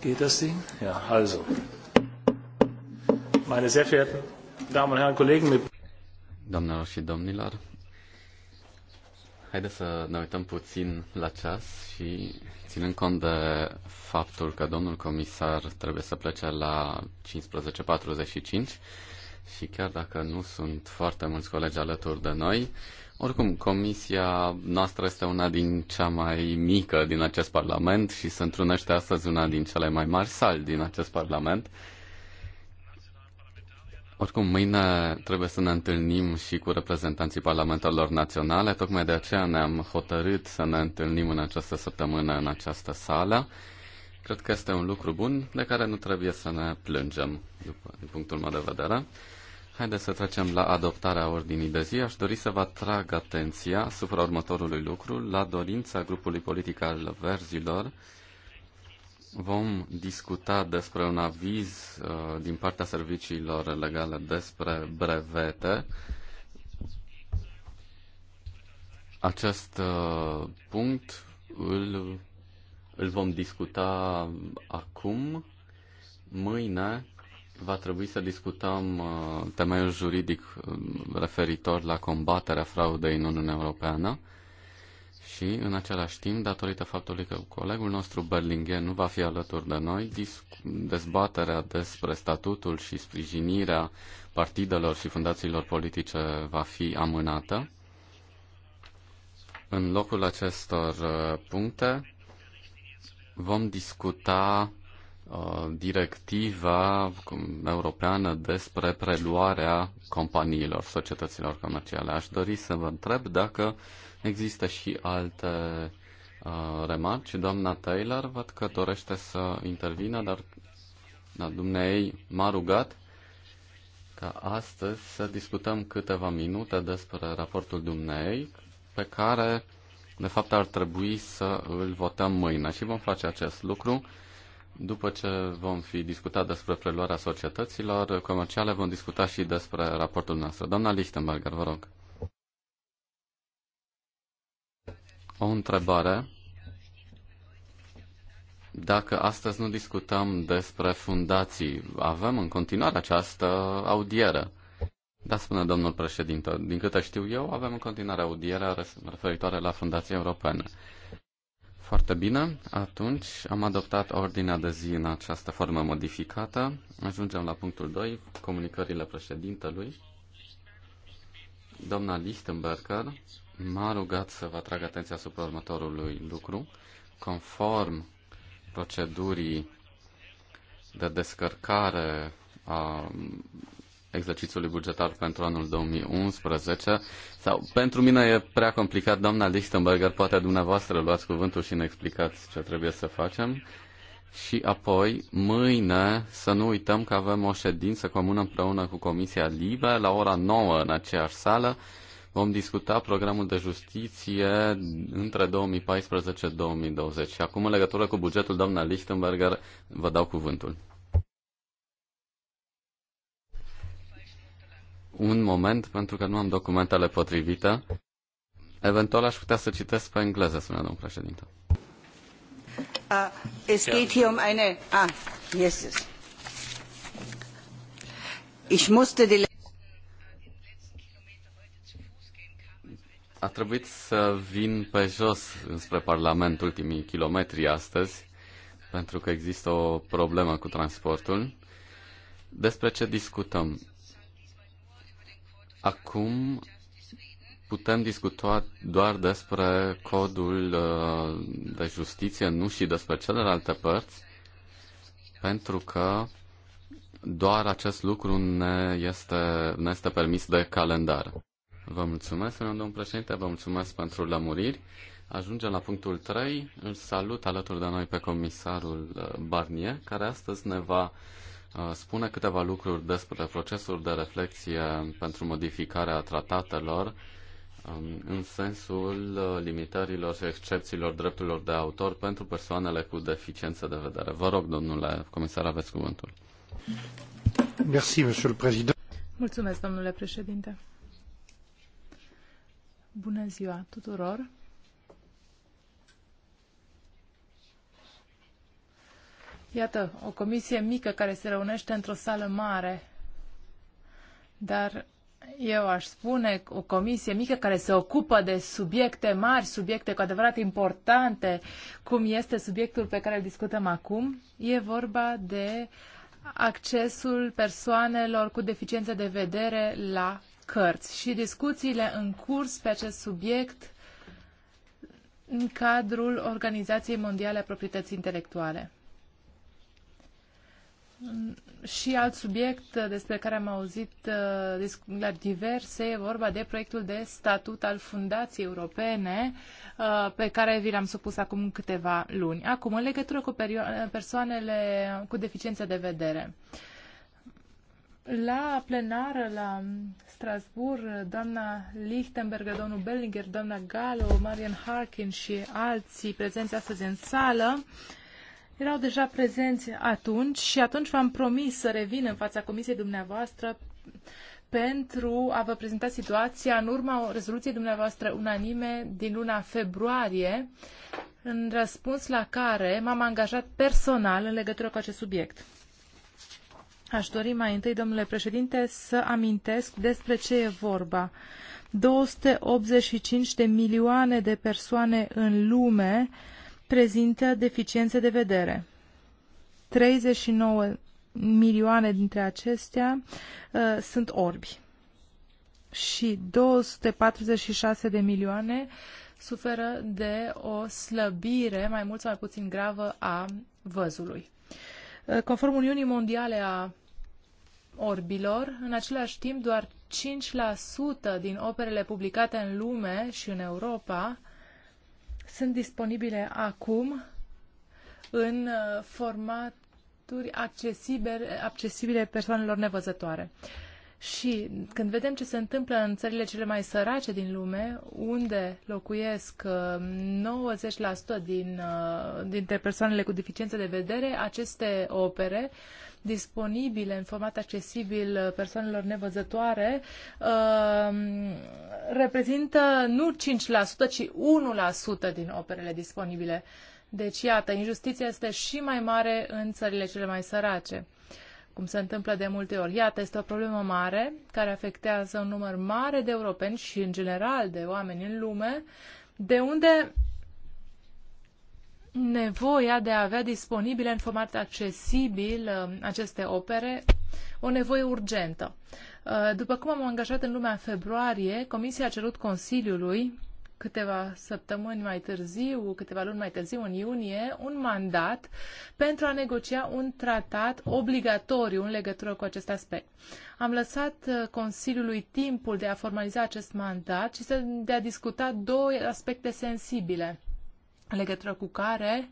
Geht das Ding? Ja, also. Meine sehr verehrten Damen und Herren Kollegen, mit Doamnelor și domnilor, haideți să ne uităm puțin la ceas și ținând cont de faptul că domnul comisar trebuie să plece la 15.45 și chiar dacă nu sunt foarte mulți colegi alături de noi, oricum, comisia noastră este una din cea mai mică din acest parlament și se întrunește astăzi una din cele mai mari sali din acest parlament. Oricum, mâine trebuie să ne întâlnim și cu reprezentanții parlamentelor naționale, tocmai de aceea ne-am hotărât să ne întâlnim în această săptămână în această sală. Cred că este un lucru bun de care nu trebuie să ne plângem, din punctul meu de vedere. Haideți să trecem la adoptarea ordinii de zi. Aș dori să vă atrag atenția asupra următorului lucru. La dorința grupului politic al verzilor vom discuta despre un aviz uh, din partea serviciilor legale despre brevete. Acest uh, punct îl, îl vom discuta acum, mâine, va trebui să discutăm uh, temeiul juridic uh, referitor la combaterea fraudei în Uniunea Europeană și, în același timp, datorită faptului că colegul nostru Berlinghen nu va fi alături de noi, dezbaterea despre statutul și sprijinirea partidelor și fundațiilor politice va fi amânată. În locul acestor uh, puncte vom discuta Uh, directiva europeană despre preluarea companiilor, societăților comerciale. Aș dori să vă întreb dacă există și alte uh, remarci. Doamna Taylor, văd că dorește să intervină, dar da, dumnei m-a rugat ca astăzi să discutăm câteva minute despre raportul dumnei pe care de fapt ar trebui să îl votăm mâine și vom face acest lucru după ce vom fi discutat despre preluarea societăților comerciale, vom discuta și despre raportul nostru. Doamna Lichtenberger, vă rog. O întrebare. Dacă astăzi nu discutăm despre fundații, avem în continuare această audiere. Da, spune domnul președinte. Din câte știu eu, avem în continuare audierea referitoare la fundații europene. Foarte bine, atunci am adoptat ordinea de zi în această formă modificată. Ajungem la punctul 2, comunicările președintelui. Doamna Lichtenberger m-a rugat să vă atrag atenția asupra următorului lucru. Conform procedurii de descărcare a exercițiului bugetar pentru anul 2011. Sau, pentru mine e prea complicat, doamna Lichtenberger, poate dumneavoastră luați cuvântul și ne explicați ce trebuie să facem. Și apoi, mâine, să nu uităm că avem o ședință comună împreună cu Comisia Libe la ora 9 în aceeași sală. Vom discuta programul de justiție între 2014-2020. Și acum, în legătură cu bugetul, doamna Lichtenberger, vă dau cuvântul. un moment, pentru că nu am documentele potrivite. Eventual aș putea să citesc pe engleză, spunea domnul președinte. Uh, es geht hier um eine... Ah, yes, yes. Ich musste die... A trebuit să vin pe jos înspre Parlament ultimii kilometri astăzi, pentru că există o problemă cu transportul. Despre ce discutăm? Acum putem discuta doar despre codul uh, de justiție, nu și despre celelalte părți, pentru că doar acest lucru ne este, ne este permis de calendar. Vă mulțumesc, domnul președinte, vă mulțumesc pentru lămuriri. Ajungem la punctul 3. Îl salut alături de noi pe comisarul uh, Barnier, care astăzi ne va Uh, spune câteva lucruri despre procesul de reflexie pentru modificarea tratatelor um, în sensul uh, limitărilor și excepțiilor drepturilor de autor pentru persoanele cu deficiență de vedere. Vă rog, domnule comisar, aveți cuvântul. Merci, monsieur le président. Mulțumesc, domnule președinte. Bună ziua tuturor. Iată, o comisie mică care se reunește într-o sală mare. Dar eu aș spune o comisie mică care se ocupă de subiecte mari, subiecte cu adevărat importante, cum este subiectul pe care îl discutăm acum. E vorba de accesul persoanelor cu deficiențe de vedere la cărți și discuțiile în curs pe acest subiect în cadrul Organizației Mondiale a Proprietății Intelectuale și alt subiect despre care am auzit la uh, diverse, e vorba de proiectul de statut al fundației europene uh, pe care vi l-am supus acum câteva luni. Acum, în legătură cu persoanele cu deficiență de vedere. La plenară la Strasbourg, doamna Lichtenberger, domnul Bellinger, doamna Gallo, Marian Harkin și alții prezenți astăzi în sală erau deja prezenți atunci și atunci v-am promis să revin în fața comisiei dumneavoastră pentru a vă prezenta situația în urma rezoluției dumneavoastră unanime din luna februarie, în răspuns la care m-am angajat personal în legătură cu acest subiect. Aș dori mai întâi, domnule președinte, să amintesc despre ce e vorba. 285 de milioane de persoane în lume uh, prezintă deficiențe de vedere. 39 milioane dintre acestea uh, sunt orbi și 246 de milioane suferă de o slăbire mai mult sau mai puțin gravă a văzului. Uh, conform Uniunii Mondiale a orbilor, în același timp doar 5% din operele publicate în lume și în Europa sunt disponibile acum în uh, formaturi accesibile, accesibile persoanelor nevăzătoare. Și când vedem ce se întâmplă în țările cele mai sărace din lume, unde locuiesc 90% uh, din, uh, dintre persoanele cu deficiențe de vedere, aceste opere uh, disponibile în format accesibil uh, persoanelor nevăzătoare uh, reprezintă nu 5%, ci 1% din operele disponibile. Deci, iată, injustiția este și mai mare în țările cele mai sărace cum se întâmplă de multe ori. Iată, este o problemă mare care afectează un număr mare de europeni și, în general, de oameni în lume, de unde nevoia de a avea disponibile în format accesibil um, aceste opere, o nevoie urgentă. Uh, după cum am angajat în lumea în februarie, Comisia a cerut Consiliului câteva săptămâni mai târziu, câteva luni mai târziu, în iunie, un mandat pentru a negocia un tratat obligatoriu în legătură cu acest aspect. Am lăsat uh, Consiliului timpul de a formaliza acest mandat și de a discuta două aspecte sensibile în legătură cu care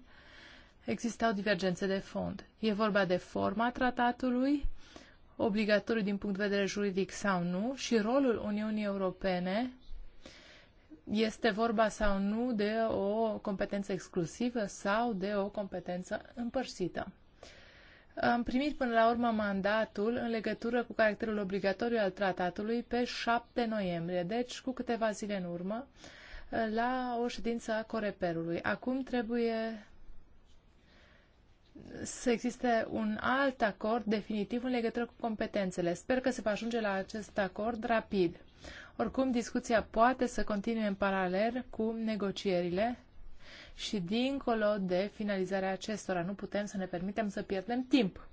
existau divergențe de fond. E vorba de forma tratatului, obligatoriu din punct de vedere juridic sau nu, și rolul Uniunii Europene este vorba sau nu de o competență exclusivă sau de o competență împărțită. Am primit până la urmă mandatul în legătură cu caracterul obligatoriu al tratatului pe 7 noiembrie, deci cu câteva zile în urmă, la o ședință a Coreperului. Acum trebuie să existe un alt acord definitiv în legătură cu competențele. Sper că se va ajunge la acest acord rapid. Oricum, discuția poate să continue în paralel cu negocierile și dincolo de finalizarea acestora. Nu putem să ne permitem să pierdem timp.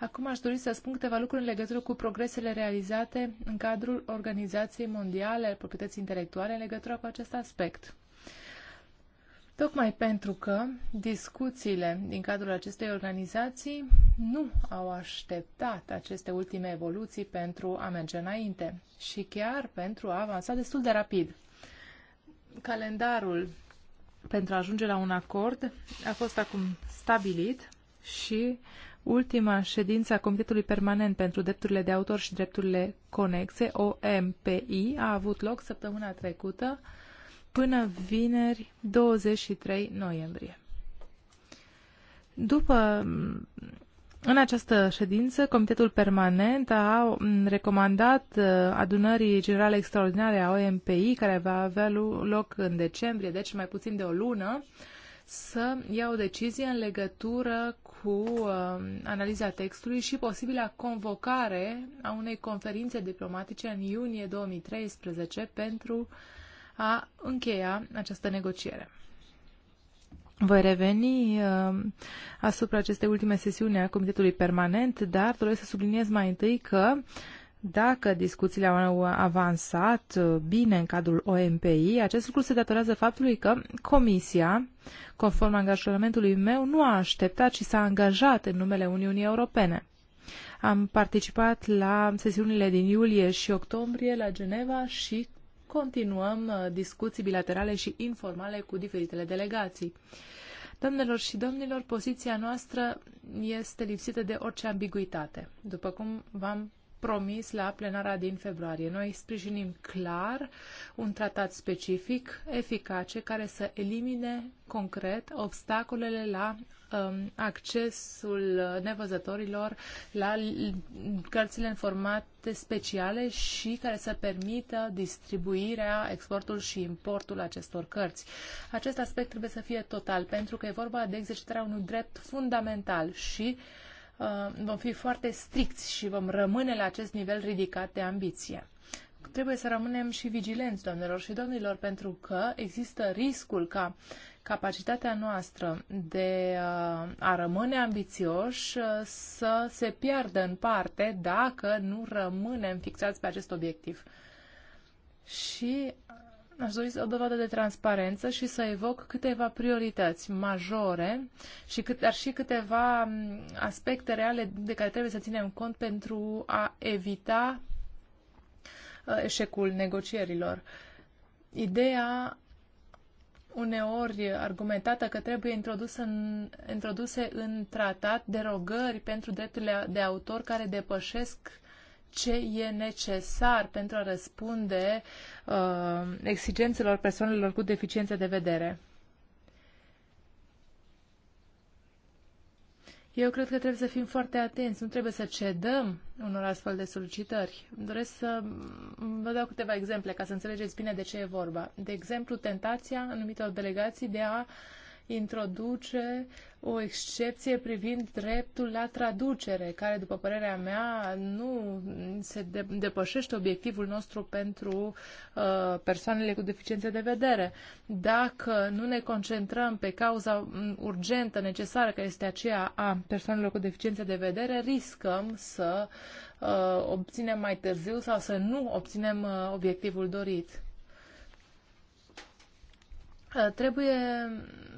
Acum aș dori să spun câteva lucruri în legătură cu progresele realizate în cadrul Organizației Mondiale al Proprietății Intelectuale în legătură cu acest aspect. Tocmai pentru că discuțiile din cadrul acestei organizații nu au așteptat aceste ultime evoluții pentru a merge înainte și chiar pentru a avansa destul de rapid. Calendarul pentru a ajunge la un acord a fost acum stabilit și Ultima ședință a Comitetului Permanent pentru Drepturile de Autor și Drepturile Conexe, OMPI, a avut loc săptămâna trecută până vineri 23 noiembrie. După în această ședință, Comitetul Permanent a recomandat uh, adunării generale extraordinare a OMPI, care va avea loc în decembrie, deci mai puțin de o lună, să ia o decizie în legătură cu uh, analiza textului și posibila convocare a unei conferințe diplomatice în iunie 2013 pentru a încheia această negociere. Voi reveni uh, asupra acestei ultime sesiuni a Comitetului Permanent, dar doresc să subliniez mai întâi că dacă discuțiile au avansat uh, bine în cadrul OMPI, acest lucru se datorează faptului că Comisia, conform angajamentului meu, nu a așteptat și s-a angajat în numele Uniunii Europene. Am participat la sesiunile din iulie și octombrie la Geneva și continuăm uh, discuții bilaterale și informale cu diferitele delegații. Domnilor și domnilor, poziția noastră este lipsită de orice ambiguitate. După cum v-am promis la plenara din februarie. Noi sprijinim clar un tratat specific, eficace, care să elimine concret obstacolele la um, accesul nevăzătorilor la cărțile în formate speciale și care să permită distribuirea, exportul și importul acestor cărți. Acest aspect trebuie să fie total, pentru că e vorba de exercitarea unui drept fundamental și uh, Uh, vom fi foarte stricți și vom rămâne la acest nivel ridicat de ambiție. Trebuie să rămânem și vigilenți, doamnelor și domnilor, pentru că există riscul ca capacitatea noastră de uh, a rămâne ambițioși uh, să se piardă în parte dacă nu rămânem fixați pe acest obiectiv. Și aș dori o dovadă de transparență și să evoc câteva priorități majore, și cât, dar și câteva aspecte reale de care trebuie să ținem cont pentru a evita uh, eșecul negocierilor. Ideea uneori argumentată că trebuie introdus în, introduse în tratat derogări pentru drepturile de autor care depășesc ce e necesar pentru a răspunde uh, exigențelor persoanelor cu deficiențe de vedere. Eu cred că trebuie să fim foarte atenți, nu trebuie să cedăm unor astfel de solicitări. Doresc să vă dau câteva exemple ca să înțelegeți bine de ce e vorba. De exemplu, tentația anumitor delegații de a uh, introduce o excepție privind dreptul la traducere, care, după părerea mea, nu se de- depășește obiectivul nostru pentru uh, persoanele cu deficiențe de vedere. Dacă nu ne concentrăm pe cauza mm, urgentă, necesară, care este aceea a persoanelor cu deficiențe de vedere, riscăm să uh, obținem mai târziu sau să nu obținem uh, obiectivul dorit. Uh, trebuie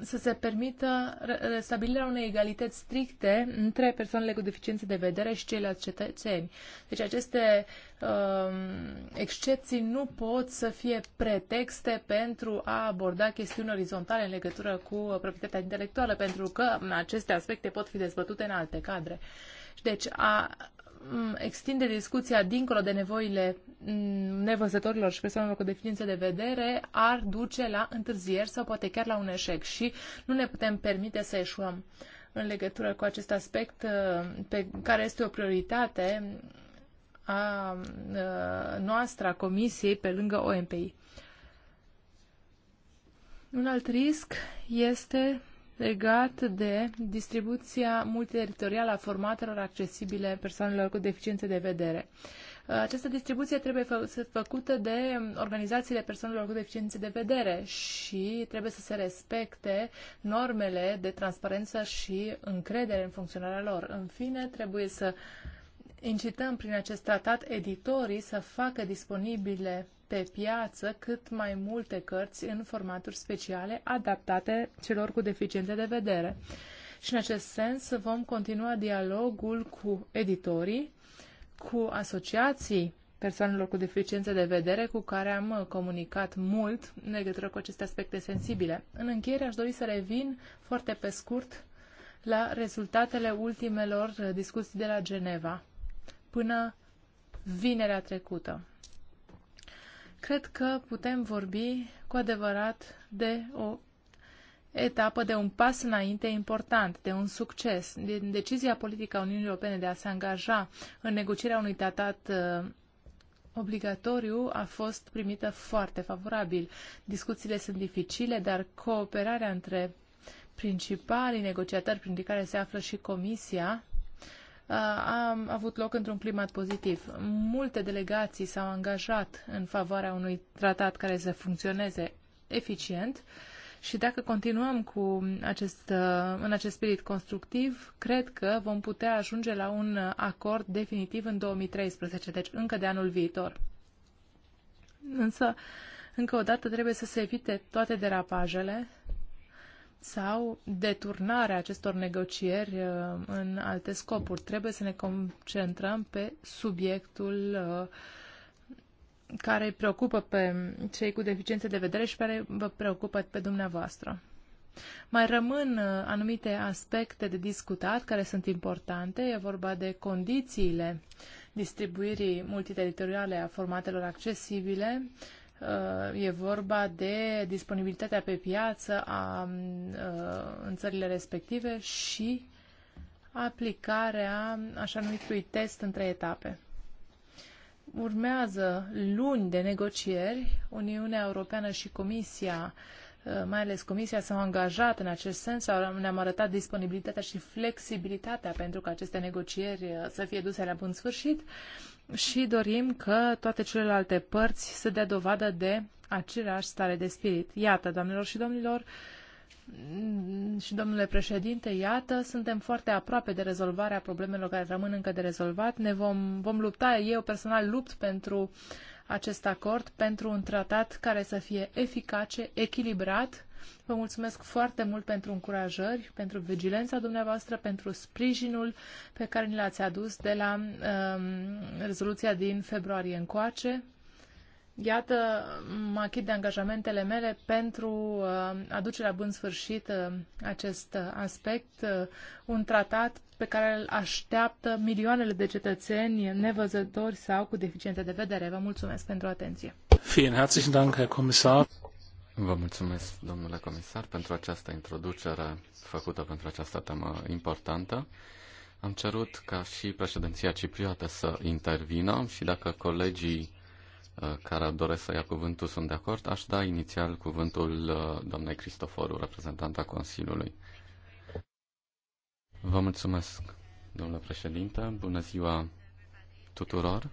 să se permită stabilirea unei egalități stricte între persoanele cu deficiențe de vedere și ceilalți cetățeni. Deci aceste um, excepții nu pot să fie pretexte pentru a aborda chestiuni orizontale în legătură cu proprietatea intelectuală, pentru că aceste aspecte pot fi dezbătute în alte cadre. deci a Mm, extinde discuția dincolo de nevoile mm, nevăzătorilor și persoanelor cu deficiențe de vedere ar duce la întârzieri sau poate chiar la un eșec și nu ne putem permite să eșuăm în legătură cu acest aspect uh, pe care este o prioritate a uh, noastră, a Comisiei, pe lângă OMPI. Un alt risc este legat de distribuția multiteritorială a formatelor accesibile persoanelor cu deficiențe de vedere. Această distribuție trebuie fă făcută de organizațiile persoanelor cu deficiențe de vedere și trebuie să se respecte normele de transparență și încredere în funcționarea lor. În fine, trebuie să incităm prin acest tratat editorii să facă disponibile pe piață cât mai multe cărți în formaturi speciale adaptate celor cu deficiențe de vedere. Și în acest sens vom continua dialogul cu editorii, cu asociații persoanelor cu deficiențe de vedere cu care am comunicat mult în legătură cu aceste aspecte sensibile. În încheiere aș dori să revin foarte pe scurt la rezultatele ultimelor discuții de la Geneva până vinerea trecută cred că putem vorbi cu adevărat de o etapă, de un pas înainte important, de un succes. Din decizia politică a Uniunii Europene de a se angaja în negocierea unui tratat uh, obligatoriu a fost primită foarte favorabil. Discuțiile sunt dificile, dar cooperarea între principalii negociatori, printre care se află și Comisia, a avut loc într-un climat pozitiv. Multe delegații s-au angajat în favoarea unui tratat care să funcționeze eficient și dacă continuăm cu acest, în acest spirit constructiv, cred că vom putea ajunge la un acord definitiv în 2013, deci încă de anul viitor. Însă, încă o dată trebuie să se evite toate derapajele sau deturnarea acestor negocieri uh, în alte scopuri. Trebuie să ne concentrăm pe subiectul uh, care îi preocupă pe cei cu deficiențe de vedere și care vă preocupă pe dumneavoastră. Mai rămân uh, anumite aspecte de discutat care sunt importante. E vorba de condițiile distribuirii multiteritoriale a formatelor accesibile, Uh, e vorba de disponibilitatea pe piață a, uh, în țările respective și aplicarea așa numitului test în trei etape. Urmează luni de negocieri. Uniunea Europeană și Comisia uh, mai ales Comisia s-au angajat în acest sens, ne-am arătat disponibilitatea și flexibilitatea pentru ca aceste negocieri să fie duse la bun sfârșit și dorim că toate celelalte părți să dea dovadă de aceeași stare de spirit. Iată, doamnelor și domnilor, și domnule președinte, iată, suntem foarte aproape de rezolvarea problemelor care rămân încă de rezolvat. Ne vom, vom lupta, eu personal lupt pentru acest acord, pentru un tratat care să fie eficace, echilibrat Vă mulțumesc foarte mult pentru încurajări, pentru vigilența dumneavoastră, pentru sprijinul pe care ni l-ați adus de la um, rezoluția din februarie încoace. Iată, mă achit de angajamentele mele pentru um, a duce la bun sfârșit uh, acest aspect, uh, un tratat pe care îl așteaptă milioanele de cetățeni nevăzători sau cu deficiențe de vedere. Vă mulțumesc pentru atenție. Vielen herzlichen Dank, Herr Kommissar. Vă mulțumesc, domnule comisar, pentru această introducere făcută pentru această temă importantă. Am cerut ca și președinția cipriotă să intervină și dacă colegii uh, care doresc să ia cuvântul sunt de acord, aș da inițial cuvântul uh, doamnei Cristoforu, reprezentanta Consiliului. Vă mulțumesc, domnule președinte. Bună ziua tuturor.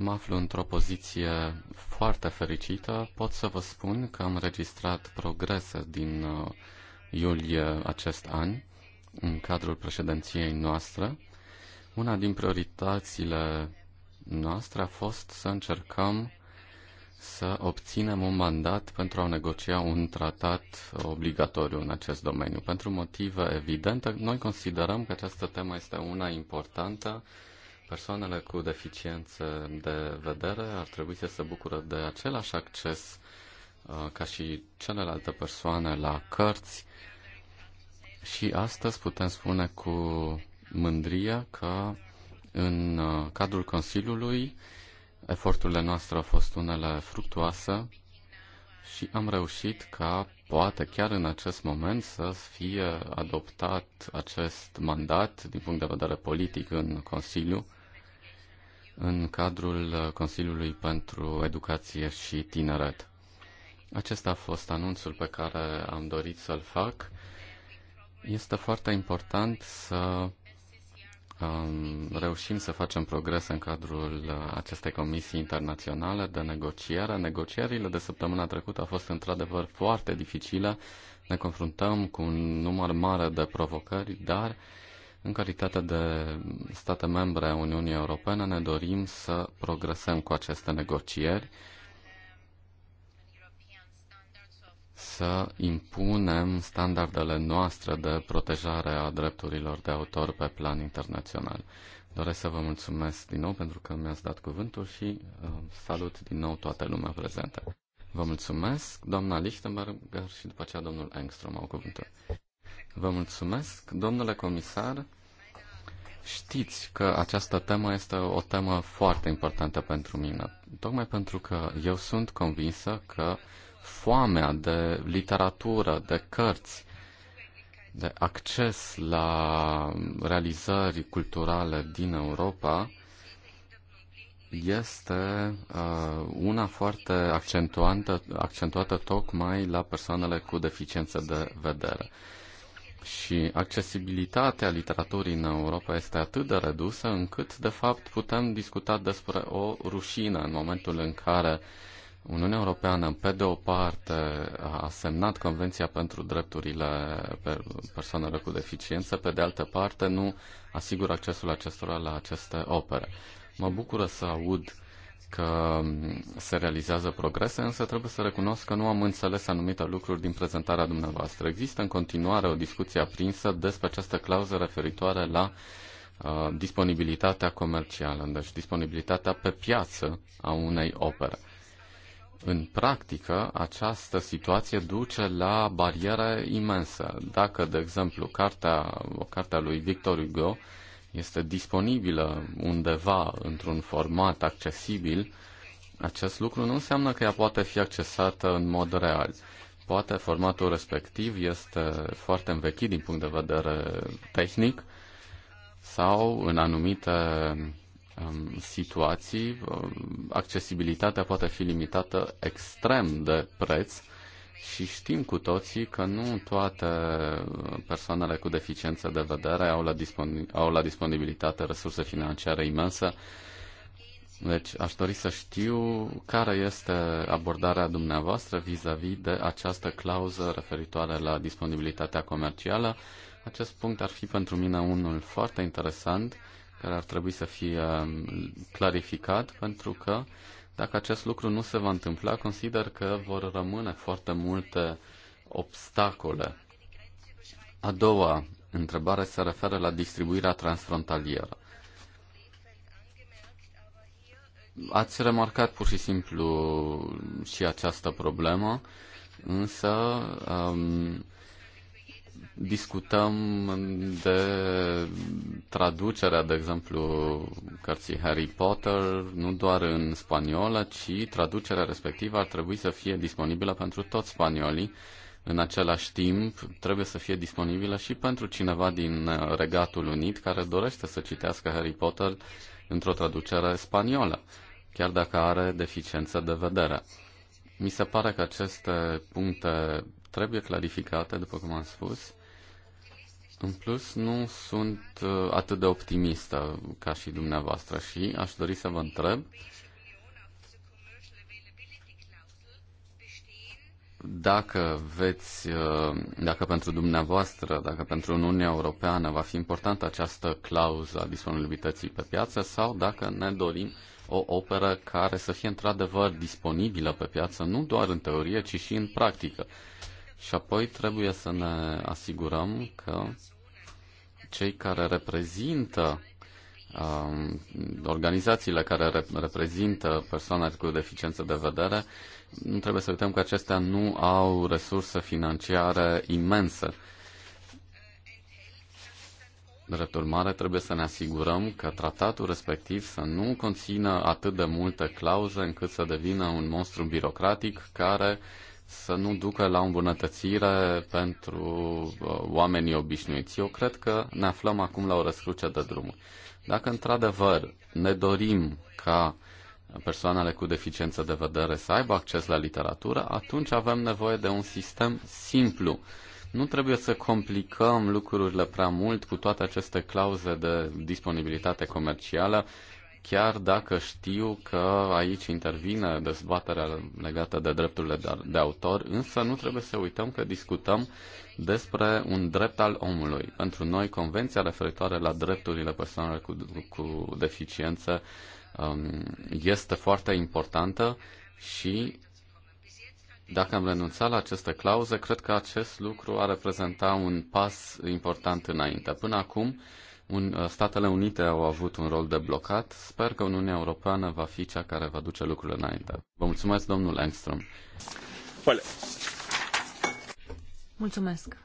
Mă aflu într-o poziție foarte fericită. Pot să vă spun că am registrat progrese din uh, iulie acest an în cadrul președinției noastre. Una din prioritățile noastre a fost să încercăm să obținem un mandat pentru a negocia un tratat obligatoriu în acest domeniu. Pentru motive evidente, noi considerăm că această temă este una importantă Persoanele cu deficiențe de vedere ar trebui să se bucură de același acces uh, ca și celelalte persoane la cărți și astăzi putem spune cu mândrie că în uh, cadrul Consiliului eforturile noastre au fost unele fructuoase și am reușit ca, poate chiar în acest moment, să fie adoptat acest mandat din punct de vedere politic în Consiliu în cadrul uh, Consiliului pentru Educație și Tineret. Acesta a fost anunțul pe care am dorit să-l fac. Este foarte important să um, reușim să facem progres în cadrul uh, acestei comisii internaționale de negociere. Negocierile de săptămâna trecută au fost într-adevăr foarte dificile. Ne confruntăm cu un număr mare de provocări, dar uh, în calitate de state membre a Uniunii Europene ne dorim să progresăm cu aceste negocieri, să impunem standardele noastre de protejare a drepturilor de autor pe plan internațional. Doresc să vă mulțumesc din nou pentru că mi-ați dat cuvântul și uh, salut din nou toată lumea prezentă. Vă mulțumesc, doamna Lichtenberger și după aceea domnul Engstrom au cuvântul. Vă mulțumesc. Domnule comisar, știți că această temă este o temă foarte importantă pentru mine, tocmai pentru că eu sunt convinsă că foamea de literatură, de cărți, de acces la realizări culturale din Europa este uh, una foarte accentuată, accentuată tocmai la persoanele cu deficiență de vedere și accesibilitatea literaturii în Europa este atât de redusă încât, de fapt, putem discuta despre o rușină în momentul în care Uniunea Europeană, pe de o parte, a semnat Convenția pentru drepturile persoanelor cu deficiență, pe de altă parte, nu asigură accesul acestora la aceste opere. Mă bucură să aud că se realizează progrese, însă trebuie să recunosc că nu am înțeles anumite lucruri din prezentarea dumneavoastră. Există în continuare o discuție aprinsă despre această clauză referitoare la uh, disponibilitatea comercială, deci disponibilitatea pe piață a unei opere. În practică, această situație duce la bariere imensă. Dacă, de exemplu, cartea, o carte lui Victor Hugo este disponibilă undeva într-un format accesibil, acest lucru nu înseamnă că ea poate fi accesată în mod real. Poate formatul respectiv este foarte învechit din punct de vedere tehnic sau în anumite um, situații um, accesibilitatea poate fi limitată extrem de preț și știm cu toții că nu toate uh, persoanele cu deficiență de vedere au la, dispon- au la disponibilitate resurse financiare imense. Deci aș dori să știu care este abordarea dumneavoastră vis-a-vis -vis de această clauză referitoare la disponibilitatea comercială. Acest punct ar fi pentru mine unul foarte interesant care ar trebui să fie um, clarificat pentru că dacă acest lucru nu se va întâmpla, consider că vor rămâne foarte multe obstacole. A doua întrebare se referă la distribuirea transfrontalieră. Ați remarcat pur și simplu și această problemă, însă um, discutăm de traducerea, de exemplu, cărții Harry Potter, nu doar în spaniolă, ci traducerea respectivă ar trebui să fie disponibilă pentru toți spaniolii. În același timp, trebuie să fie disponibilă și pentru cineva din Regatul Unit care dorește să citească Harry Potter într-o traducere spaniolă, chiar dacă are deficiență de vedere. Mi se pare că aceste puncte trebuie clarificate, după cum am spus, în plus, nu sunt uh, atât de optimistă ca și dumneavoastră și aș dori să vă întreb dacă veți, uh, dacă pentru dumneavoastră, dacă pentru Uniunea Europeană va fi importantă această clauză a disponibilității pe piață sau dacă ne dorim o operă care să fie într-adevăr disponibilă pe piață, nu doar în teorie, ci și în practică. Și apoi trebuie să ne asigurăm că cei care reprezintă um, organizațiile care rep- reprezintă persoane cu deficiență de vedere, nu trebuie să uităm că acestea nu au resurse financiare imense. Drept urmare, trebuie să ne asigurăm că tratatul respectiv să nu conțină atât de multe clauze încât să devină un monstru birocratic care uh, să nu ducă la îmbunătățire pentru uh, oamenii obișnuiți. Eu cred că ne aflăm acum la o răscruce de drumuri. Dacă într-adevăr ne dorim ca persoanele cu deficiență de vedere să aibă acces la literatură, atunci avem nevoie de un sistem simplu. Nu trebuie să complicăm lucrurile prea mult cu toate aceste clauze de disponibilitate comercială chiar dacă știu că aici intervine dezbaterea legată de drepturile de autor, însă nu trebuie să uităm că discutăm despre un drept al omului. Pentru noi, Convenția referitoare la drepturile persoanelor cu, cu deficiență um, este foarte importantă și dacă am renunțat la aceste clauze, cred că acest lucru ar reprezenta un pas important înainte. Până acum, uh, un, uh, Statele Unite au avut un rol de blocat. Sper că Uniunea Europeană va fi cea care va duce lucrurile înainte. Vă mulțumesc, domnul Engström. Vale. Mulțumesc.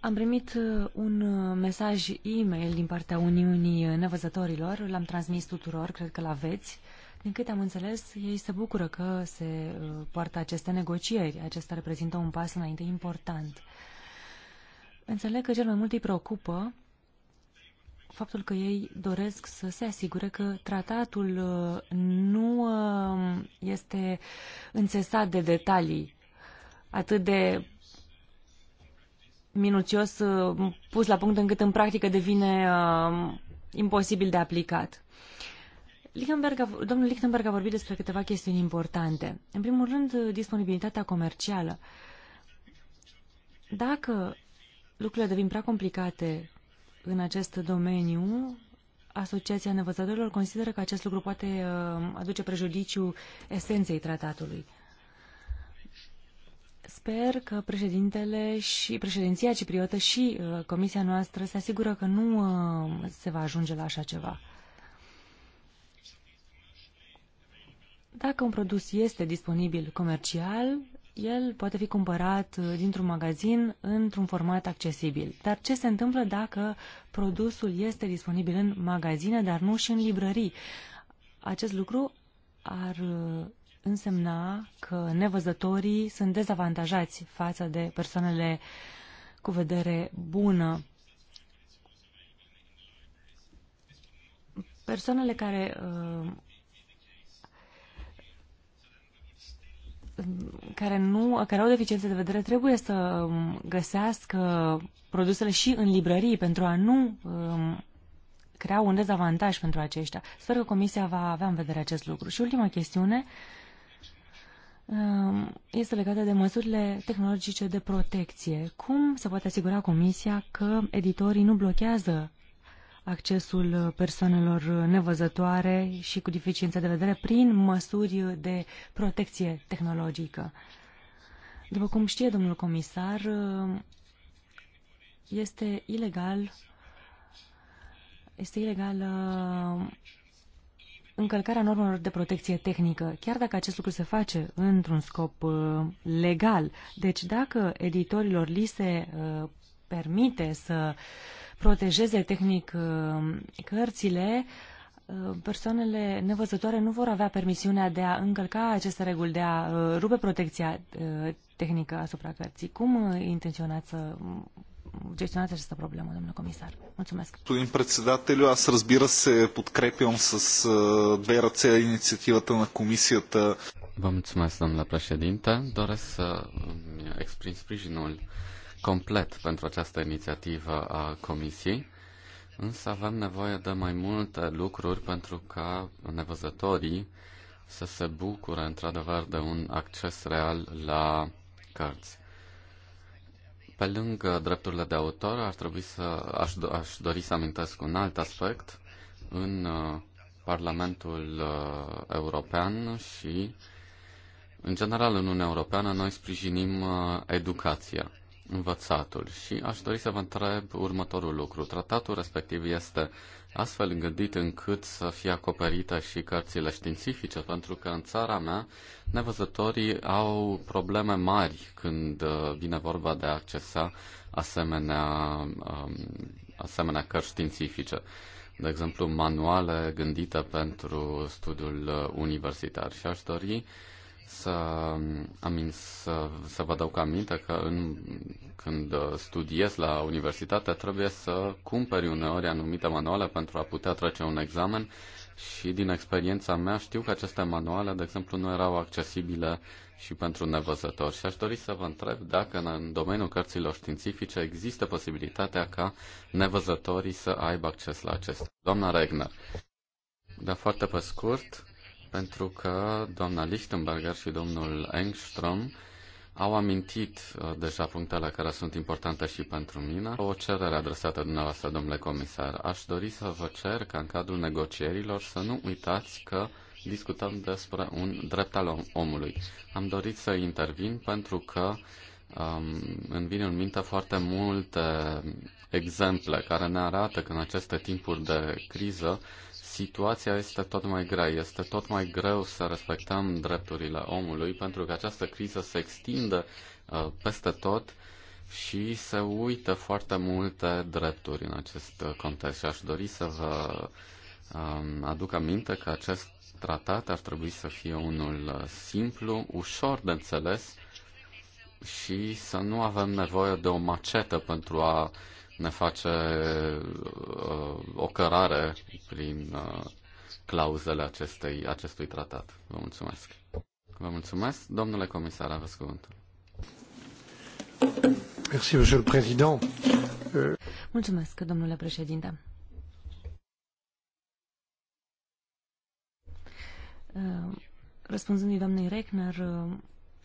Am primit uh, un uh, mesaj e-mail din partea Uniunii Nevăzătorilor, l-am transmis tuturor, cred că l-aveți. Din câte am înțeles, ei se bucură că se poartă aceste negocieri. Acesta reprezintă un pas înainte important. Înțeleg că cel mai mult îi preocupă faptul că ei doresc să se asigure că tratatul uh, nu uh, este înțesat de detalii atât de minuțios uh, pus la punct încât în practică devine imposibil de aplicat. Lichtenberg a, domnul Lichtenberg a vorbit despre câteva chestiuni importante. În primul rând, disponibilitatea comercială. Dacă lucrurile devin prea complicate în acest domeniu, Asociația Nevăzătorilor consideră că acest lucru poate uh, aduce prejudiciu esenței tratatului. Sper că președintele și președinția cipriotă și uh, comisia noastră se asigură că nu uh, se va ajunge la așa ceva. Dacă un produs este disponibil comercial, el poate fi cumpărat uh, dintr-un magazin într-un format accesibil. Dar ce se întâmplă dacă produsul este disponibil în magazine, dar nu și în librării? Acest lucru ar uh, însemna că nevăzătorii sunt dezavantajați față de persoanele cu vedere bună. Persoanele care uh, care, nu, care au deficiențe de vedere trebuie să um, găsească produsele și în librării pentru a nu um, crea un dezavantaj pentru aceștia. Sper că Comisia va avea în vedere acest lucru. Și ultima chestiune um, este legată de măsurile tehnologice de protecție. Cum se poate asigura Comisia că editorii nu blochează accesul persoanelor nevăzătoare și cu deficiență de vedere prin măsuri de protecție tehnologică. După cum știe domnul comisar, este ilegal este ilegal încălcarea normelor de protecție tehnică, chiar dacă acest lucru se face într-un scop uh, legal. Deci dacă editorilor li se uh, permite să protejeze tehnic uh, cărțile, uh, persoanele nevăzătoare nu vor avea permisiunea de a încălca aceste reguli, de a uh, rupe protecția tehnică asupra cărții. Cum intenționați să mm, gestionați această problemă, domnule comisar? Mulțumesc. Господин председателю, аз разбира се подкрепям с две ръце инициативата на комисията. Vă mulțumesc, domnule președinte. Doresc să exprim sprijinul complet pentru această inițiativă a Comisiei, însă avem nevoie de mai multe lucruri pentru ca nevăzătorii să se bucure într-adevăr de un acces real la cărți. Pe lângă drepturile de autor, ar trebui să aș, aș dori să amintesc un alt aspect. În uh, Parlamentul uh, European și, în general, în Uniunea Europeană, noi sprijinim uh, educația învățatul. Și aș dori să vă întreb următorul lucru. Tratatul respectiv este astfel gândit încât să fie acoperită și cărțile științifice, pentru că în țara mea nevăzătorii au probleme mari când uh, vine vorba de a accesa asemenea, um, asemenea cărți științifice. De exemplu, manuale gândite pentru studiul uh, universitar. Și aș dori uh, să, amin, să, să vă dau aminte că în, când studiez la universitate trebuie să cumperi uneori anumite manuale pentru a putea trece un examen și din experiența mea știu că aceste manuale, de exemplu, nu erau accesibile și pentru nevăzători. Și aș dori să vă întreb dacă în domeniul cărților științifice există posibilitatea ca nevăzătorii să aibă acces la acestea. Doamna Regner, dar foarte pe scurt, pentru că doamna Lichtenberger și domnul Engström au amintit uh, deja punctele care sunt importante și pentru mine. O cerere adresată dumneavoastră, domnule comisar. Aș dori să vă cer ca în cadrul negocierilor să nu uitați că discutăm despre un drept al omului. Am dorit să intervin pentru că um, îmi vin în minte foarte multe exemple care ne arată că în aceste timpuri de criză situația este tot mai grea, este tot mai greu să respectăm drepturile omului, pentru că această criză se extinde uh, peste tot și se uită foarte multe drepturi în acest uh, context. Și aș dori să vă uh, aduc aminte că acest tratat ar trebui să fie unul uh, simplu, ușor de înțeles și să nu avem nevoie de o macetă pentru a uh, ne face uh, o cărare prin uh, clauzele acestei, acestui tratat. Vă mulțumesc. Vă mulțumesc. Domnule comisar, aveți cuvântul. Merci, monsieur le président. Euh, mulțumesc, domnule președinte. Uh, răspunzându-i doamnei Reckner, uh,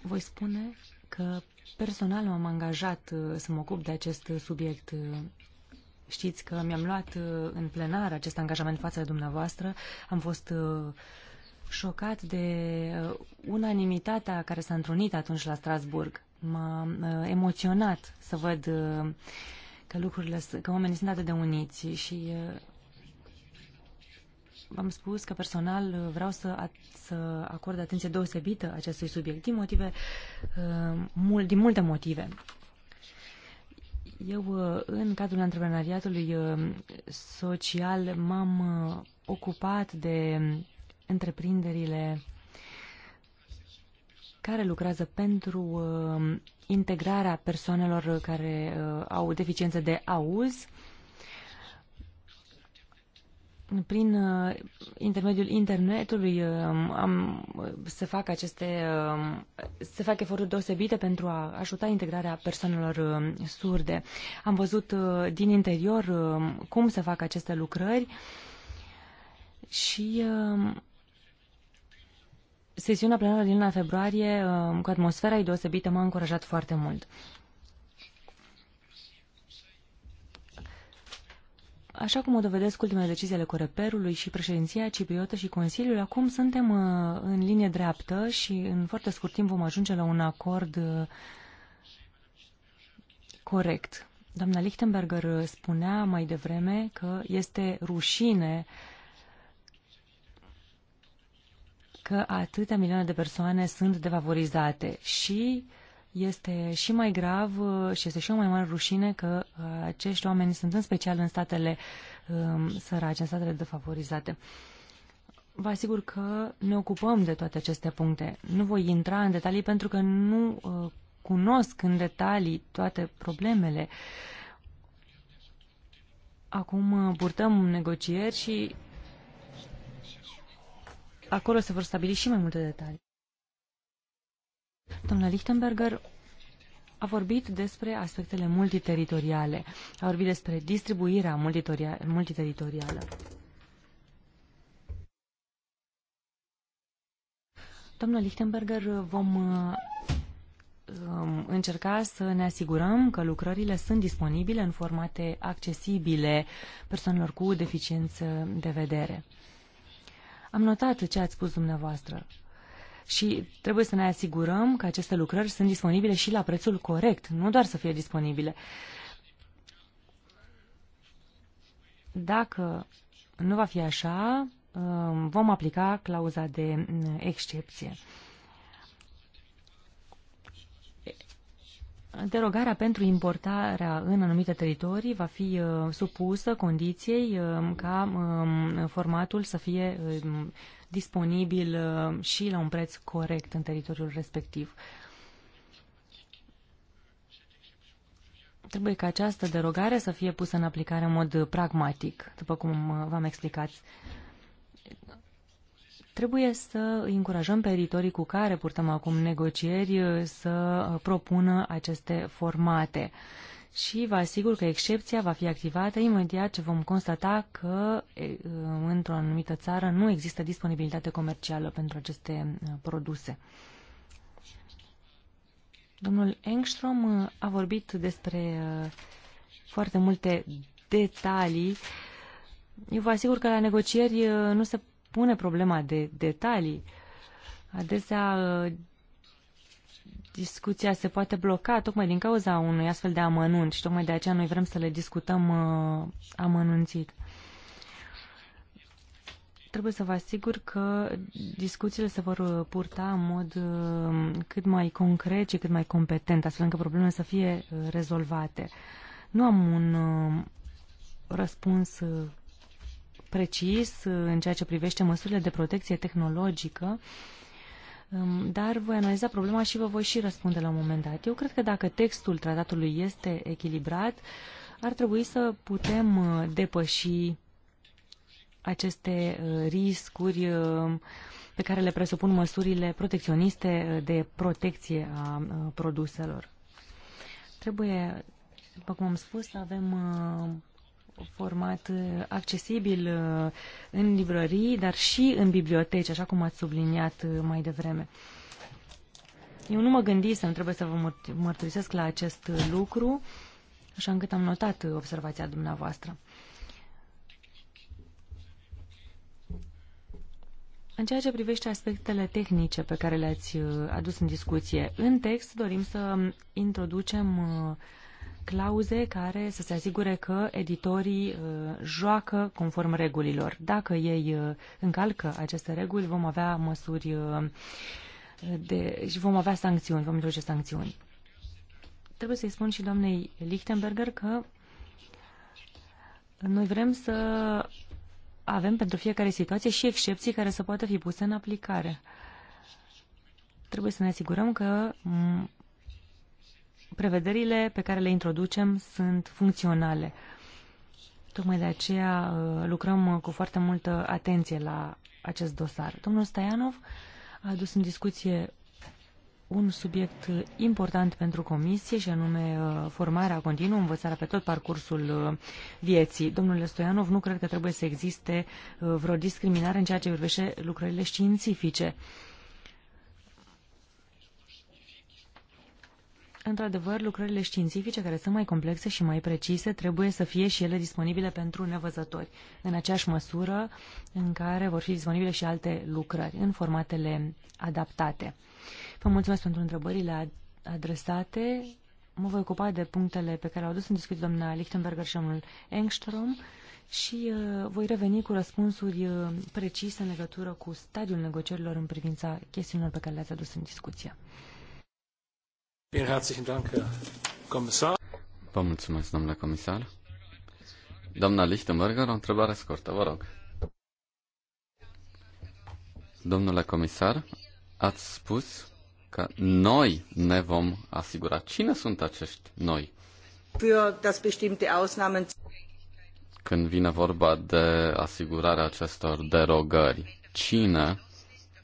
voi spune că Personal m-am angajat uh, să mă ocup de acest subiect. Știți că mi-am luat uh, în plenar acest angajament față de dumneavoastră. Am fost uh, șocat de unanimitatea care s-a întrunit atunci la Strasburg. M-a emoționat să văd că lucrurile, că oamenii sunt atât de uniți și am spus că personal uh, vreau să, să acord atenție deosebită acestui subiect din, motive, uh, mul, din multe motive. Eu, uh, în cadrul antreprenariatului social, m-am ocupat de întreprinderile care lucrează pentru integrarea persoanelor care au deficiențe de auz prin uh, intermediul internetului um, am, uh, se fac aceste um, se fac eforturi deosebite pentru a ajuta integrarea persoanelor um, surde. Am văzut uh, din interior cum se fac aceste lucrări și sesiunea plenară din luna februarie cu atmosfera deosebită m-a încurajat foarte mult. Așa cum o dovedesc ultimele decizii ale Coreperului și președinția cipriotă și Consiliul, acum suntem uh, în linie dreaptă și în foarte scurt timp vom ajunge la un acord uh, corect. Doamna Lichtenberger spunea mai devreme că este rușine că atâtea milioane de persoane sunt defavorizate și uh, este și mai grav uh, și este și o mai mare rușine că uh, acești oameni sunt în special în statele um, sărace, în statele defavorizate. Vă asigur că ne ocupăm de toate aceste puncte. Nu voi intra în detalii pentru că nu uh, cunosc în detalii toate problemele. Acum uh, purtăm negocieri și acolo se vor stabili și mai multe detalii. Domnul Lichtenberger a vorbit despre aspectele multiteritoriale, a vorbit despre distribuirea multiteritorială. Domnul Lichtenberger, vom um, încerca să ne asigurăm că lucrările sunt disponibile în formate accesibile persoanelor cu deficiență de vedere. Am notat ce ați spus dumneavoastră și trebuie să ne asigurăm că aceste lucrări sunt disponibile și la prețul corect, nu doar să fie disponibile. Dacă nu va fi așa, um, vom aplica clauza de um, excepție. Derogarea pentru importarea în anumite teritorii va fi uh, supusă condiției um, ca formatul să fie disponibil uh, și la un preț corect în teritoriul respectiv. Trebuie ca această derogare să fie pusă în aplicare în mod pragmatic, după cum uh, v-am explicat. Trebuie să îi încurajăm pe editorii cu care purtăm acum negocieri uh, să propună aceste formate. Uh, și vă asigur că excepția va fi activată imediat ce vom constata că ă, într-o anumită țară nu există disponibilitate comercială pentru aceste ă, produse. Domnul Engstrom ă, a vorbit despre foarte multe detalii. Eu vă asigur că la negocieri nu se pune problema de detalii. Adesea discuția se poate bloca tocmai din cauza unui astfel de amănunt și tocmai de aceea noi vrem să le discutăm uh, amănunțit. Trebuie să vă asigur că discuțiile se vor uh, purta în mod uh, cât mai concret și cât mai competent, astfel încât problemele să fie uh, rezolvate. Nu am un uh, răspuns uh, precis uh, în ceea ce privește măsurile de protecție tehnologică uh, dar voi analiza problema și vă voi și răspunde la un moment dat. Eu cred că dacă textul tratatului este echilibrat, ar trebui să putem uh, depăși aceste uh, riscuri uh, pe care le presupun măsurile protecționiste de protecție a produselor. Trebuie, după cum am spus, să avem format uh, accesibil uh, în librării, dar și în biblioteci, așa cum ați subliniat uh, mai devreme. Eu nu mă gândisem, trebuie să vă mărturisesc la acest lucru, așa încât am notat observația dumneavoastră. În ceea ce privește aspectele tehnice pe care le-ați adus în discuție, în text dorim să introducem clauze care să se asigure că editorii uh, joacă conform regulilor. Dacă ei uh, încalcă aceste reguli, vom avea măsuri uh, de, și vom avea sancțiuni, vom introduce sancțiuni. Trebuie să-i spun și doamnei Lichtenberger că noi vrem să avem pentru fiecare situație și excepții care să poată fi puse în aplicare. Trebuie să ne asigurăm că prevederile pe care le introducem sunt funcționale. Tocmai de aceea uh, lucrăm uh, cu foarte multă atenție la acest dosar. Domnul Staianov a adus în discuție un subiect uh, important pentru comisie și anume formarea continuă, învățarea pe tot parcursul vieții. Domnule Stoianov, nu cred că trebuie să existe vreo discriminare în ceea ce privește lucrările științifice. Într-adevăr, lucrările științifice, care sunt mai complexe și mai precise, trebuie să fie și ele disponibile pentru nevăzători, în aceeași măsură în care vor fi disponibile și alte lucrări, în formatele adaptate. Vă mulțumesc pentru întrebările adresate. Mă voi ocupa de punctele pe care au adus în discuție doamna Lichtenberger și domnul Engström și uh, voi reveni cu răspunsuri uh, precise în legătură cu stadiul negocierilor în privința chestiunilor pe care le-ați adus în discuție. Bine, herzlichen Vă mulțumesc, domnule comisar. Doamna Lichtenberger, o întrebare scurtă, vă rog. Domnule comisar, ați spus că noi ne vom asigura. Cine sunt acești noi? Când vine vorba de asigurarea acestor derogări, cine,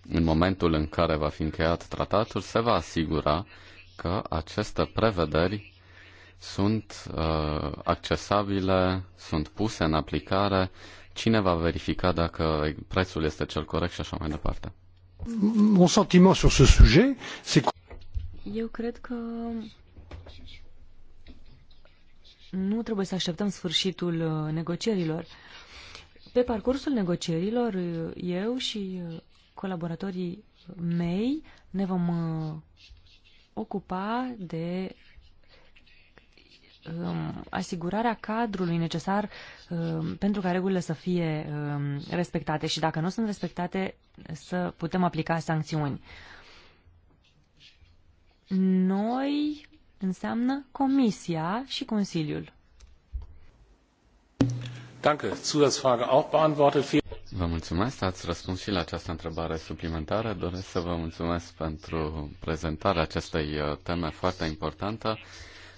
în momentul în care va fi încheiat tratatul, se va asigura că aceste prevederi sunt uh, accesabile, sunt puse în aplicare, cine va verifica dacă prețul este cel corect și așa mai departe. Mon sentiment sur ce sujet, c'est Eu cred că nu trebuie să așteptăm sfârșitul uh, negocierilor. Pe parcursul negocierilor, uh, eu și uh, colaboratorii mei ne vom ocupa de um, asigurarea cadrului necesar um, pentru ca regulile să fie um, respectate și dacă nu sunt respectate să putem aplica sancțiuni. Noi înseamnă Comisia și Consiliul. Danke. Zusatzfrage auch beantwortet. Vă mulțumesc, ați răspuns și la această întrebare suplimentară. Doresc să vă mulțumesc pentru prezentarea acestei uh, teme foarte importantă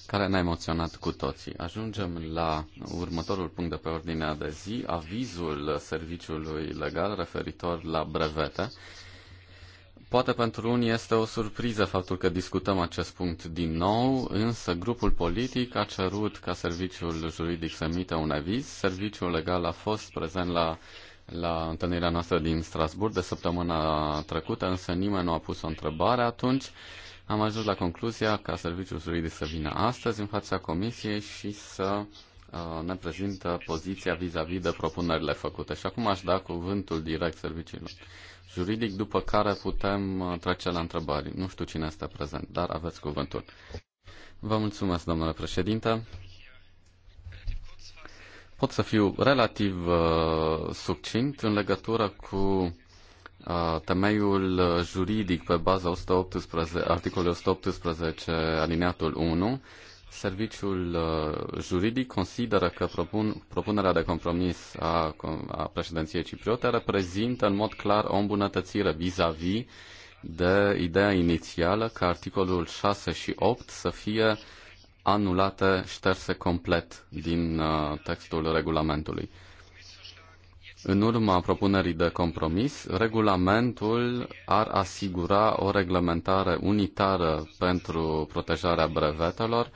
care ne-a emoționat cu toții. Ajungem la următorul punct de pe ordinea de zi, avizul serviciului legal referitor la brevete. Poate pentru unii este o surpriză faptul că discutăm acest punct din nou, însă grupul politic a cerut ca serviciul juridic să emită un aviz. Serviciul legal a fost prezent la la întâlnirea noastră din Strasburg de săptămâna trecută, însă nimeni nu a pus o întrebare atunci. Am ajuns la concluzia ca serviciul juridic să vină astăzi în fața comisiei și să uh, ne prezintă poziția vis-a-vis -vis de propunerile făcute. Și acum aș da cuvântul direct serviciului juridic, după care putem uh, trece la întrebări. Nu știu cine este prezent, dar aveți cuvântul. Vă mulțumesc, domnule președinte. Pot să fiu relativ uh, succint în legătură cu uh, temeiul juridic pe baza 118, articolului 118 alineatul 1. Serviciul uh, juridic consideră că propun, propunerea de compromis a, a președinției cipriote reprezintă în mod clar o îmbunătățire vis-a-vis -vis de ideea inițială că articolul 6 și 8 să fie uh, anulate, șterse complet din uh, textul regulamentului. În urma propunerii de compromis, regulamentul ar asigura o reglementare unitară pentru protejarea brevetelor,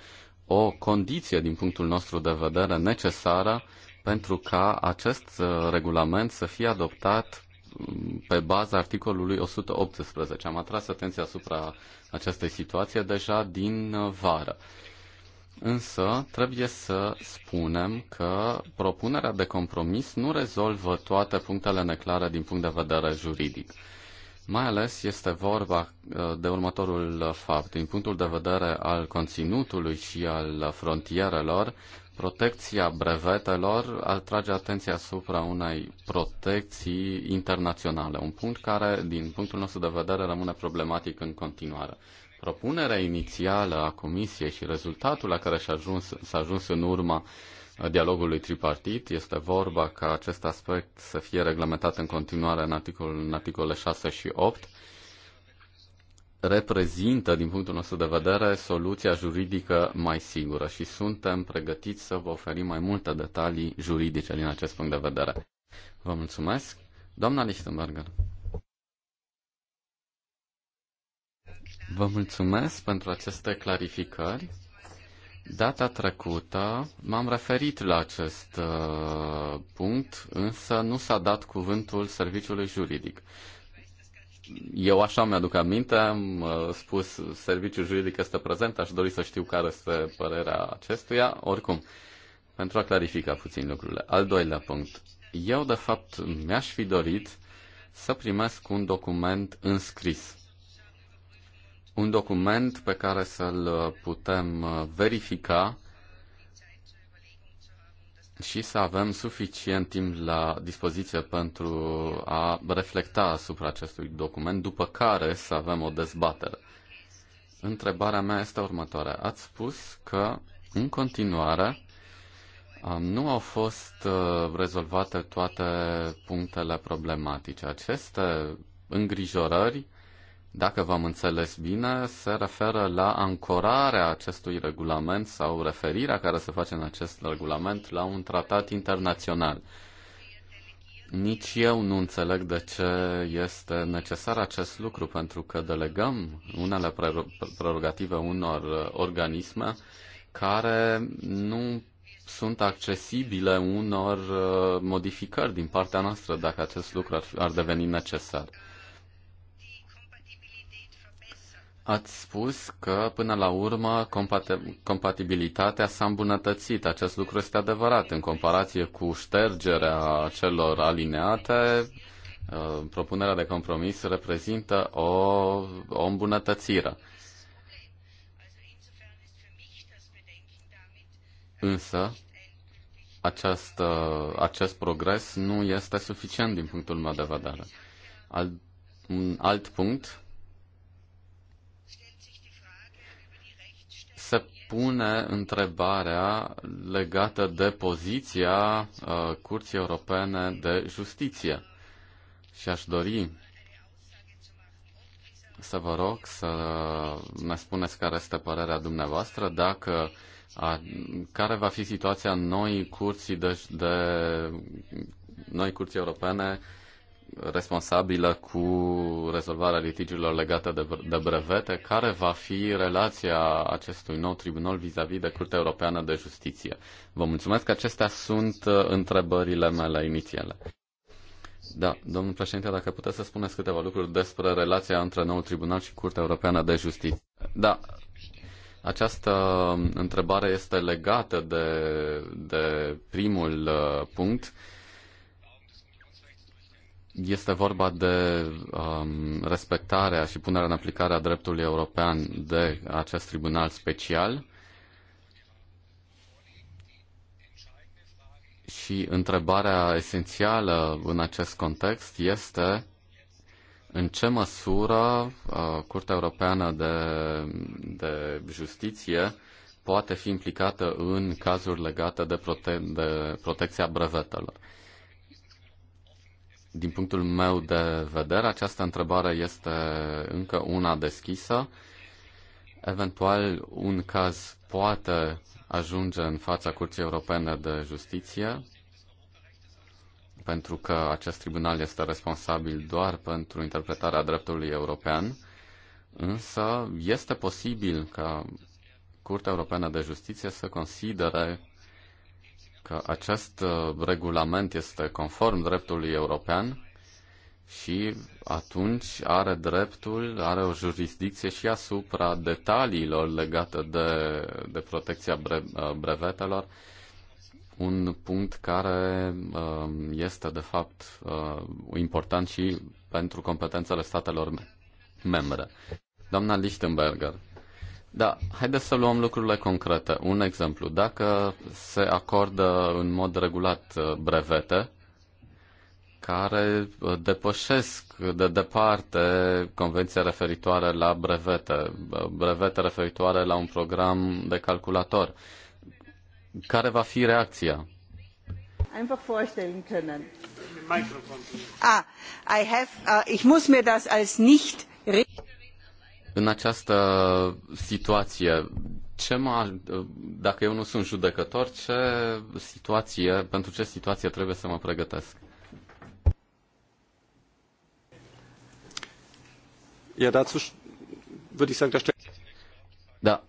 o condiție din punctul nostru de vedere necesară pentru ca acest uh, regulament să fie adoptat mm, pe baza articolului 118. Am atras atenția asupra acestei situații deja din uh, vară. Însă trebuie să spunem că propunerea de compromis nu rezolvă toate punctele neclare din punct de vedere juridic. Mai ales este vorba uh, de următorul fapt. Din punctul de vedere al conținutului și al frontierelor, protecția brevetelor atrage atenția asupra unei protecții internaționale, un punct care, din punctul nostru de vedere, rămâne problematic în continuare. Propunerea inițială a Comisiei și rezultatul la care s-a ajuns, s-a ajuns în urma dialogului tripartit este vorba ca acest aspect să fie reglementat în continuare în, articol, în articole 6 și 8 reprezintă, din punctul nostru de vedere, soluția juridică mai sigură și suntem pregătiți să vă oferim mai multe detalii juridice din acest punct de vedere. Vă mulțumesc. Doamna Lichtenberger. Vă mulțumesc pentru aceste clarificări. Data trecută m-am referit la acest uh, punct, însă nu s-a dat cuvântul serviciului juridic. Eu așa mi-aduc aminte, am uh, spus serviciul juridic este prezent, aș dori să știu care este părerea acestuia. Oricum, pentru a clarifica puțin lucrurile. Al doilea punct. Eu, de fapt, mi-aș fi dorit să primesc un document înscris un document pe care să-l uh, putem uh, verifica și să avem suficient timp la dispoziție pentru a reflecta asupra acestui document, după care să avem o dezbatere. Întrebarea mea este următoarea. Ați spus că, în continuare, uh, nu au fost rezolvate toate punctele problematice. Aceste îngrijorări dacă v-am înțeles bine, se referă la ancorarea acestui regulament sau referirea care se face în acest regulament la un tratat internațional. Nici eu nu înțeleg de ce este necesar acest lucru, pentru că delegăm unele prerogative unor organisme care nu sunt accesibile unor uh, modificări din partea noastră dacă acest lucru ar, ar deveni necesar. Ați spus că, până la urmă, compatibilitatea s-a îmbunătățit. Acest lucru este adevărat. În comparație cu ștergerea celor alineate, uh, propunerea de compromis reprezintă o, o îmbunătățire. Însă, acest, acest progres nu este suficient din punctul meu de vedere. Al, un alt punct pune întrebarea legată de poziția uh, Curții Europene de Justiție. Și aș dori să vă rog să ne spuneți care este părerea dumneavoastră, dacă a, care va fi situația noi curții de, de noi curții europene uh, responsabilă cu rezolvarea litigiilor legate de, de brevete, care va fi relația acestui nou tribunal vis-a-vis -vis de Curtea Europeană de Justiție. Vă mulțumesc că acestea sunt uh, întrebările mele inițiale. Da, domnul președinte, dacă puteți să spuneți câteva lucruri despre relația între noul tribunal și Curtea Europeană de Justiție. Da, această întrebare este legată de, de primul uh, punct. Uh, este vorba de um, respectarea și punerea în aplicare a dreptului european de acest tribunal special. Și întrebarea esențială în acest context este în ce măsură uh, Curtea Europeană de, de Justiție poate fi implicată în cazuri legate de, prote- de protecția brevetelor. Din punctul meu de vedere, această întrebare este încă una deschisă. Eventual, un caz poate ajunge în fața Curții Europene de Justiție, pentru că acest tribunal este responsabil doar pentru interpretarea dreptului european, însă este posibil ca Curtea Europeană de Justiție să considere că acest uh, regulament este conform dreptului european și atunci are dreptul, are o jurisdicție și asupra detaliilor legate de, de protecția bre, uh, brevetelor, un punct care uh, este de fapt important și pentru competențele statelor membre. Doamna Lichtenberger, da, haideți să luăm lucrurile concrete. Un exemplu, dacă se acordă în mod regulat uh, brevete care uh, depășesc de departe convenția referitoare la brevete, uh, brevete referitoare la un program de calculator, care va fi reacția? Einfach vorstellen können. Ah, I have, uh, ich muss mir das als nicht în această situație, ce mă, dacă eu nu sunt judecător, ce situație, pentru ce situație trebuie să mă pregătesc? Ja, dazu würde ich sagen, da stellt da.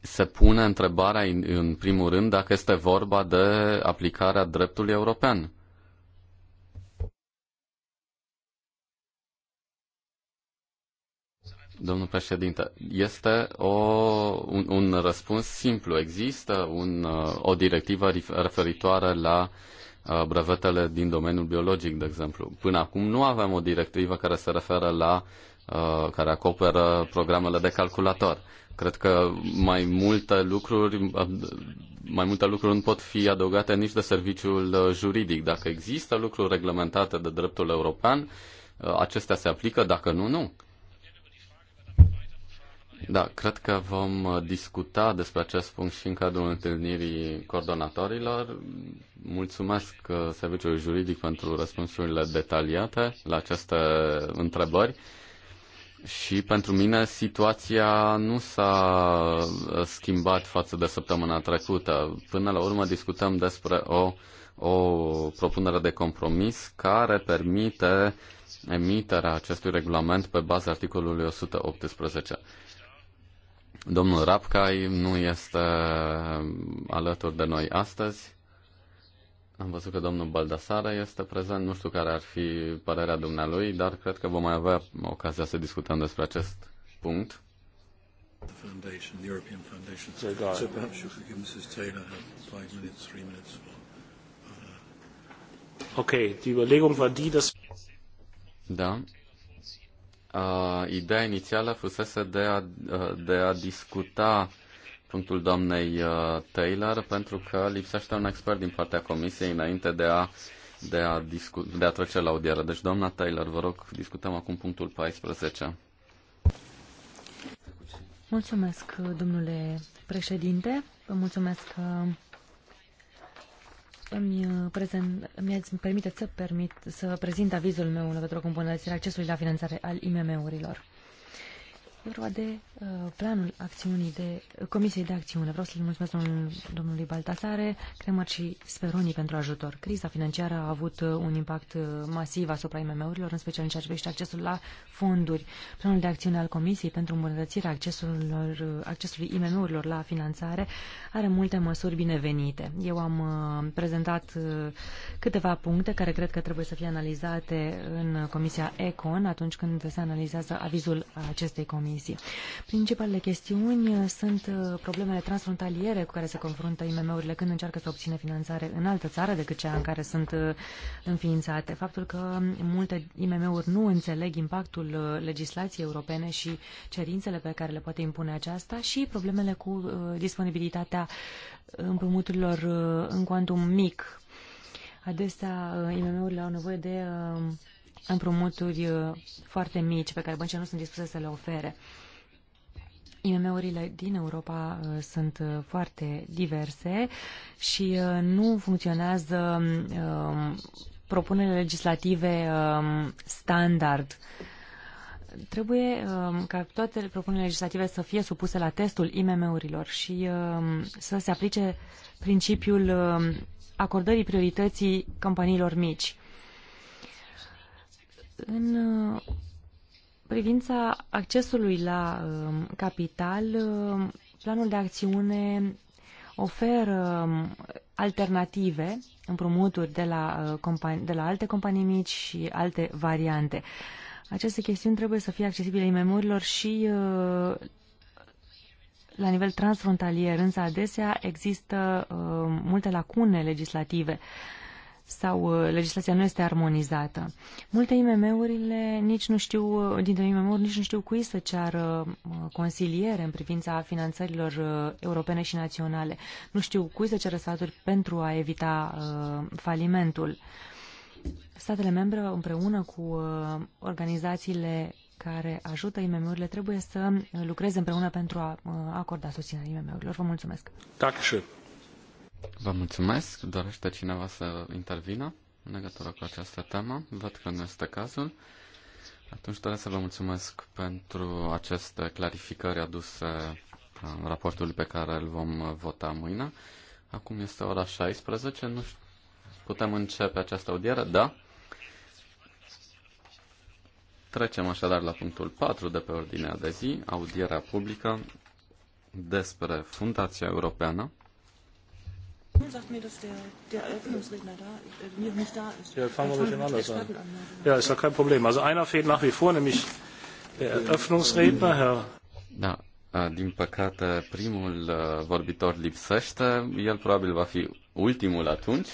Se pune întrebarea, în primul rând, dacă este vorba de aplicarea dreptului european. Domnul președinte, este o, un, un răspuns simplu. Există un, uh, o directivă referitoare la uh, brevetele din domeniul biologic, de exemplu. Până acum nu avem o directivă care se referă la uh, care acoperă programele de calculator. Cred că mai multe lucruri mai multe lucruri nu pot fi adăugate nici de serviciul juridic. Dacă există lucruri reglementate de dreptul european, acestea se aplică, dacă nu, nu. Da, cred că vom uh, discuta despre acest punct și în cadrul întâlnirii coordonatorilor. Mulțumesc uh, serviciului juridic pentru răspunsurile detaliate la aceste întrebări. Și pentru mine situația nu s-a uh, schimbat față de săptămâna trecută. Până la urmă discutăm despre o, o propunere de compromis care permite emiterea acestui regulament pe baza articolului 118. Domnul Rapcai nu este alături de noi astăzi. Am văzut că domnul Baldasare este prezent, nu știu care ar fi părerea dumnealui, dar cred că vom mai avea ocazia să discutăm despre acest punct. Foundation, the European Foundation. So, so perhaps you could give Mrs. Taylor five minutes, three minutes. Uh, okay, die Überlegung war die, dass... Da, uh, ideea inițială fusese de a, uh, de a discuta punctul doamnei uh, Taylor pentru că lipsește un expert din partea comisiei înainte de a, de a, discu- de a trece la audiere. Deci, doamna Taylor, vă rog, discutăm acum punctul 14. Mulțumesc, domnule președinte. Vă mulțumesc Uh îmi, uh, prezent, îmi permiteți să, permit, să prezint avizul meu în legătură cu îmbunătățirea accesului la finanțare al IMM-urilor. Vorba de Uh, planul acțiunii de, Comisiei de Acțiune. Vreau să-l mulțumesc domnului Baltasare, Cremăr și Speroni pentru ajutor. Criza financiară a avut uh, un impact uh, masiv asupra IMM-urilor, în special în ceea ce privește accesul la fonduri. Planul de acțiune al Comisiei pentru îmbunătățirea accesului IMM-urilor la finanțare are multe măsuri binevenite. Eu am prezentat câteva puncte care cred că trebuie să fie analizate în Comisia ECON atunci când se analizează avizul acestei comisii. Principalele chestiuni uh, sunt uh, problemele transfrontaliere cu care se confruntă IMM-urile când încearcă să obțină finanțare în altă țară decât cea în care sunt uh, înființate. Faptul că multe IMM-uri nu înțeleg impactul legislației europene și cerințele pe care le poate impune aceasta și problemele cu disponibilitatea împrumuturilor în cuantum mic. Adesea IMM-urile au nevoie de împrumuturi foarte mici pe care băncile nu sunt dispuse să le ofere. IMM-urile din Europa uh, sunt uh, foarte diverse și uh, nu funcționează um, propunerile legislative um, standard. Trebuie um, ca toate propunerile legislative să fie supuse la testul IMM-urilor și să se aplice principiul acordării priorității companiilor mici. În privința accesului la um, capital, um, planul de acțiune oferă um, alternative, împrumuturi de la, uh, de la alte companii mici și alte variante. Aceste chestiuni trebuie să fie accesibile imemurilor și uh, la nivel transfrontalier, însă adesea există uh, multe lacune legislative. Uh, sau uh, legislația nu este armonizată. Multe IMM-urile nici nu știu, uh, dintre IMM-uri nici nu știu cui să ceară uh, consiliere în privința finanțărilor europene și naționale. Nu știu cui să ceară staturi pentru a evita falimentul. Statele membre împreună cu organizațiile care ajută IMM-urile trebuie să lucreze împreună pentru a acorda susținerea IMM-urilor. Vă mulțumesc! Dankeschön. Vă mulțumesc. Dorește cineva să intervină în legătură cu această temă? Văd că nu este cazul. Atunci doresc să vă mulțumesc pentru aceste clarificări aduse în raportul pe care îl vom vota mâine. Acum este ora 16, nu știu, putem începe această audiere, da? Trecem așadar la punctul 4 de pe ordinea de zi, audierea publică despre Fundația Europeană Sagt mir, dass der, der Eröffnungsredner da, äh, hier nicht da ist. Ja, fangen wir ruhig anders an. Ja, ist ja kein Problem. Also einer fehlt nach wie vor, nämlich der Eröffnungsredner, Herr... Da, din păcate, primul vorbitor lipsește. El probabil va fi ultimul atunci.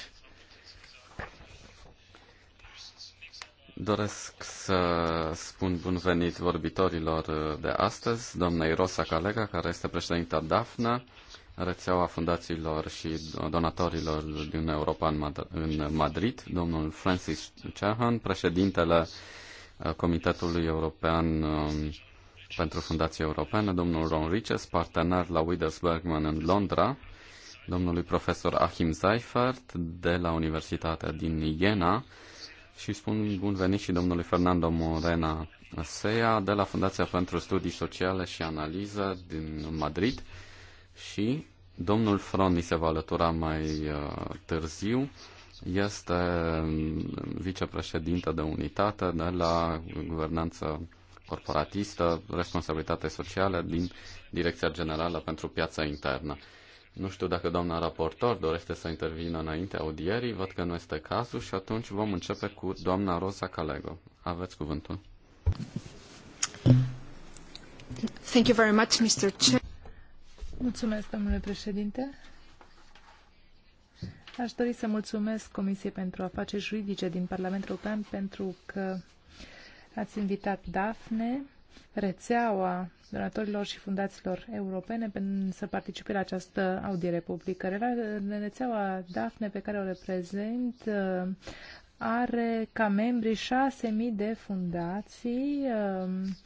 Doresc să spun bun venit vorbitorilor de astăzi, doamnei Rosa Calega, care este președinta DAFNA, rețeaua fundațiilor și donatorilor din Europa în Madrid, domnul Francis Chahan, președintele uh, Comitetului European um, pentru Fundație Europeană, domnul Ron Riches, partener la Withers Bergman în Londra, domnului profesor Achim Seifert de la Universitatea din Iena și spun bun venit și domnului Fernando Morena Seia de la Fundația pentru Studii Sociale și Analiză din Madrid și domnul Froni se va alătura mai uh, târziu. Este um, vicepreședinte de unitate de la guvernanță corporatistă, responsabilitate socială din Direcția Generală pentru Piața Internă. Nu știu dacă doamna raportor dorește să intervină înainte audierii, văd că nu este cazul și atunci vom începe cu doamna Rosa Calego. Aveți cuvântul. Thank you very much, Mr. Chair. Aș dori să mulțumesc Comisiei pentru Afaceri Juridice din Parlamentul European pentru că ați invitat DAFNE, rețeaua donatorilor și fundațiilor europene, să participe la această audiere publică. Rețeaua DAFNE pe care o reprezint are ca membri 6.000 de fundații um,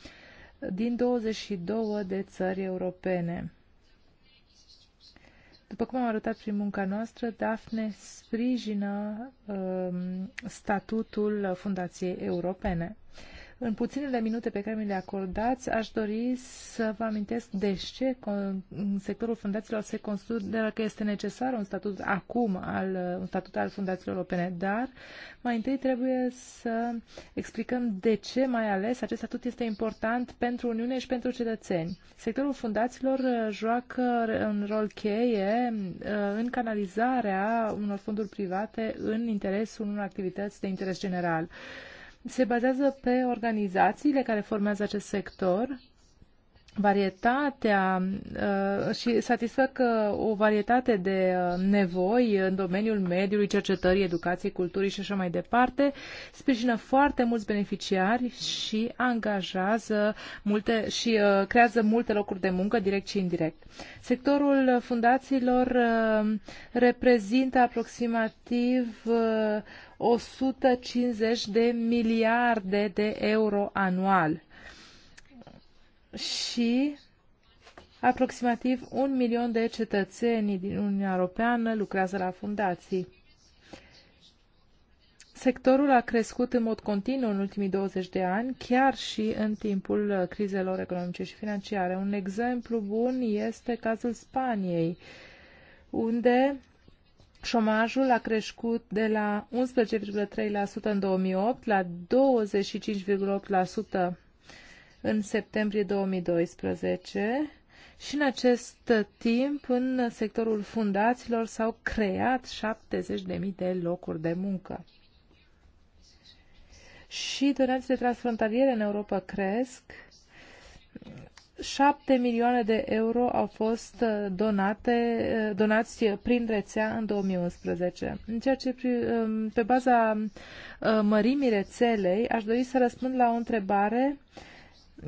din 22 de țări europene. După cum am arătat prin munca noastră, DAFNE sprijină um, statutul Fundației Europene. Uh, în puținele minute pe care mi le acordați, aș dori să vă amintesc de ce în sectorul fundațiilor se consideră că este necesar un statut acum, al, un statut al fundațiilor opene, dar mai întâi trebuie să explicăm de ce mai ales acest statut este important pentru Uniune și pentru cetățeni. Sectorul fundațiilor uh, joacă un rol cheie uh, în canalizarea unor fonduri private în interesul unor activități de interes general se bazează pe organizațiile care formează acest sector, varietatea uh, și satisfac uh, o varietate de uh, nevoi în domeniul mediului, cercetării, educației, culturii și așa mai departe, sprijină foarte mulți beneficiari și angajează multe și uh, creează multe locuri de muncă, direct și indirect. Sectorul fundațiilor uh, reprezintă aproximativ uh, 150 de miliarde de euro anual și aproximativ un milion de cetățeni din Uniunea Europeană lucrează la fundații. Sectorul a crescut în mod continuu în ultimii 20 de ani, chiar și în timpul crizelor economice și financiare. Un exemplu bun este cazul Spaniei, unde Șomajul a crescut de la 11,3% în 2008 la 25,8% în septembrie 2012 și în acest timp în sectorul fundațiilor s-au creat 70.000 de locuri de muncă. Și donațiile transfrontaliere în Europa cresc 7 milioane de euro au fost uh, donate, uh, donați prin rețea în 2011. În ceea ce, um, pe baza uh, mărimii rețelei, aș dori să răspund la o întrebare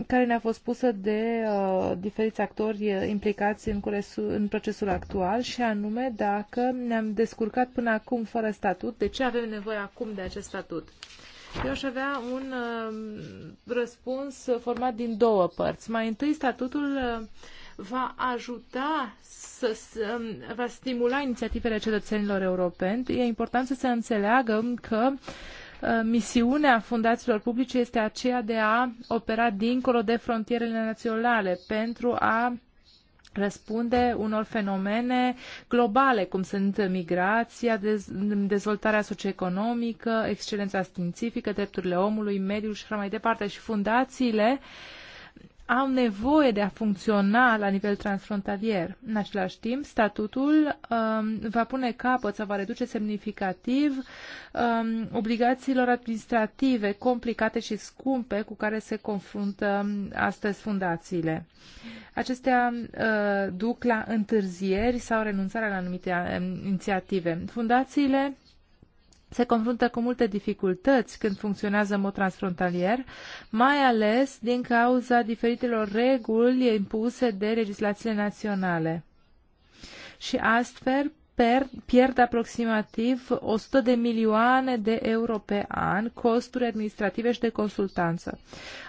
care ne-a fost pusă de uh, diferiți actori implicați în, curesul, în procesul actual și anume dacă ne-am descurcat până acum fără statut, de ce avem nevoie acum de acest statut? Uh, eu aș avea un uh, răspuns format din două părți. Mai întâi, statutul uh, va ajuta să, să um, va stimula inițiativele cetățenilor europeni. E important să se înțeleagă că uh, misiunea fundațiilor publice este aceea de a opera dincolo de frontierele naționale pentru a răspunde unor fenomene globale, cum sunt migrația, dezvoltarea socioeconomică, excelența științifică, drepturile omului, mediul și așa mai departe. Și fundațiile uh, au nevoie de a funcționa la nivel transfrontalier. În același timp, statutul um, va pune capăt sau va reduce semnificativ um, obligațiilor administrative complicate și scumpe cu care se confruntă um, astăzi fundațiile. Acestea uh, duc la întârzieri sau renunțarea la anumite um, inițiative. Fundațiile se confruntă cu multe dificultăți când funcționează în mod transfrontalier, mai ales din cauza diferitelor reguli impuse de legislațiile naționale. Și astfel per, pierd aproximativ 100 de milioane de euro pe an costuri administrative și de consultanță.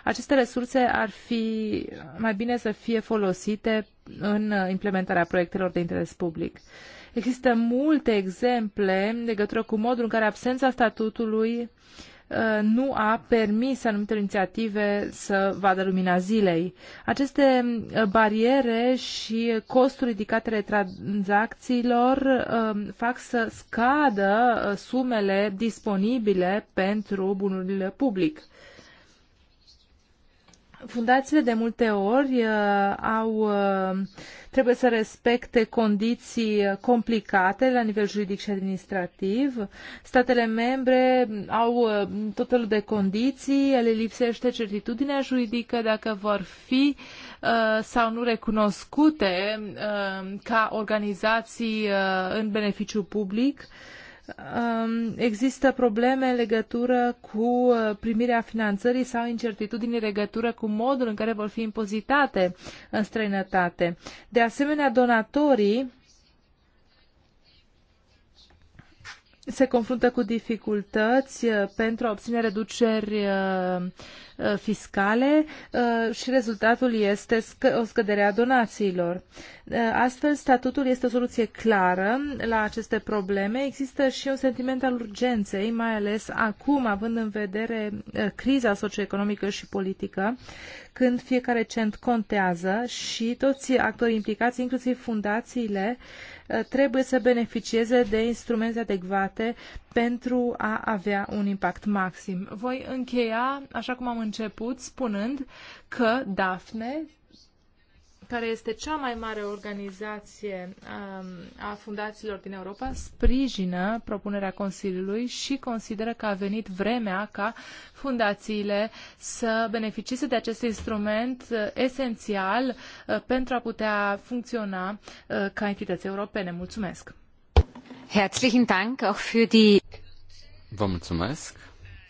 Aceste resurse ar fi mai bine să fie folosite în implementarea proiectelor de interes public. Uh, Există multe exemple în legătură cu modul în care absența statutului uh, nu a permis anumite inițiative să vadă lumina zilei. Aceste uh, bariere și costuri ridicate tranzacțiilor um, fac să scadă uh, sumele disponibile pentru bunurile public. Fundațiile de multe ori uh, au, uh, trebuie să respecte condiții complicate la nivel juridic și administrativ. Statele membre au uh, tot felul de condiții, ele lipsește certitudinea juridică dacă vor fi sau nu recunoscute ca organizații în beneficiu public. Uh, Um, există probleme în legătură cu uh, primirea finanțării sau incertitudini în legătură cu modul în care vor fi impozitate în străinătate. De asemenea, donatorii se confruntă cu dificultăți uh, pentru a obține reduceri uh, uh, fiscale și rezultatul este o scădere a donațiilor. Astfel, statutul este o soluție clară la aceste probleme. Există și un sentiment al urgenței, mai ales acum, având în vedere criza socioeconomică și politică, când fiecare cent contează și toți actorii implicați, inclusiv fundațiile, Uh, trebuie să beneficieze de instrumente adecvate pentru a avea un impact maxim. Voi încheia, așa cum am început, spunând că DAFNE care este cea mai mare organizație um, a fundațiilor din Europa, sprijină propunerea Consiliului și consideră că a venit vremea ca fundațiile să beneficieze de acest instrument uh, esențial uh, pentru a putea funcționa uh, ca entități europene. Mulțumesc! Herzlichen Dank auch für die... Vă mulțumesc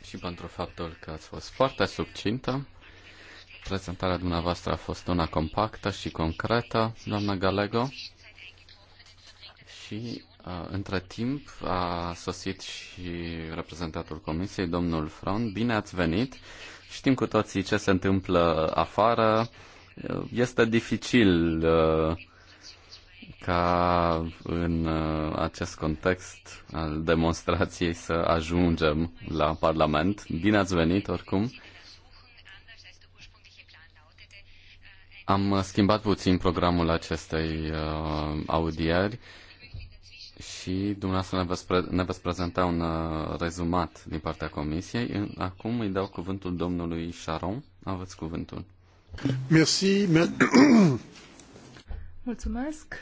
și pentru faptul că ați fost foarte succintă. Prezentarea dumneavoastră a fost una compactă și concretă, doamna Galego. Și uh, între timp a sosit și reprezentantul Comisiei, domnul Fron. Bine ați venit! Știm cu toții ce se întâmplă afară. Uh, este dificil uh, ca în acest context al demonstrației să ajungem la Parlament. Bine ați venit oricum! Am uh, schimbat puțin programul acestei uh, audieri și dumneavoastră ne veți, pre- ne veți prezenta un uh, rezumat din partea comisiei. Acum îi dau cuvântul domnului Sharon. Aveți cuvântul. Merci. Mulțumesc.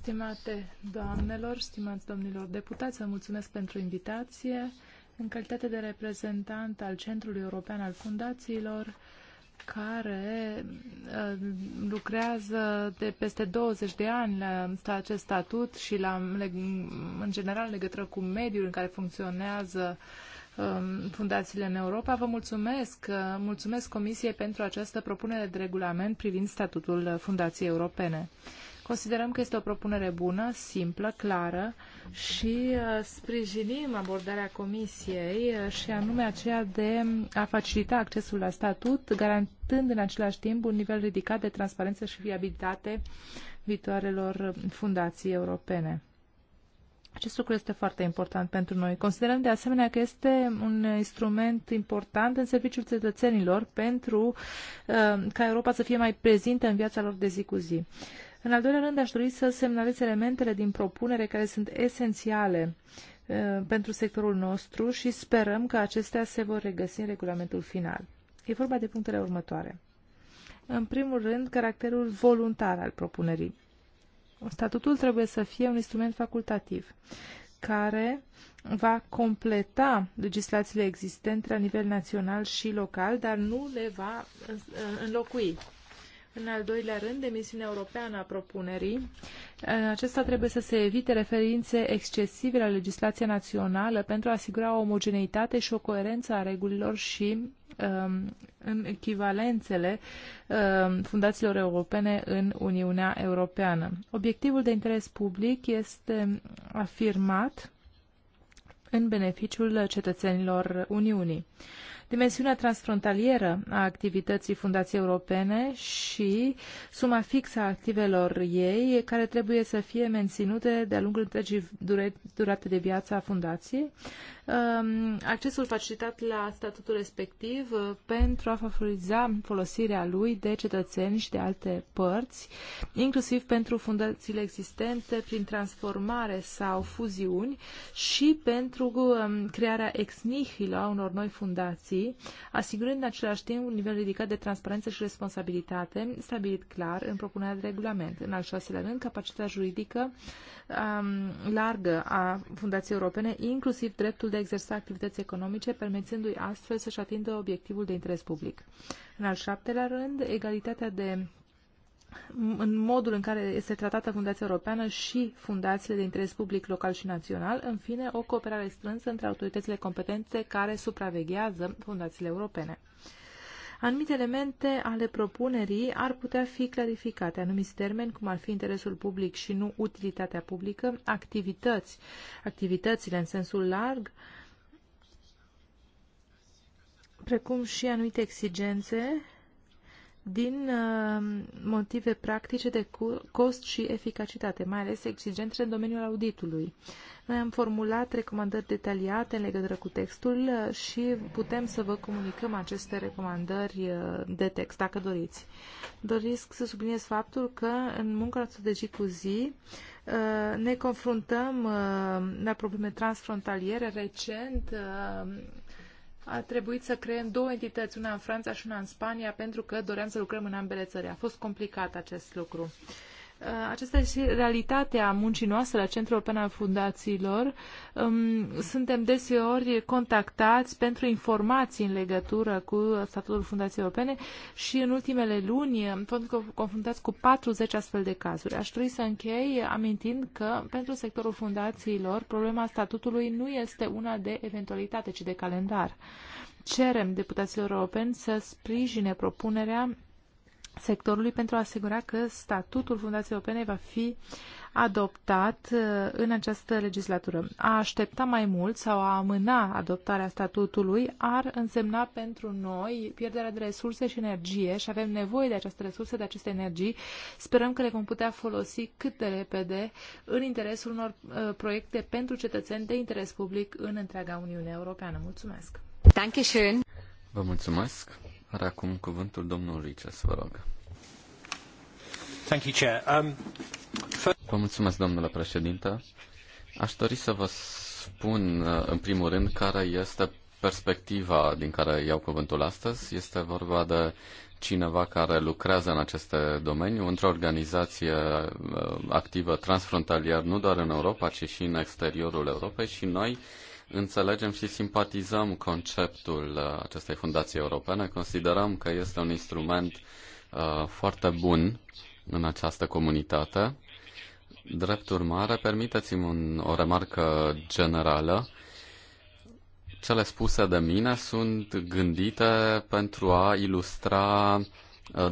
Stimate doamnelor, stimați domnilor deputați, vă mulțumesc pentru invitație. În calitate de reprezentant al Centrului European al Fundațiilor, care uh, lucrează de peste 20 de ani la acest statut și la, în general legătură cu mediul în care funcționează um, fundațiile în Europa. Vă mulțumesc, uh, mulțumesc Comisiei pentru această propunere de regulament privind statutul uh, Fundației Europene. Considerăm că este o propunere bună, simplă, clară și uh, sprijinim abordarea Comisiei uh, și anume aceea de a facilita accesul la statut, garantând în același timp un nivel ridicat de transparență și viabilitate viitoarelor fundații europene. Acest lucru este foarte important pentru noi. Considerăm de asemenea că este un instrument important în serviciul cetățenilor pentru uh, ca Europa să fie mai prezentă în viața lor de zi cu zi. În al doilea rând, aș dori să semnalez elementele din propunere care sunt esențiale uh, pentru sectorul nostru și sperăm că acestea se vor regăsi în regulamentul final. E vorba de punctele următoare. În primul rând, caracterul voluntar al propunerii. Statutul trebuie să fie un instrument facultativ care va completa legislațiile existente la nivel național și local, dar nu le va uh, înlocui. În al doilea rând, emisiunea europeană a propunerii. Acesta trebuie să se evite referințe excesive la legislația națională pentru a asigura o omogeneitate și o coerență a regulilor și um, în echivalențele um, fundațiilor europene în Uniunea Europeană. Obiectivul de interes public este afirmat în beneficiul cetățenilor Uniunii dimensiunea transfrontalieră a activității Fundației Europene și suma fixă a activelor ei, care trebuie să fie menținute de-a lungul întregii durate de viață a Fundației, um, accesul facilitat la statutul respectiv uh, pentru a favoriza folosirea lui de cetățeni și de alte părți, inclusiv pentru fundațiile existente prin transformare sau fuziuni și pentru um, crearea ex nihilo a unor noi fundații fundații, asigurând în același timp un nivel ridicat de transparență și responsabilitate, stabilit clar în propunerea de regulament. În al șaselea rând, capacitatea juridică um, largă a fundației europene, inclusiv dreptul de a exersa activități economice, permițându-i astfel să-și atingă obiectivul de interes public. În al șaptelea rând, egalitatea de în modul în care este tratată Fundația Europeană și fundațiile de interes public local și național, în fine, o cooperare strânsă între autoritățile competente care supraveghează fundațiile europene. Anumite elemente ale propunerii ar putea fi clarificate, anumiți termeni, cum ar fi interesul public și nu utilitatea publică, activități, activitățile în sensul larg, precum și anumite exigențe din uh, motive practice de cost și eficacitate, mai ales exigente în domeniul auditului. Noi am formulat recomandări detaliate în legătură cu textul uh, și putem să vă comunicăm aceste recomandări uh, de text, dacă doriți. Doresc să subliniez faptul că în munca noastră de zi cu zi ne confruntăm la probleme transfrontaliere. Recent a trebuit să creăm două entități, una în Franța și una în Spania, pentru că doream să lucrăm în ambele țări. A fost complicat acest lucru. Uh, aceasta este realitatea muncii noastre la Centrul Open al Fundațiilor. Um, suntem deseori contactați pentru informații în legătură cu statutul Fundației Europene și în ultimele luni am fost confruntați cu 40 astfel de cazuri. Aș trebui să închei amintind că pentru sectorul fundațiilor problema statutului nu este una de eventualitate, ci de calendar. Cerem deputaților europeni să sprijine propunerea sectorului pentru a asigura că statutul Fundației Europene va fi adoptat uh, în această legislatură. A aștepta mai mult sau a amâna adoptarea statutului ar însemna pentru noi pierderea de resurse și energie și avem nevoie de aceste resurse, de aceste energii. Sperăm că le vom putea folosi cât de repede în interesul unor uh, proiecte pentru cetățeni de interes public în întreaga Uniune Europeană. Mulțumesc! Dankeschön. Vă mulțumesc! Are acum cuvântul domnul Rices, vă rog. Thank you, Chair. Um, for... Vă mulțumesc, domnule președinte. Aș dori să vă spun, uh, în primul rând, care este perspectiva din care iau cuvântul astăzi. Este vorba de cineva care lucrează în aceste domeniu, într-o organizație uh, activă transfrontalier, nu doar în Europa, ci și în exteriorul Europei și noi înțelegem și simpatizăm conceptul uh, acestei fundații europene. Considerăm că este un instrument uh, foarte bun în această comunitate. Drept urmare, permiteți-mi o remarcă generală cele spuse de mine sunt gândite pentru a ilustra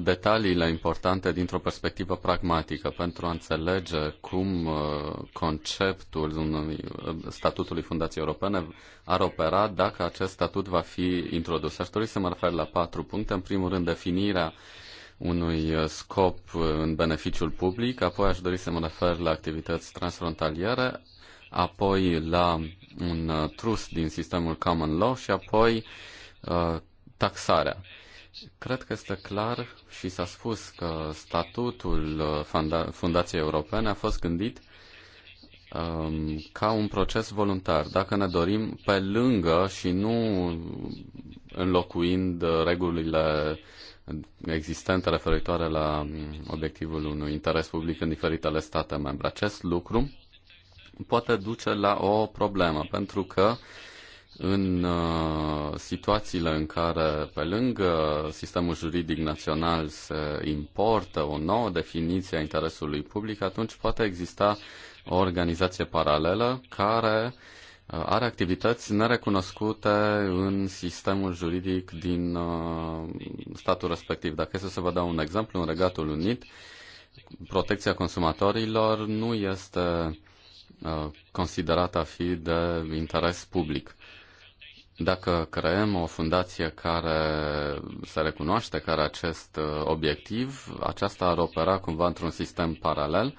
detaliile importante dintr-o perspectivă pragmatică pentru a înțelege cum uh, conceptul uh, statutului Fundației Europene ar opera dacă acest statut va fi introdus. Aș dori să mă refer la patru puncte. În primul rând, definirea unui uh, scop în beneficiul public, apoi aș dori să mă refer la activități transfrontaliere, apoi la un trust din sistemul common law și apoi taxarea. Cred că este clar și s-a spus că statutul uh, Fundației Europene a fost gândit um, ca un proces voluntar. Dacă ne dorim pe lângă și nu înlocuind uh, regulile existente referitoare la um, obiectivul unui interes public în diferitele state membre. Acest lucru poate duce la o problemă, pentru că uh, în uh, situațiile în care, pe lângă sistemul juridic național, se importă o nouă definiție a interesului public, atunci poate exista o organizație paralelă care uh, are activități nerecunoscute în sistemul juridic din uh, statul respectiv. Dacă este să vă dau un exemplu, în Regatul Unit, protecția consumatorilor nu este considerată a fi de interes public. Dacă creăm o fundație care se recunoaște care acest uh, obiectiv, aceasta ar opera cumva într-un sistem paralel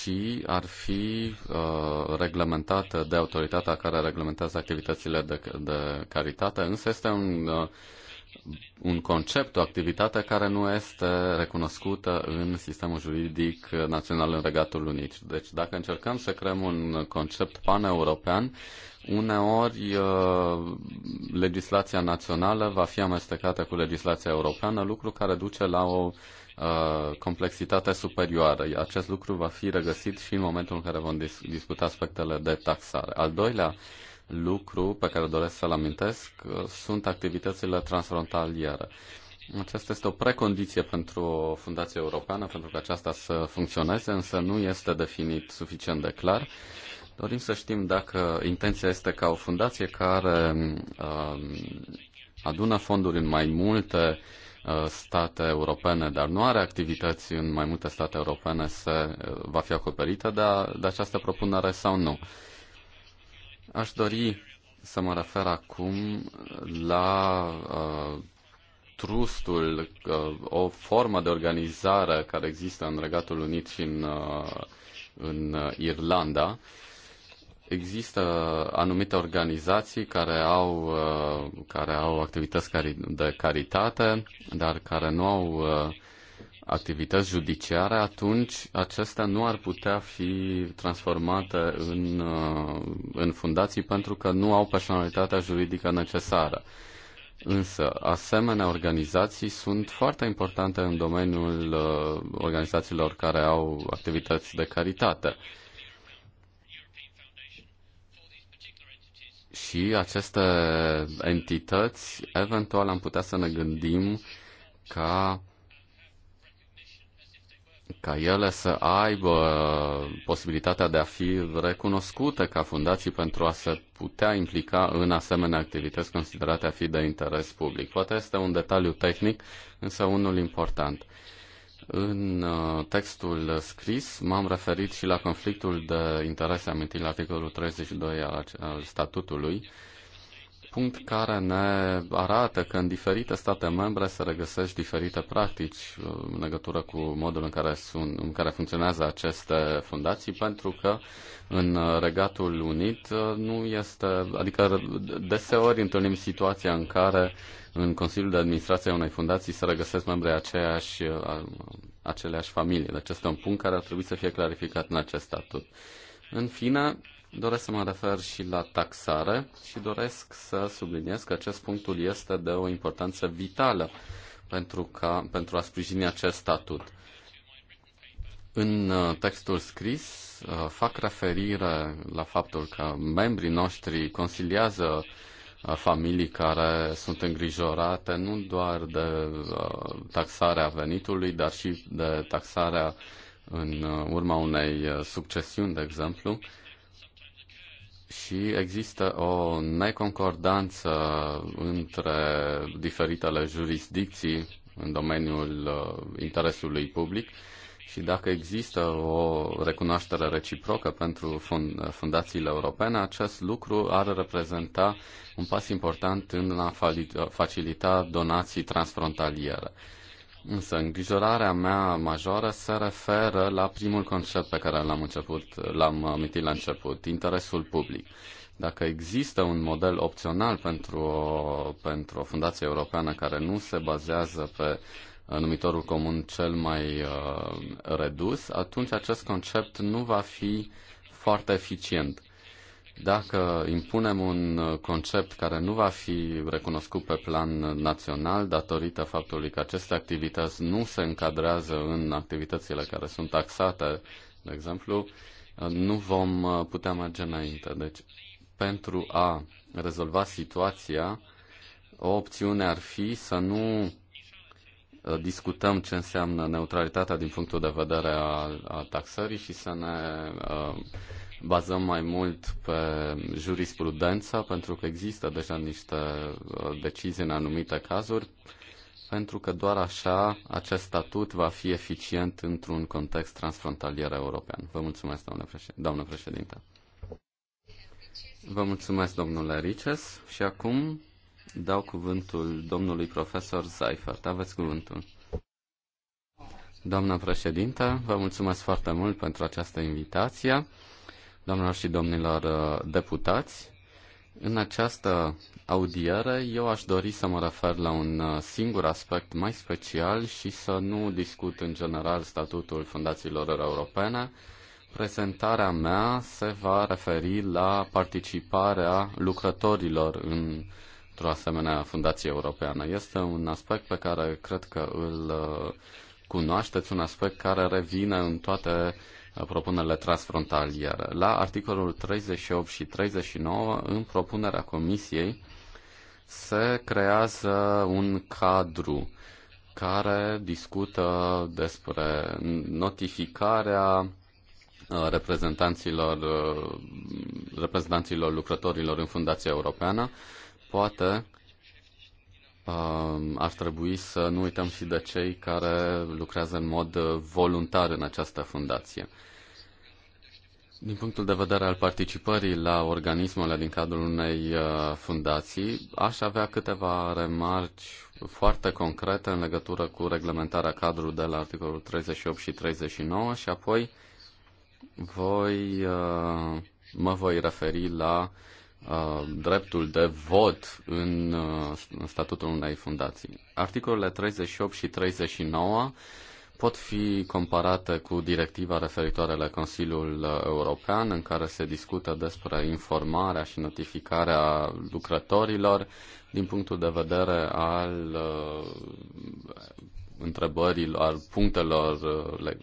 și ar fi uh, reglementată de autoritatea care reglementează activitățile de, de caritate, însă este un, uh, un concept, o activitate care nu este recunoscută în sistemul juridic național în Regatul Unit. Deci dacă încercăm să creăm un concept paneuropean, uh, Uneori, uh, legislația națională va fi amestecată cu legislația europeană, lucru care duce la o uh, complexitate superioară. Acest lucru va fi regăsit și în momentul în care vom discuta aspectele de taxare. Al doilea lucru pe care doresc să-l amintesc uh, sunt activitățile transfrontaliere. Aceasta este o precondiție pentru o fundație europeană, pentru că aceasta să funcționeze, însă nu este definit suficient de clar. Uh, Dorim să știm dacă intenția este ca o fundație care uh, adună fonduri în mai multe uh, state europene, dar nu are activități în mai multe state europene, se, uh, va fi acoperită de, a, de această propunere sau nu. Aș dori să mă refer acum la uh, trustul, uh, o formă de organizare care există în Regatul Unit și în, uh, în Irlanda. Uh, Există anumite organizații care au, uh, care au activități de caritate, dar care nu au uh, activități judiciare, atunci acestea nu ar putea fi transformate în, uh, în fundații pentru că nu au personalitatea juridică necesară. Însă, asemenea organizații sunt foarte importante în domeniul organizațiilor care au activități de caritate. și aceste entități, eventual am putea să ne gândim ca ca ele să aibă posibilitatea de a fi recunoscute ca fundații pentru a se putea implica în asemenea activități considerate a fi de interes public. Poate este un detaliu tehnic, însă unul important. În uh, textul scris m-am referit și la conflictul de interese amintit la articolul 32 al, statutului, punct care ne arată că în diferite state membre se regăsesc diferite practici uh, în legătură cu modul în care, sunt, în care funcționează aceste fundații, pentru că în Regatul Unit uh, nu este, adică deseori întâlnim situația în care uh, în Consiliul de Administrație a unei fundații să regăsesc membrii aceeași, uh, aceleași familii. Deci este un punct care ar trebui să fie clarificat în acest statut. În fine, doresc să mă refer și la taxare și doresc să subliniez că acest punctul este de o importanță vitală pentru, ca, pentru a sprijini acest statut. În uh, textul scris uh, fac referire la faptul că membrii noștri consiliază familii care sunt îngrijorate nu doar de uh, taxarea venitului, dar și de taxarea în uh, urma unei uh, succesiuni, de exemplu. Și există o neconcordanță între diferitele jurisdicții în domeniul interesului public și dacă există o recunoaștere reciprocă pentru fundațiile europene, acest lucru ar reprezenta un pas important în a facilita donații transfrontaliere. Însă îngrijorarea mea majoră se referă la primul concept pe care l-am început, l-am amintit la început, interesul public. Dacă există un model opțional pentru o, pentru o fundație europeană care nu se bazează pe numitorul comun cel mai uh, redus, atunci acest concept nu va fi foarte eficient. Dacă impunem un uh, concept care nu va fi recunoscut pe plan uh, național datorită faptului că aceste activități nu se încadrează în activitățile care sunt taxate, de exemplu, uh, nu vom putea merge înainte. Deci, pentru a rezolva situația, o opțiune ar fi să nu discutăm ce înseamnă neutralitatea din punctul de vedere al, taxării și să ne uh, bazăm mai mult pe jurisprudența, pentru că există deja niște uh, decizii în anumite cazuri, pentru că doar așa acest statut va fi eficient într-un context transfrontalier european. Vă mulțumesc, doamnă președinte. Doamnă președinte. Vă mulțumesc, domnule Rices, și acum dau cuvântul domnului profesor Zaifert. Aveți cuvântul. Doamnă președinte, vă mulțumesc foarte mult pentru această invitație doamnelor și domnilor uh, deputați. În această audiere eu aș dori să mă refer la un uh, singur aspect mai special și să nu discut în general statutul fundațiilor europene. Prezentarea mea se va referi la participarea lucrătorilor în o asemenea fundație europeană. Este un aspect pe care cred că îl uh, cunoașteți, un aspect care revine în toate Uh, propunerile transfrontaliere. La articolul 38 și 39, în propunerea Comisiei, se creează un cadru care discută despre notificarea uh, reprezentanților, uh, reprezentanților lucrătorilor în Fundația Europeană. Poate Um, ar trebui să nu uităm și de cei care lucrează în mod uh, voluntar în această fundație. Din punctul de vedere al participării la organismele din cadrul unei uh, fundații, aș avea câteva remarci foarte concrete în legătură cu reglementarea cadrului de la articolul 38 și 39 și apoi voi, uh, mă voi referi la uh, Uh, dreptul de vot uh, în, statutul unei fundații. Articolele 38 și 39 pot fi comparate cu directiva referitoare la Consiliul European, în care se discută despre informarea și notificarea lucrătorilor din punctul de vedere al uh, întrebărilor, al punctelor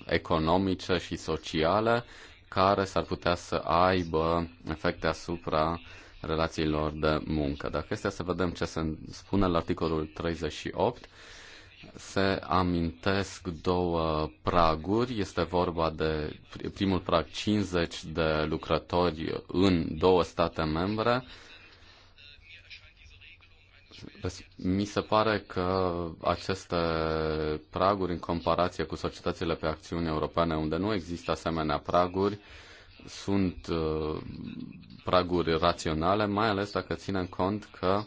economice și sociale care s-ar putea să aibă efecte asupra uh, relațiilor de muncă. Dacă este să vedem ce se spune la articolul 38, se amintesc două praguri. Este vorba de primul prag 50 de lucrători în două state membre. Deci, mi se pare că aceste praguri, în comparație cu societățile pe acțiune europene, unde nu există asemenea praguri, sunt uh, praguri raționale, mai ales dacă ținem cont că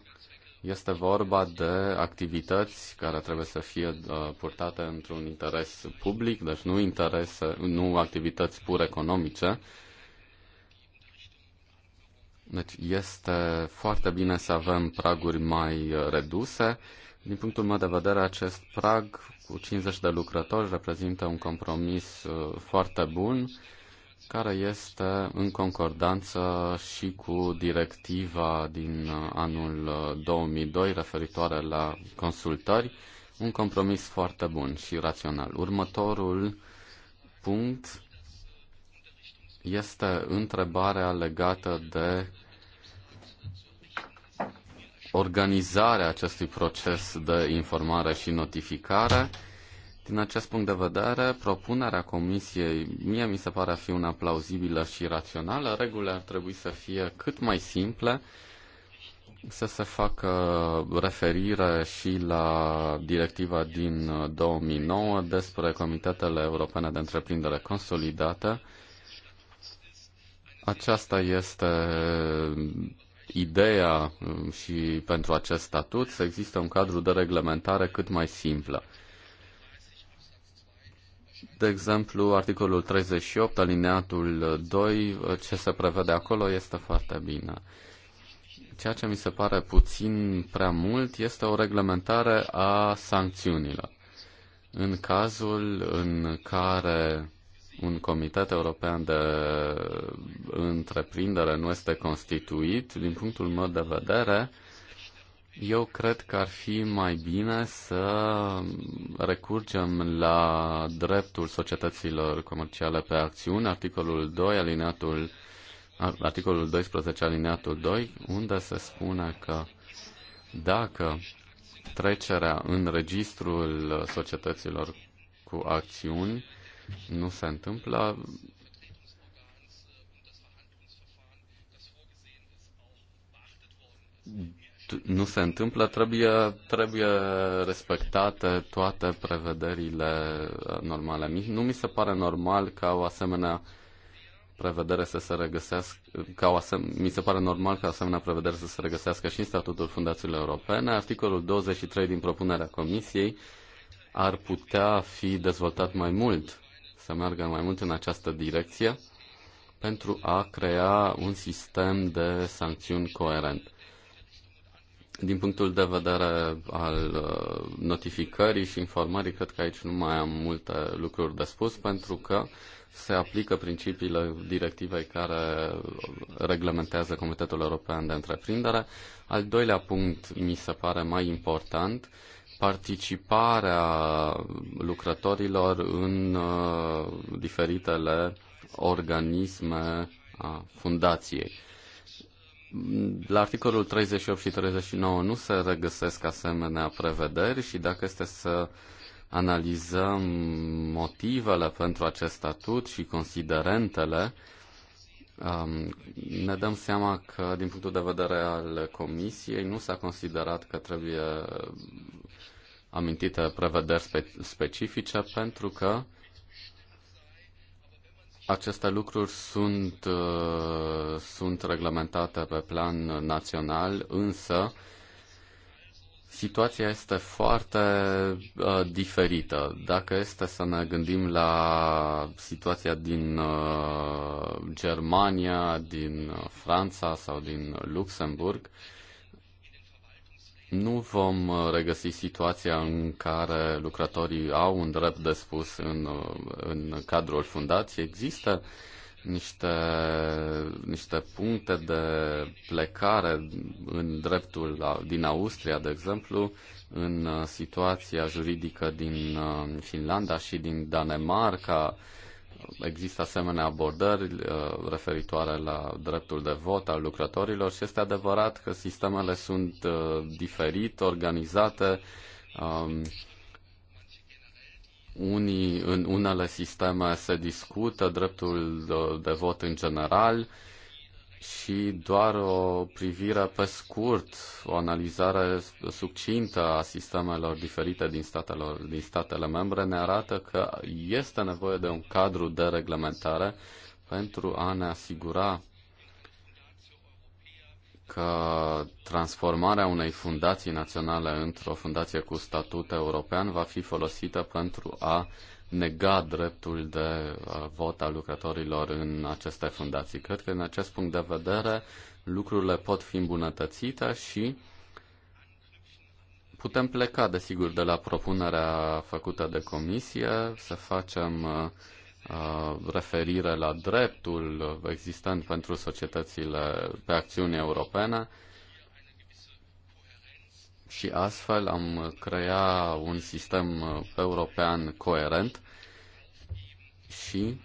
este vorba de activități care trebuie să fie uh, purtate într-un interes public, deci nu, interese, nu activități pur economice. Deci este foarte bine să avem praguri mai uh, reduse. Din punctul meu de vedere, acest prag cu 50 de lucrători reprezintă un compromis uh, foarte bun care este în concordanță și cu directiva din anul 2002 uh, referitoare la consultări, un compromis foarte bun și rațional. Următorul punct este întrebarea legată de organizarea acestui proces de informare și notificare din acest punct de vedere, propunerea Comisiei mie mi se pare a fi una plauzibilă și rațională. Regulile ar trebui să fie cât mai simple, să se facă referire și la directiva din 2009 despre Comitetele Europene de Întreprindere Consolidată. Aceasta este ideea um, și pentru acest statut, să existe un cadru de reglementare cât mai simplă. De exemplu, articolul 38, alineatul 2, ce se prevede acolo este foarte bine. Ceea ce mi se pare puțin prea mult este o reglementare a sancțiunilor. În cazul în care un comitet european de întreprindere nu este constituit, din punctul meu de vedere, eu cred că ar fi mai bine să recurgem la dreptul societăților comerciale pe acțiune, articolul 2, alineatul, articolul 12, alineatul 2, unde se spune că dacă trecerea în registrul societăților cu acțiuni nu se întâmplă, nu se întâmplă, trebuie, trebuie respectate toate prevederile normale. Nu mi se pare normal ca o asemenea prevedere să se regăsească, ca o asem- mi se pare normal ca o asemenea prevedere să se regăsească și în statutul fundațiilor europene. Articolul 23 din propunerea Comisiei ar putea fi dezvoltat mai mult, să meargă mai mult în această direcție pentru a crea un sistem de sancțiuni coerent. Din punctul de vedere al uh, notificării și informării, cred că aici nu mai am multe lucruri de spus, pentru că se aplică principiile directivei care reglementează Comitetul European de Întreprindere. Al doilea punct mi se pare mai important, participarea lucrătorilor în uh, diferitele organisme a fundației la articolul 38 și 39 nu se regăsesc asemenea prevederi și dacă este să analizăm motivele pentru acest statut și considerentele, um, ne dăm seama că, din punctul de vedere al Comisiei, nu s-a considerat că trebuie amintite prevederi specifice pentru că aceste lucruri sunt, uh, sunt reglementate pe plan național, însă situația este foarte uh, diferită. Dacă este să ne gândim la situația din uh, Germania, din Franța sau din Luxemburg, nu vom uh, regăsi situația în care lucrătorii au un drept de spus în, uh, în cadrul fundației. Există niște, niște puncte de plecare în dreptul la, din Austria, de exemplu, în uh, situația juridică din Finlanda și din Danemarca, există asemenea abordări uh, referitoare la dreptul de vot al lucrătorilor și este adevărat că sistemele sunt uh, diferit organizate. Um, unii, în unele sisteme se discută dreptul uh, de vot în general, și doar o privire pe scurt, o analizare succintă a sistemelor diferite din, statelor, din statele membre ne arată că este nevoie de un cadru de reglementare pentru a ne asigura că transformarea unei fundații naționale într-o fundație cu statut european va fi folosită pentru a uh, nega dreptul de uh, vot al lucrătorilor în aceste fundații. Cred că în acest punct de vedere lucrurile pot fi îmbunătățite și putem pleca, desigur, de la propunerea făcută de comisie, să facem uh, uh, referire la dreptul existent pentru societățile pe acțiuni europene, și astfel am crea un sistem uh, european coerent și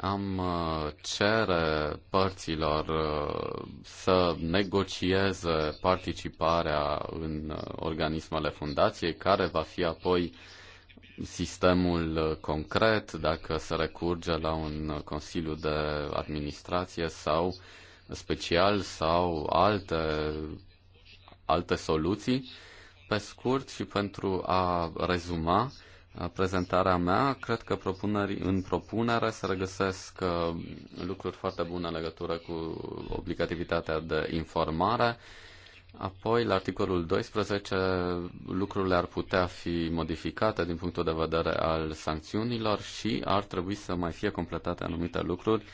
am uh, cere părților uh, să negocieze participarea în organismele fundației, care va fi apoi sistemul concret, dacă se recurge la un consiliu de administrație sau special sau alte alte soluții. Pe scurt și pentru a rezuma prezentarea mea, cred că propuneri, în propunere se regăsesc lucruri foarte bune în legătură cu obligativitatea de informare. Apoi, la articolul 12, lucrurile ar putea fi modificate din punctul de vedere al sancțiunilor și ar trebui să mai fie completate anumite lucruri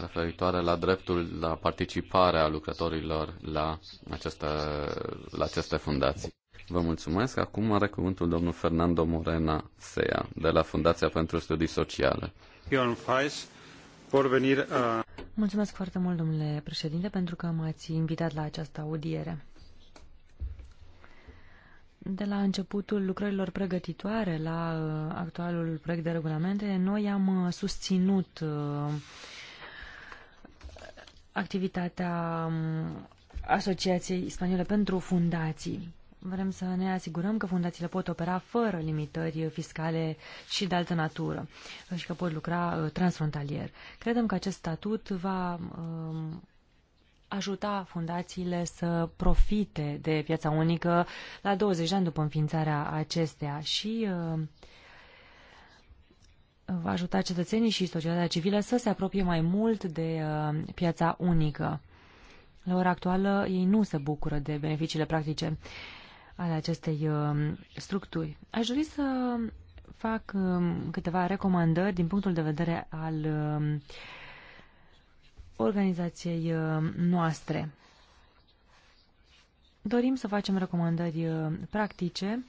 referitoare la dreptul la participare a lucrătorilor la aceste, la aceste fundații. Vă mulțumesc. Acum are cuvântul domnul Fernando Morena Sea, de la Fundația pentru Studii Sociale. Ion Fais, a... Mulțumesc foarte mult, domnule președinte, pentru că m-ați invitat la această audiere. De la începutul lucrărilor pregătitoare la uh, actualul proiect de regulamente, noi am uh, susținut uh, activitatea um, Asociației Spaniole pentru Fundații. Vrem să ne asigurăm că fundațiile pot opera fără limitări fiscale și de altă natură și că pot lucra uh, transfrontalier. Credem că acest statut va um, ajuta fundațiile să profite de piața unică la 20 de ani după înființarea acesteia și uh, va ajuta cetățenii și societatea civilă să se apropie mai mult de uh, piața unică. La ora actuală, ei nu se bucură de beneficiile practice ale acestei uh, structuri. Aș dori să fac uh, câteva recomandări din punctul de vedere al organizației noastre. Dorim să facem recomandări practice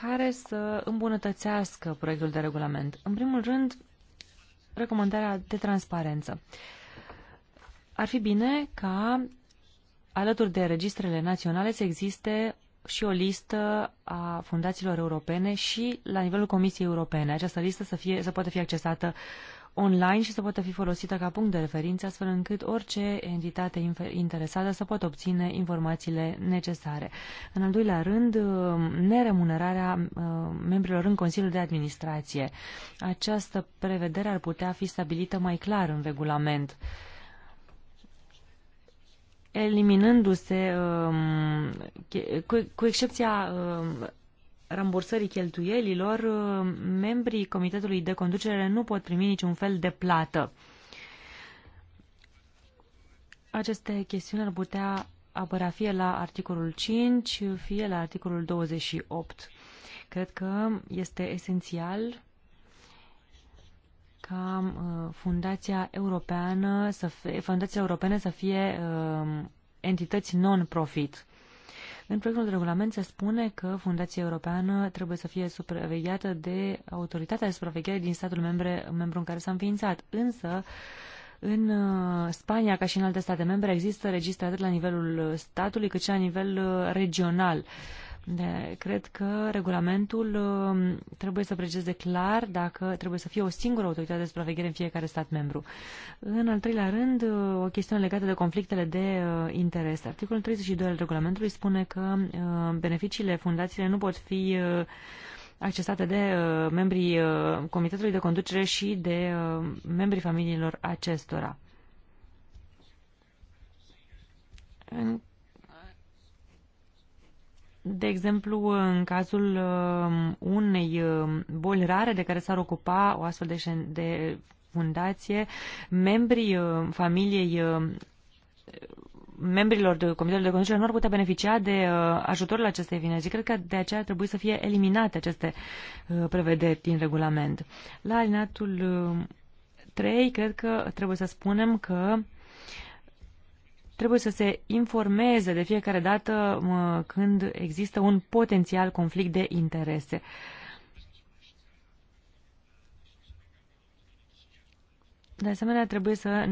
care să îmbunătățească proiectul de regulament. În primul rând, recomandarea de transparență. Ar fi bine ca alături de registrele naționale să existe și o listă a fundațiilor europene și la nivelul Comisiei Europene. Această listă să, fie, să poată fi accesată uh, online și să poată fi folosită ca punct de referință, astfel încât orice entitate interesată să poată obține informațiile necesare. În al doilea rând, um, neremunerarea um, membrilor în Consiliul de Administrație. Această prevedere ar putea fi stabilită mai clar în regulament eliminându-se, um, cu, cu excepția rambursării cheltuielilor, uh, membrii Comitetului de Conducere nu pot primi niciun fel de plată. Aceste chestiuni ar putea apărea fie la articolul 5, fie la articolul 28. Cred că este esențial ca uh, Fundația Europeană să fie, Fundația Europeană să fie uh, entități non-profit în proiectul de regulament se spune că Fundația Europeană trebuie să fie supravegheată de autoritatea de supraveghere din statul membre, membru în care s-a înființat, însă în uh, Spania, ca și în alte state membre, există registre atât la nivelul statului cât și la nivel uh, regional. Uh, de, cred că regulamentul um, trebuie să precizeze clar dacă trebuie să fie o singură autoritate de supraveghere în fiecare stat membru. În al treilea rând, uh, o chestiune legată de conflictele de uh, interes. Articolul 32 al regulamentului spune că uh, beneficiile fundațiile nu pot fi accesate de membrii Comitetului de Conducere și de membrii familiilor acestora. În de exemplu, în cazul um, unei um, boli rare de care s-ar ocupa o astfel de, de fundație, membrii um, familiei membrilor de Comitetul de Conducere nu ar putea beneficia de uh, ajutorul acestei finanțe. Cred că de aceea ar trebui să fie eliminate aceste uh, prevederi din regulament. La alinatul 3, cred că trebuie să spunem că trebuie să se informeze de fiecare dată când există un potențial conflict de interese. De asemenea, trebuie să,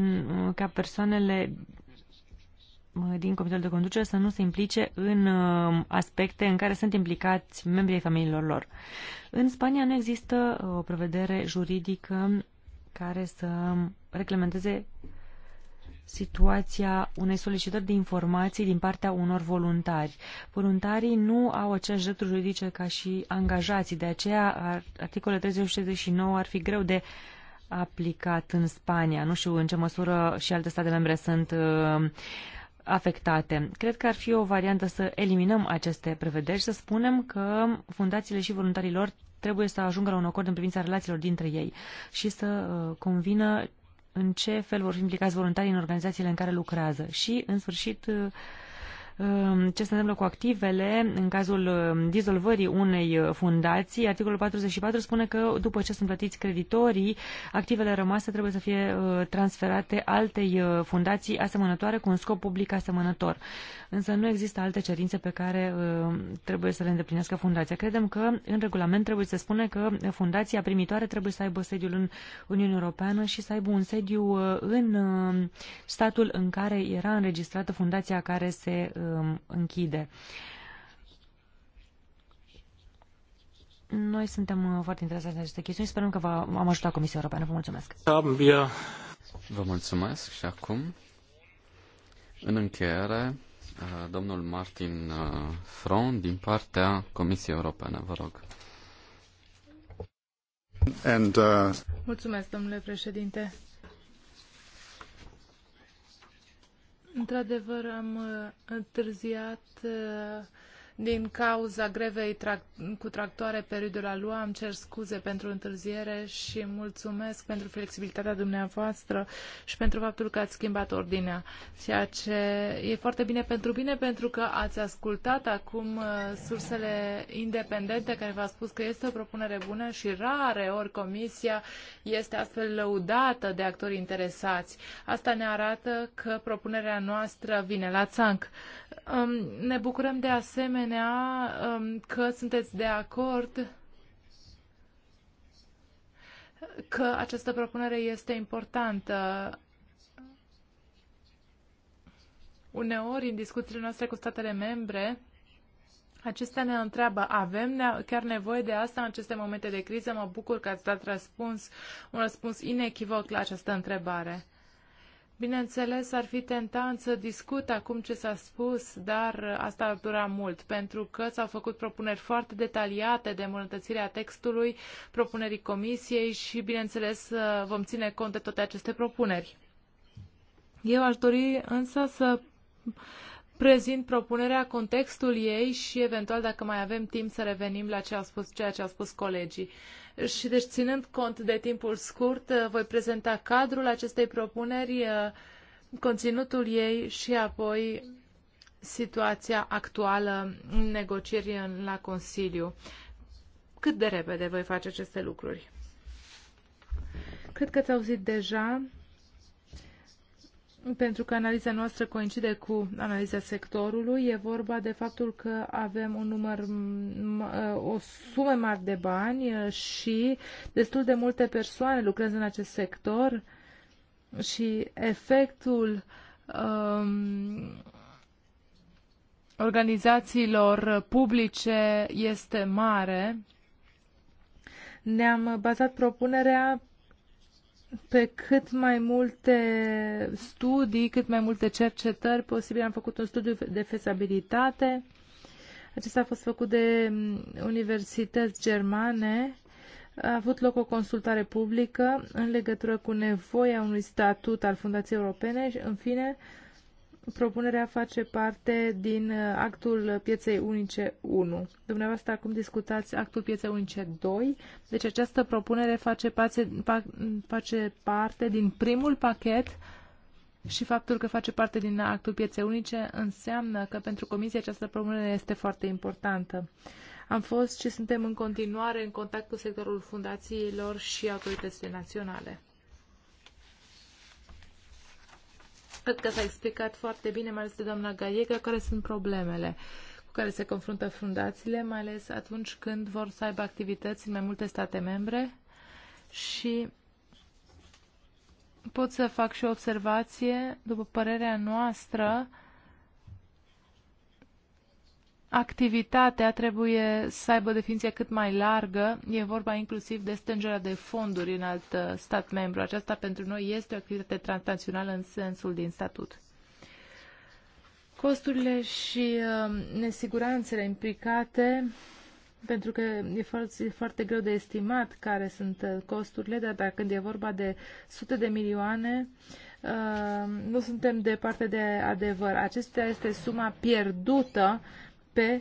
ca persoanele din comitetul de conducere să nu se implice în aspecte în care sunt implicați membrii familiilor lor. În Spania nu există o prevedere juridică care să reglementeze situația unei solicitări de informații din partea unor voluntari. Voluntarii nu au aceeași drepturi juridice ca și angajații, de aceea articolele 369 ar fi greu de aplicat în Spania. Nu știu în ce măsură și alte state membre sunt uh, afectate. Cred că ar fi o variantă să eliminăm aceste prevederi și să spunem că fundațiile și voluntarilor trebuie să ajungă la un acord în privința relațiilor dintre ei și să uh, convină în ce fel vor fi implicați voluntarii în organizațiile în care lucrează și, în sfârșit, Ehm, ce se întâmplă cu activele în cazul ehm, dizolvării unei eh, fundații. Articolul 44 spune că după ce sunt plătiți creditorii, activele rămase trebuie să fie eh, transferate altei eh, fundații asemănătoare cu un scop public asemănător. Însă nu există alte cerințe pe care ehm, trebuie să le îndeplinească fundația. Credem că în regulament trebuie să spune că fundația primitoare trebuie să aibă sediul în Uniunea Europeană și să aibă un sediu în statul în care era înregistrată fundația care se Um, închide. Noi suntem uh, foarte interesați de aceste chestiuni. Sperăm că v-am ajutat Comisia Europeană. Vă mulțumesc. Vă mulțumesc și acum, în încheiere, uh, domnul Martin uh, Fron din partea Comisiei Europene. Vă rog. And, uh... Mulțumesc, domnule președinte. Într-adevăr, am uh, întârziat uh, din cauza grevei trac- cu tractoare pe râul la Lua, îmi cer scuze pentru întârziere și mulțumesc pentru flexibilitatea dumneavoastră și pentru faptul că ați schimbat ordinea. Ceea ce e foarte bine pentru bine pentru că ați ascultat acum uh, sursele independente care v-au spus că este o propunere bună și rare ori comisia este astfel lăudată de actorii interesați. Asta ne arată că propunerea noastră vine la țanc. Um, ne bucurăm de asemenea asemenea um, că sunteți de acord că această propunere este importantă. Uneori, în discuțiile noastre cu statele membre, acestea ne întreabă, avem ne chiar nevoie de asta în aceste momente de criză? Mă bucur că ați dat răspuns, un răspuns inechivoc la această întrebare. Bineînțeles, ar fi tentant să discut acum ce s-a spus, dar asta ar dura mult, pentru că s-au făcut propuneri foarte detaliate de îmbunătățirea textului, propunerii comisiei și, bineînțeles, vom ține cont de toate aceste propuneri. Eu aș dori însă să prezint propunerea, contextul ei și eventual dacă mai avem timp să revenim la ce au spus, ceea ce au spus colegii. Și deci ținând cont de timpul scurt, voi prezenta cadrul acestei propuneri, conținutul ei și apoi situația actuală în negocieri la Consiliu. Cât de repede voi face aceste lucruri? Cred că ați auzit deja pentru că analiza noastră coincide cu analiza sectorului. E vorba de faptul că avem un număr, o sumă mare de bani și destul de multe persoane lucrează în acest sector și efectul um, organizațiilor publice este mare. Ne-am bazat propunerea pe cât mai multe studii, cât mai multe cercetări posibil. Am făcut un studiu de fezabilitate. Acesta a fost făcut de mm, universități germane. A avut loc o consultare publică în legătură cu nevoia unui statut al Fundației Europene și, în fine, uh, propunerea face parte din uh, actul pieței unice 1. Dumneavoastră acum discutați actul pieței unice 2, deci această propunere face, pace, pa, face parte din primul pachet și faptul că face parte din actul pieței unice înseamnă că pentru Comisie această propunere este foarte importantă. Am fost și suntem în continuare în contact cu sectorul fundațiilor și autoritățile naționale. Cred că s-a explicat foarte bine, mai ales de doamna Gaiega, care sunt problemele cu care se confruntă fundațiile, mai ales atunci când vor să aibă activități în mai multe state membre și pot să fac și o observație, după părerea noastră, activitatea trebuie să aibă definiție cât mai largă. E vorba inclusiv de strângerea de fonduri în alt uh, stat membru. Aceasta pentru noi este o activitate transnațională în sensul din statut. Costurile și uh, nesiguranțele implicate, pentru că e foarte, e foarte greu de estimat care sunt uh, costurile, dar dacă când e vorba de sute de milioane, uh, nu suntem departe de adevăr. Acesta este suma pierdută pe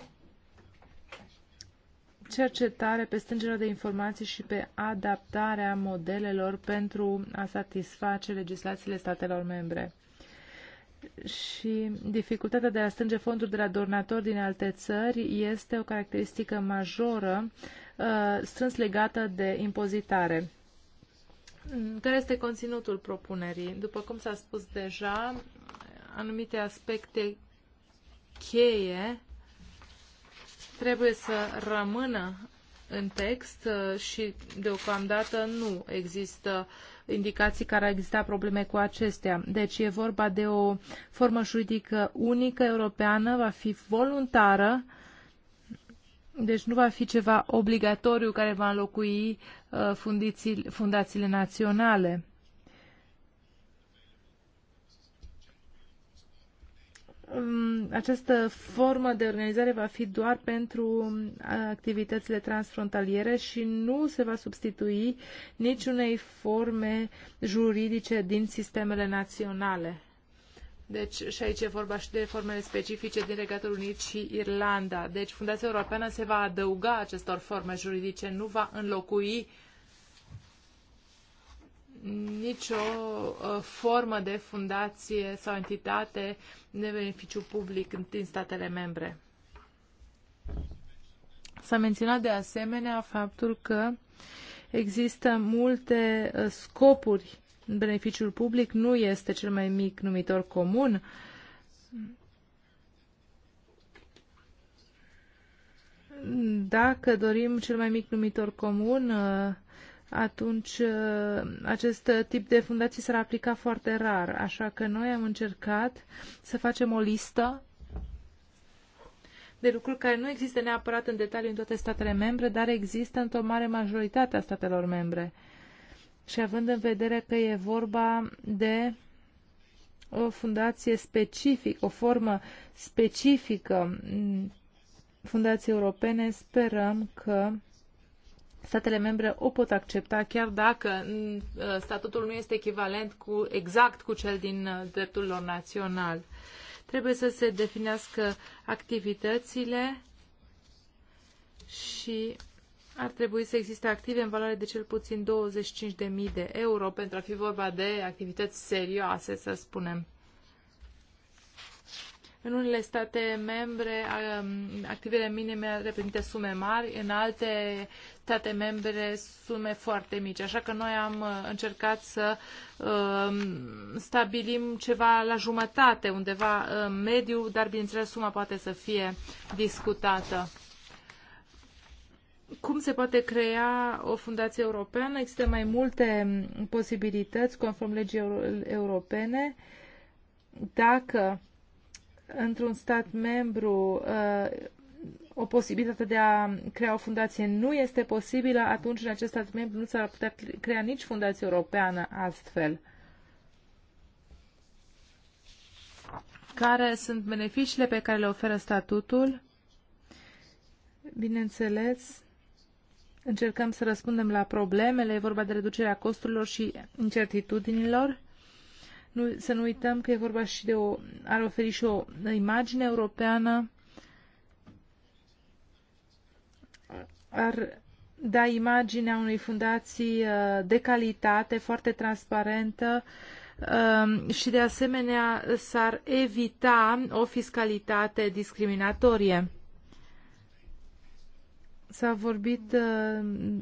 cercetare, pe strângerea de informații și pe adaptarea modelelor pentru a satisface legislațiile statelor membre. Și dificultatea de a strânge fonduri de la donatori din alte țări este o caracteristică majoră uh, strâns legată de impozitare. Care este conținutul propunerii? După cum s-a spus deja, anumite aspecte cheie trebuie să rămână în text uh, și deocamdată nu există indicații care ar exista probleme cu acestea. Deci e vorba de o formă juridică unică europeană, va fi voluntară, deci nu va fi ceva obligatoriu care va înlocui uh, fundiții, fundațiile naționale. această formă de organizare va fi doar pentru uh, activitățile transfrontaliere și nu se va substitui niciunei forme juridice din sistemele naționale. Deci și aici e vorba și de formele specifice din Regatul Unit și Irlanda. Deci Fundația Europeană se va adăuga acestor forme juridice, nu va înlocui uh, nicio uh, formă de fundație sau entitate de beneficiu public din statele membre. S-a menționat de asemenea faptul că există multe uh, scopuri în beneficiul public, nu este cel mai mic numitor comun. Dacă dorim cel mai mic numitor comun, uh, atunci ă, acest tip de fundații s-ar aplica foarte rar. Așa că noi am încercat să facem o listă de lucruri care nu există neapărat în detaliu în toate statele membre, dar există într-o mare majoritate a statelor membre. Și având în vedere că e vorba de o fundație specifică, o formă specifică fundației europene, sperăm că statele membre o pot accepta chiar dacă mm, ă, statutul nu este echivalent cu, exact cu cel din ă, dreptul lor național. Trebuie să se definească activitățile și ar trebui să existe active în valoare de cel puțin 25.000 de euro pentru a fi vorba de activități serioase, să spunem. În unele state membre, um, activele minime reprezintă sume mari, în alte state membre sume foarte mici. Așa că noi am uh, încercat să um, stabilim ceva la jumătate, undeva uh, mediu, dar bineînțeles suma poate să fie discutată. Cum se poate crea o fundație europeană? Există mai multe um, posibilități conform legii europene. Dacă într-un stat membru uh, o posibilitate de a crea o fundație nu este posibilă, atunci în acest stat membru nu s-ar putea crea nici fundație europeană astfel. Care sunt beneficiile pe care le oferă statutul? Bineînțeles, încercăm să răspundem la problemele, e vorba de reducerea costurilor și incertitudinilor nu, să nu uităm că e vorba și de o, ar oferi și o imagine europeană, ar da imaginea unei fundații uh, de calitate, foarte transparentă um, și de asemenea s-ar evita o fiscalitate discriminatorie. S-a vorbit uh,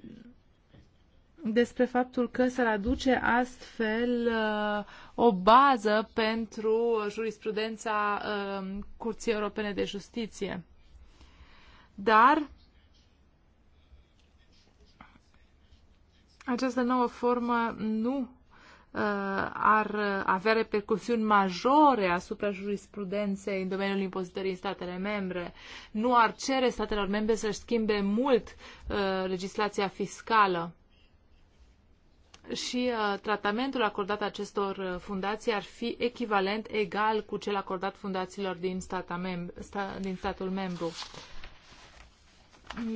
despre faptul că s-ar aduce astfel uh, o bază pentru jurisprudența um, Curții Europene de Justiție. Dar această nouă formă nu uh, ar avea repercusiuni majore asupra jurisprudenței în domeniul impozitării în statele membre, nu ar cere statelor membre să-și schimbe mult uh, legislația fiscală și uh, tratamentul acordat acestor uh, fundații ar fi echivalent, egal cu cel acordat fundațiilor din, stata mem- sta- din statul membru.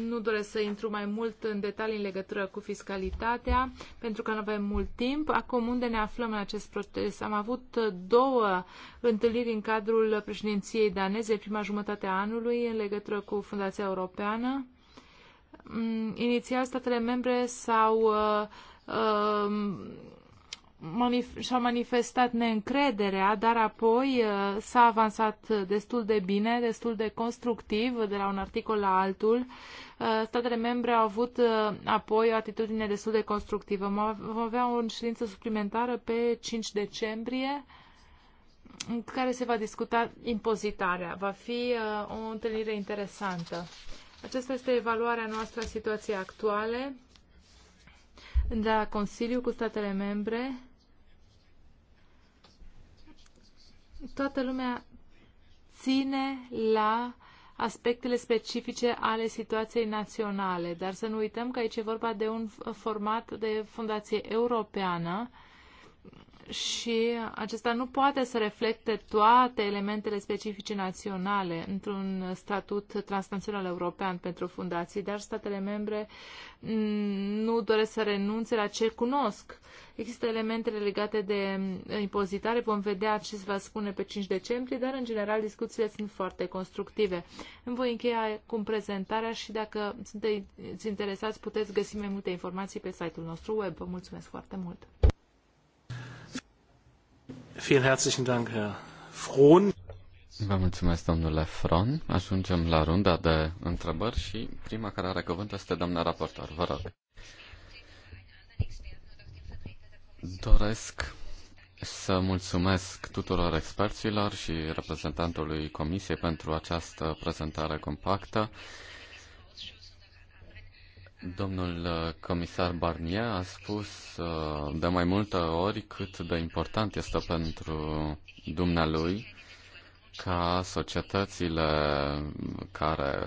Nu doresc să intru mai mult în detalii în legătură cu fiscalitatea, pentru că nu avem mult timp. Acum, unde ne aflăm în acest proces? Am avut uh, două întâlniri în cadrul președinției daneze, prima jumătate a anului, în legătură cu Fundația Europeană. Mm, inițial, statele membre s-au uh, Ehm, și-a manifestat neîncrederea, dar apoi eh, s-a avansat destul de bine, destul de constructiv de la un articol la altul. Eh, statele membre au avut eh, apoi o atitudine destul de constructivă. Vom avea o ședință suplimentară pe 5 decembrie în care se va discuta impozitarea. Va fi o întâlnire interesantă. Aceasta este evaluarea noastră a situației actuale de la Consiliu cu statele membre. Toată lumea ține la aspectele specifice ale situației naționale, dar să nu uităm că aici e vorba de un format de fundație europeană și acesta nu poate să reflecte toate elementele specifice naționale într-un statut transnațional european pentru fundații, dar statele membre mm, nu doresc să renunțe la ce cunosc. Există elementele legate de impozitare, vom vedea ce se va spune pe 5 decembrie, dar în general discuțiile sunt foarte constructive. Îmi voi încheia cu prezentarea și dacă sunteți interesați puteți găsi mai multe informații pe site-ul nostru web. Vă mulțumesc foarte mult! Vielen herzlichen Dank, Herr Frohn. Vă mulțumesc, domnule Fron. Ajungem la runda de întrebări și prima care are cuvânt este doamna raportor. Vă rog. Doresc să mulțumesc tuturor experților și reprezentantului Comisiei pentru această prezentare compactă. Domnul uh, comisar Barnier a spus uh, de mai multe ori cât de important este pentru dumnealui ca societățile care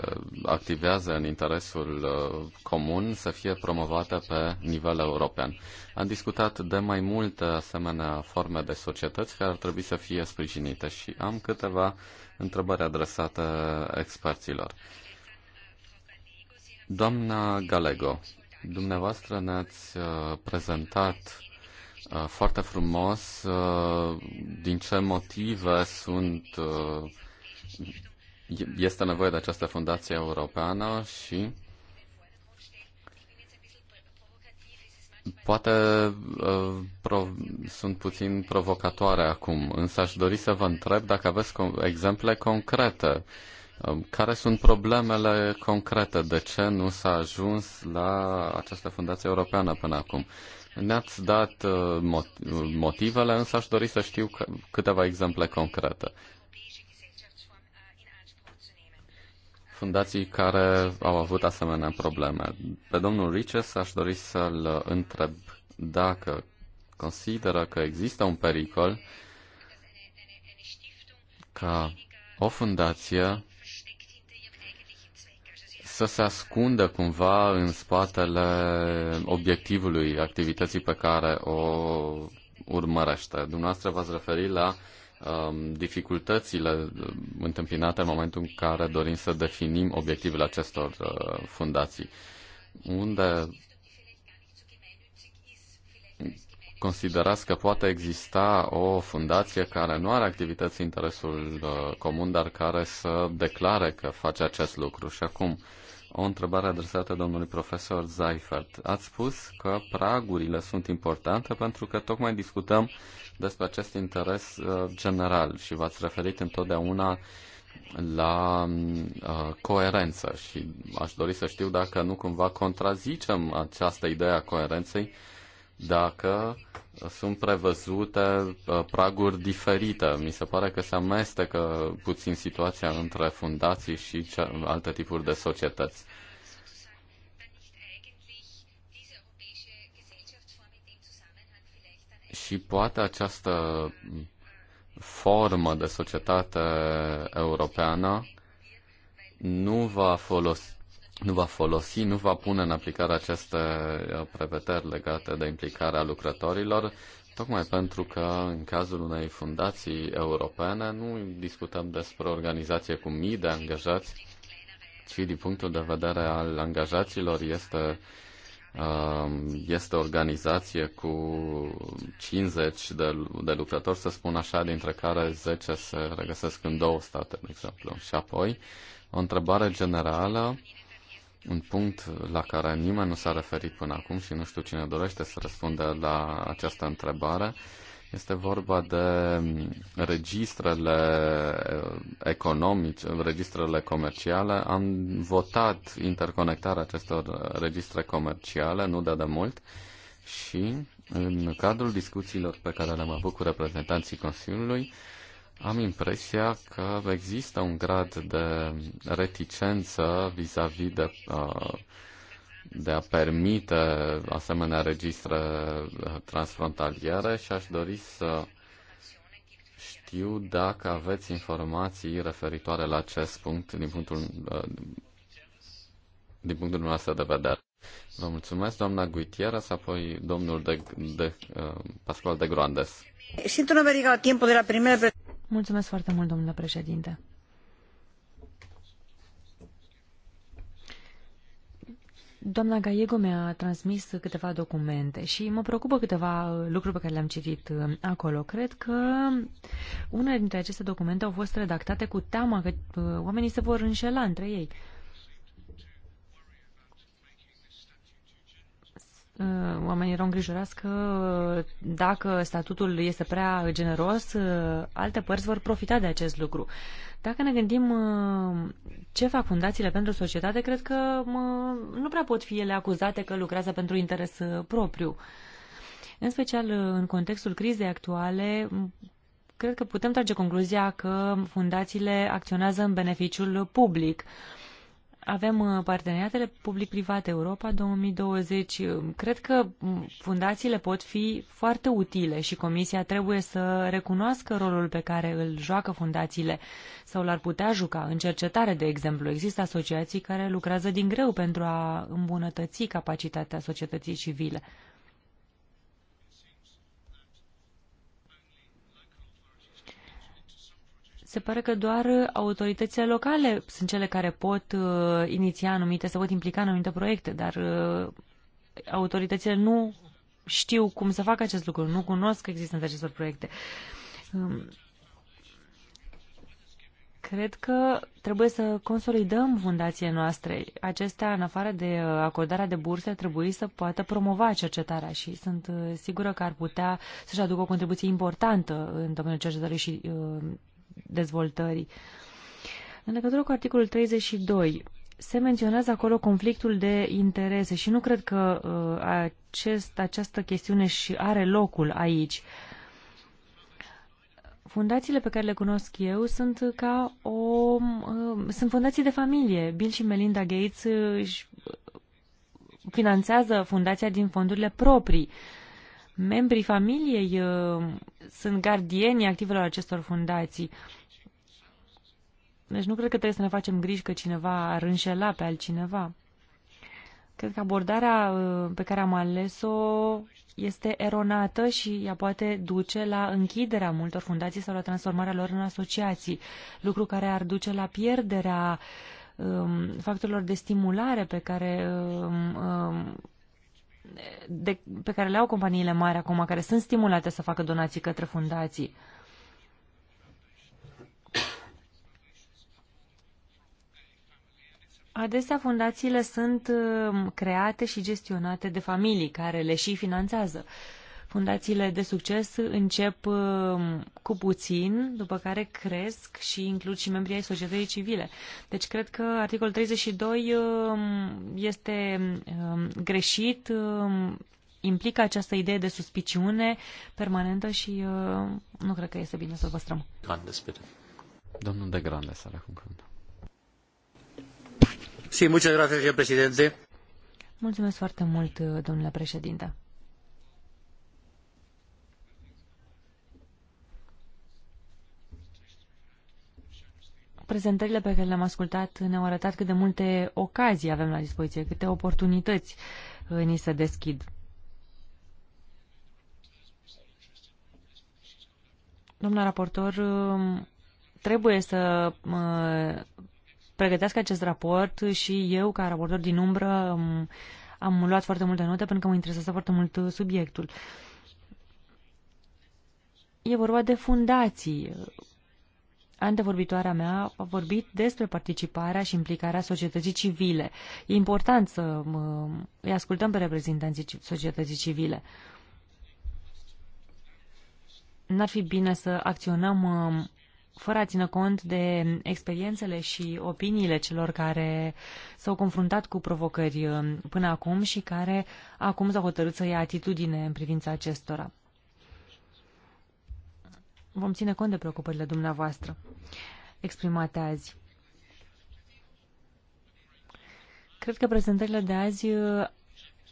activează în interesul uh, comun să fie promovate pe nivel european. Am discutat de mai multe asemenea forme de societăți care ar trebui să fie sprijinite și am câteva întrebări adresate experților. Doamna Galego, dumneavoastră ne-ați uh, prezentat uh, foarte frumos uh, din ce motive sunt este nevoie de această fundație europeană și poate sunt puțin provocatoare acum, însă aș dori să vă întreb dacă aveți exemple concrete uh, care sunt problemele concrete? De ce nu s-a ajuns la această fundație europeană până acum? Ne-ați dat uh, motivele, însă aș dori să știu câteva exemple concrete. fundații care au avut asemenea probleme. Pe domnul Riches aș dori să-l întreb dacă consideră că există un pericol ca o fundație să se ascundă cumva în spatele obiectivului activității pe care o urmărește. Dumneavoastră v-ați referit la um, dificultățile um, întâmpinate în momentul în care dorim să definim obiectivele acestor uh, fundații. Unde considerați că poate exista o fundație care nu are activități în interesul uh, comun, dar care să declare că face acest lucru și acum o întrebare adresată domnului profesor Zeifert. Ați spus că pragurile sunt importante pentru că tocmai discutăm despre acest interes uh, general și v-ați referit întotdeauna la uh, coerență și aș dori să știu dacă nu cumva contrazicem această idee a coerenței uh, dacă sunt prevăzute uh, praguri diferite. Mi se pare că se amestecă puțin situația între fundații și alte tipuri de societăți. Și poate această formă de societate europeană nu va folosi nu va folosi, nu va pune în aplicare aceste uh, prevederi legate de implicarea lucrătorilor, tocmai pentru că în cazul unei fundații europene nu discutăm despre o organizație cu mii de angajați, ci din punctul de vedere al angajaților este uh, este o organizație cu 50 de, de lucrători, să spun așa, dintre care 10 se regăsesc în două state, de exemplu. Și apoi, o întrebare generală un punct la care nimeni nu s-a referit până acum și nu știu cine dorește să răspundă la această întrebare. Este vorba de registrele eh, economice, registrele comerciale. Am votat interconectarea acestor registre comerciale, nu de demult, și în cadrul discuțiilor pe care le-am avut cu reprezentanții Consiliului, am impresia că există un grad de reticență vis-a-vis -vis de, uh, de a permite asemenea registre uh, transfrontaliere și aș dori să știu dacă aveți informații referitoare la acest punct din punctul, uh, din punctul nostru de vedere. Vă mulțumesc, doamna și apoi domnul de, de, Pascual de Groandes. Sunt un haber llegado timpul de la primera Mulțumesc foarte mult, domnule președinte. Doamna Gallego mi-a transmis câteva documente și mă preocupă câteva lucruri pe care le-am citit uh, acolo. Cred că unele dintre aceste documente au fost redactate cu teama că uh, oamenii se vor înșela între ei. Uh, Uh, oamenii erau îngrijorați că dacă statutul este prea generos, uh, alte părți vor profita de acest lucru. Dacă ne gândim uh, ce fac fundațiile pentru societate, cred că nu prea pot fi ele acuzate că lucrează pentru interes propriu. În special în contextul crizei actuale, cred că putem trage concluzia că fundațiile acționează în beneficiul public. Uh, avem uh, parteneriatele public-private Europa 2020. Cred că mm, fundațiile pot fi foarte utile și Comisia trebuie să recunoască rolul pe care îl joacă fundațiile sau l-ar putea juca în cercetare, de exemplu. Există asociații care lucrează din greu pentru a îmbunătăți capacitatea societății civile. se pare că doar autoritățile locale sunt cele care pot uh, iniția anumite, să pot implica anumite proiecte, dar uh, autoritățile nu știu cum să facă acest lucru, nu cunosc existența acestor proiecte. Um, Cred că trebuie să consolidăm fundațiile noastre. Acestea, în afară de uh, acordarea de burse, trebuie să poată promova cercetarea și sunt uh, sigură că ar putea să-și aducă o contribuție importantă în domeniul cercetării și uh, dezvoltării. În legătură cu articolul 32, se menționează acolo conflictul de interese și nu cred că uh, acest, această chestiune și are locul aici. Fundațiile pe care le cunosc eu sunt ca o... Uh, sunt fundații de familie. Bill și Melinda Gates uh, își uh, finanțează fundația din fondurile proprii. Uh, membrii familiei uh, sunt gardienii activelor acestor fundații. Deci nu cred că trebuie să ne facem griji că cineva ar înșela pe altcineva. Cred că abordarea uh, pe care am ales-o este eronată și ea poate duce la închiderea multor fundații sau la transformarea lor în asociații, lucru care ar duce la pierderea um, factorilor de stimulare pe care um, um, de, pe care le au companiile mari acum, care sunt stimulate să facă donații către fundații. Adesea fundațiile sunt uh, create și gestionate de familii care le și finanțează. Uh, Fundațiile de succes încep um, cu puțin, după care cresc și includ și membrii ai societății civile. Deci cred că articolul 32 um, este um, greșit, implică această idee de suspiciune permanentă și uh, nu cred că este bine să o păstrăm. Grandes, bitte. Domnul de Grande, să acum cuvânt. Sí, muchas gracias, señor presidente. Mulțumesc foarte mult, domnule președinte. prezentările pe care le-am ascultat ne-au arătat cât de multe ocazii avem la dispoziție, câte oportunități uh, ni se deschid. Domnul raportor, um, trebuie să uh, pregătească acest raport și eu, ca raportor din umbră, um, am luat foarte multe note pentru că mă interesează foarte mult uh, subiectul. E vorba de fundații antevorbitoarea mea a vorbit despre participarea și implicarea societății civile. E important să îi ascultăm pe reprezentanții societății civile. N-ar fi bine să acționăm fără a ține cont de experiențele și opiniile celor care s-au confruntat cu provocări până acum și care acum s-au hotărât să ia atitudine în privința acestora vom ține cont de preocupările dumneavoastră exprimate azi. Cred că prezentările de azi uh,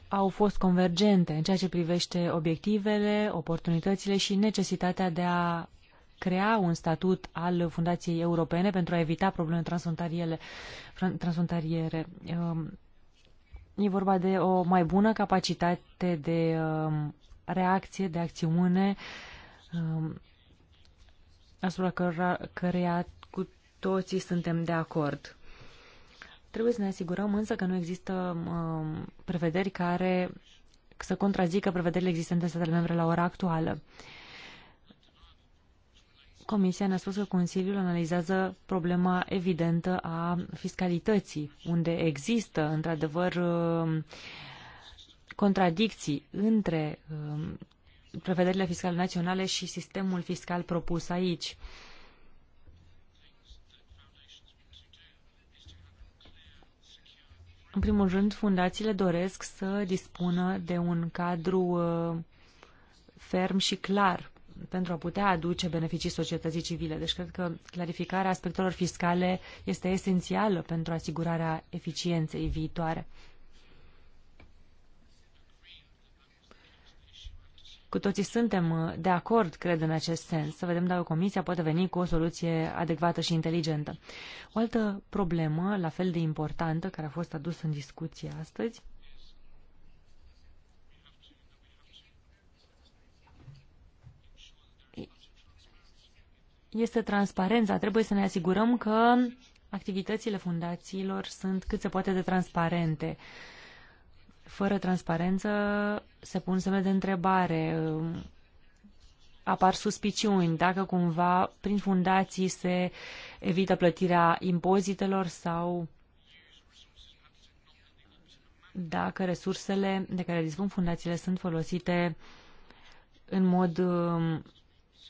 au fost convergente în ceea ce privește obiectivele, oportunitățile și necesitatea de a crea un statut al Fundației Europene pentru a evita probleme transfrontaliere. Um, e vorba de o mai bună capacitate de um, reacție, de acțiune um, asupra căra, căreia cu toții suntem de acord. Trebuie să ne asigurăm însă că nu există um, prevederi care să contrazică prevederile existente în statele membre la ora actuală. Comisia ne-a spus că Consiliul analizează problema evidentă a fiscalității, unde există, într-adevăr, um, contradicții între um, prevederile fiscale naționale și sistemul fiscal propus aici. În primul rând, fundațiile doresc să dispună de un cadru uh, ferm și clar pentru a putea aduce beneficii societății civile. Deci cred că clarificarea aspectelor fiscale este esențială pentru asigurarea eficienței viitoare. Cu toții suntem uh, de acord, cred, în acest sens. Să vedem dacă Comisia poate veni cu o soluție adecvată și inteligentă. O altă problemă, la fel de importantă, care a fost adusă în discuție astăzi, este transparența. Trebuie să ne asigurăm că activitățile fundațiilor sunt cât se poate de transparente. Uh, fără transparență se pun semne de întrebare, um, apar suspiciuni dacă cumva prin fundații se evită plătirea impozitelor sau dacă resursele de care dispun fundațiile sunt folosite în mod um,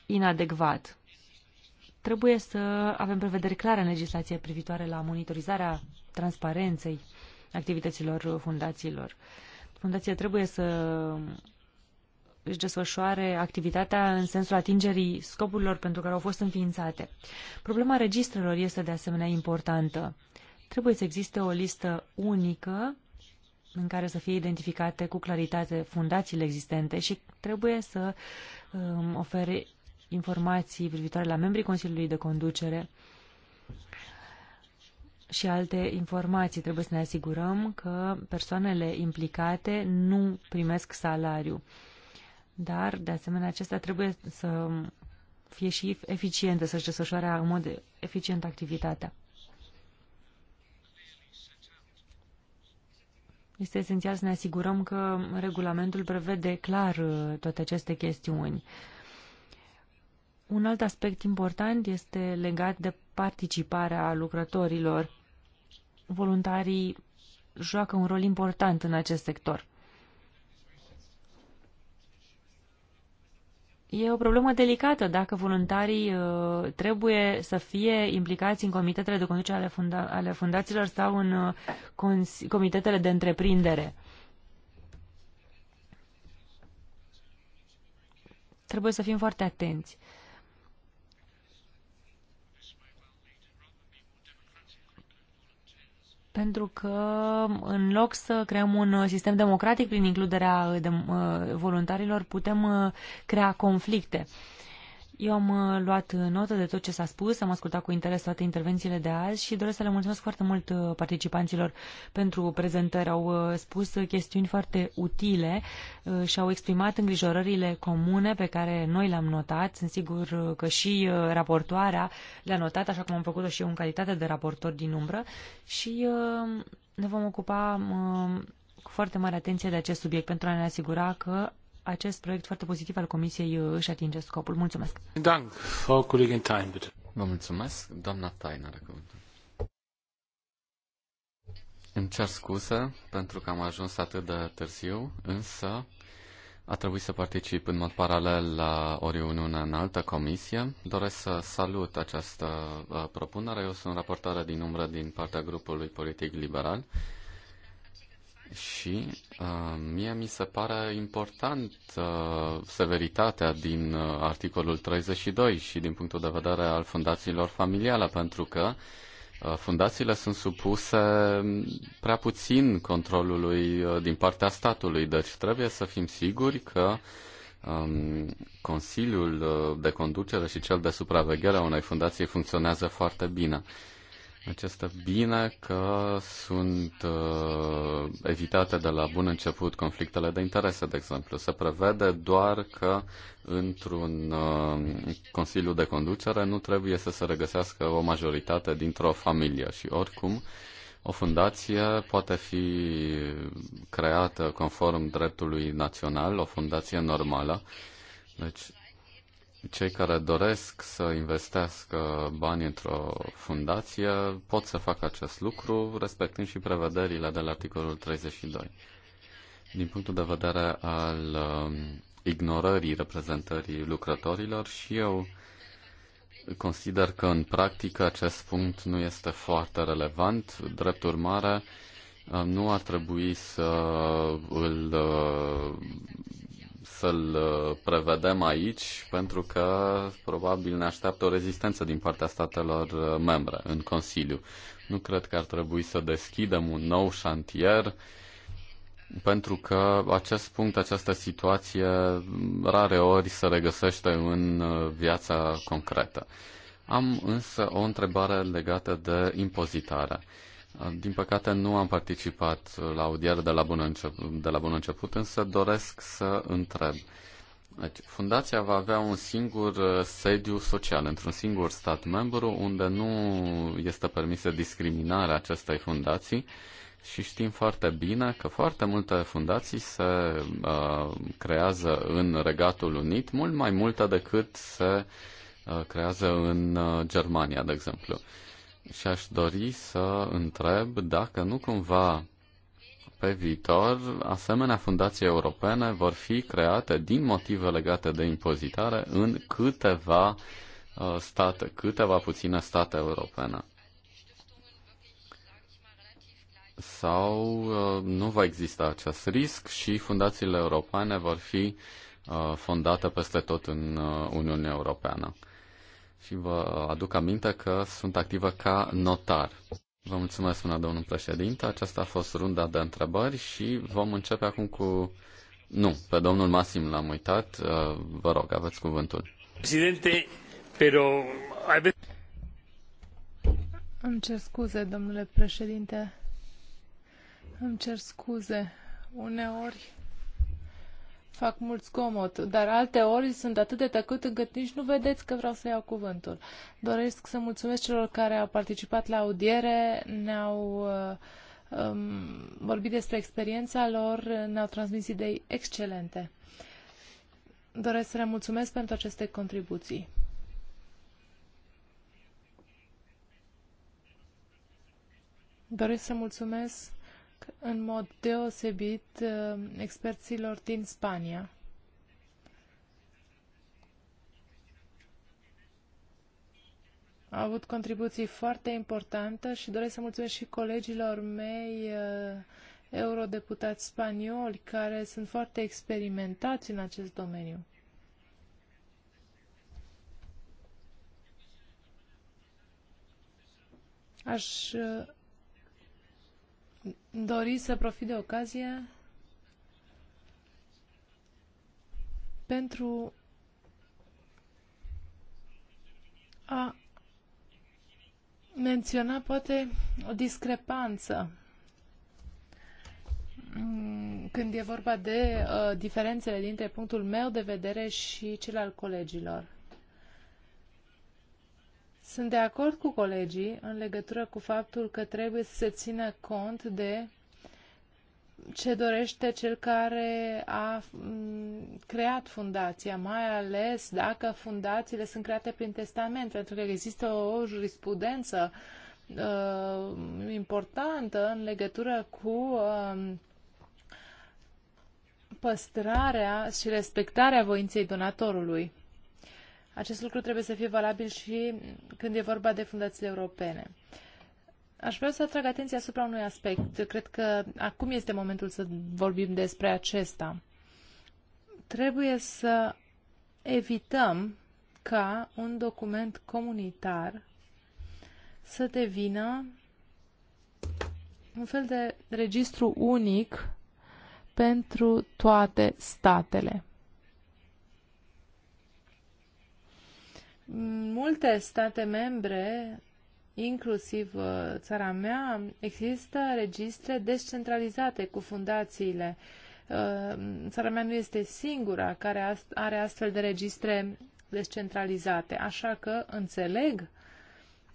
inadecvat. Trebuie să avem prevederi clare în legislație privitoare la monitorizarea transparenței activităților fundațiilor. Fundația trebuie să își desfășoare activitatea în sensul atingerii scopurilor pentru care au fost înființate. Problema registrelor este de asemenea importantă. Trebuie să existe o listă unică în care să fie identificate cu claritate fundațiile existente și trebuie să um, ofere informații privitoare la membrii Consiliului de Conducere și alte informații. Trebuie să ne asigurăm că persoanele implicate nu primesc salariu. Dar, de asemenea, acestea trebuie să fie și eficiente, să-și desfășoare în mod eficient activitatea. Este esențial să ne asigurăm că regulamentul prevede clar uh, toate aceste chestiuni. Un alt aspect important este legat de participarea lucrătorilor. Voluntarii joacă un rol important în acest sector. E o problemă delicată dacă voluntarii uh, trebuie să fie implicați în comitetele de conducere ale, funda- ale fundațiilor sau în uh, comitetele de întreprindere. Trebuie să fim foarte atenți. Uh, Pentru că în loc să creăm un uh, sistem democratic prin includerea uh, uh, voluntarilor, putem crea conflicte. Eu am uh, luat notă de tot ce s-a spus, am ascultat cu interes toate intervențiile de azi și doresc să le mulțumesc foarte mult uh, participanților pentru prezentări. Au uh, spus chestiuni foarte utile și au exprimat îngrijorările comune pe care noi le-am notat. Sunt sigur că și raportoarea le-a notat, așa cum am făcut-o și eu în calitate de raportor din umbră și ne vom ocupa cu foarte mare atenție de acest subiect pentru a ne asigura că acest proiect foarte pozitiv al Comisiei uh, își atinge scopul. Mulțumesc! Dank, Frau Kollegin Thein, bitte. Vă mulțumesc, doamna Thein are cuvântul. Îmi cer scuze pentru că am ajuns atât de târziu, însă a trebuit să particip în mod paralel la o reuniune în altă comisie. Doresc să salut această uh, propunere. Eu sunt raportare din umbră din partea grupului politic liberal și uh, mie mi se pare important uh, severitatea din uh, articolul 32 și din punctul de vedere al fundațiilor familiale, pentru că uh, fundațiile sunt supuse mm, prea puțin controlului uh, din partea statului, deci trebuie să fim siguri că um, Consiliul uh, de conducere și cel de supraveghere a unei fundații funcționează foarte bine. Uh, această bine că sunt uh, evitate de la bun început conflictele de interese, de exemplu. Se prevede doar că într-un uh, Consiliu de Conducere nu trebuie să se regăsească o majoritate dintr-o familie și oricum o fundație poate fi creată conform dreptului național, o fundație normală. Deci cei care doresc să investească bani într-o fundație pot să facă acest lucru, respectând și prevederile de la articolul 32. Din punctul de vedere al um, ignorării reprezentării lucrătorilor și eu consider că în practică acest punct nu este foarte relevant. Drept urmare, um, nu ar trebui să îl uh, să-l uh, prevedem aici, pentru că probabil ne așteaptă o rezistență din partea statelor uh, membre în Consiliu. Nu cred că ar trebui să deschidem un nou șantier, pentru că acest punct, această situație, rare ori se regăsește în uh, viața concretă. Am însă o întrebare legată de impozitare. Uh, din păcate nu am participat la audiere de la bun început, de la bun început însă doresc să întreb. Deci, fundația va avea un singur uh, sediu social într-un singur stat membru unde nu este permisă discriminarea acestei fundații și știm foarte bine că foarte multe fundații se uh, creează în Regatul Unit, mult mai multe decât se uh, creează în uh, Germania, de exemplu. Uh, și aș dori să întreb dacă nu cumva pe viitor asemenea fundații europene vor fi create din motive legate de impozitare în câteva uh, state, câteva puține state europene. Sau uh, nu va exista acest risc și fundațiile europene vor fi uh, fondate peste tot în Uniunea Europeană și vă aduc aminte că sunt activă ca notar. Vă mulțumesc, mâna domnul președinte. Aceasta a fost runda de întrebări și vom începe acum cu... Nu, pe domnul Masim l-am uitat. Uh, vă rog, aveți cuvântul. Președinte, pero... Îmi cer scuze, domnule președinte. Îmi cer scuze. Uneori fac mult zgomot, dar alte ori sunt atât de tăcut încât nici nu vedeți că vreau să iau cuvântul. Doresc să mulțumesc celor care au participat la audiere, ne-au uh, um, vorbit despre experiența lor, ne-au transmis idei excelente. Doresc să le mulțumesc pentru aceste contribuții. Doresc să mulțumesc în mod deosebit uh, experților din Spania. Au avut contribuții foarte importante și doresc să mulțumesc și colegilor mei uh, eurodeputați spanioli care sunt foarte experimentați în acest domeniu. Aș uh, dori să profit de ocazie pentru a menționa poate o discrepanță mm, când e vorba de uh, diferențele dintre punctul meu de vedere și cel al colegilor. Sunt de acord cu colegii în legătură cu faptul că trebuie să se țină cont de ce dorește cel care a mm, creat fundația, mai ales dacă fundațiile sunt create prin testament, pentru că există o jurisprudență uh, importantă în legătură cu uh, păstrarea și respectarea voinței donatorului. Acest lucru trebuie să fie valabil și când e vorba de fundațiile europene. Aș vrea să atrag atenția asupra unui aspect. Cred că acum este momentul să vorbim despre acesta. Trebuie să evităm ca un document comunitar să devină un fel de registru unic pentru toate statele. multe state membre, inclusiv uh, țara mea, există registre descentralizate cu fundațiile. Uh, țara mea nu este singura care are astfel de registre descentralizate, așa că înțeleg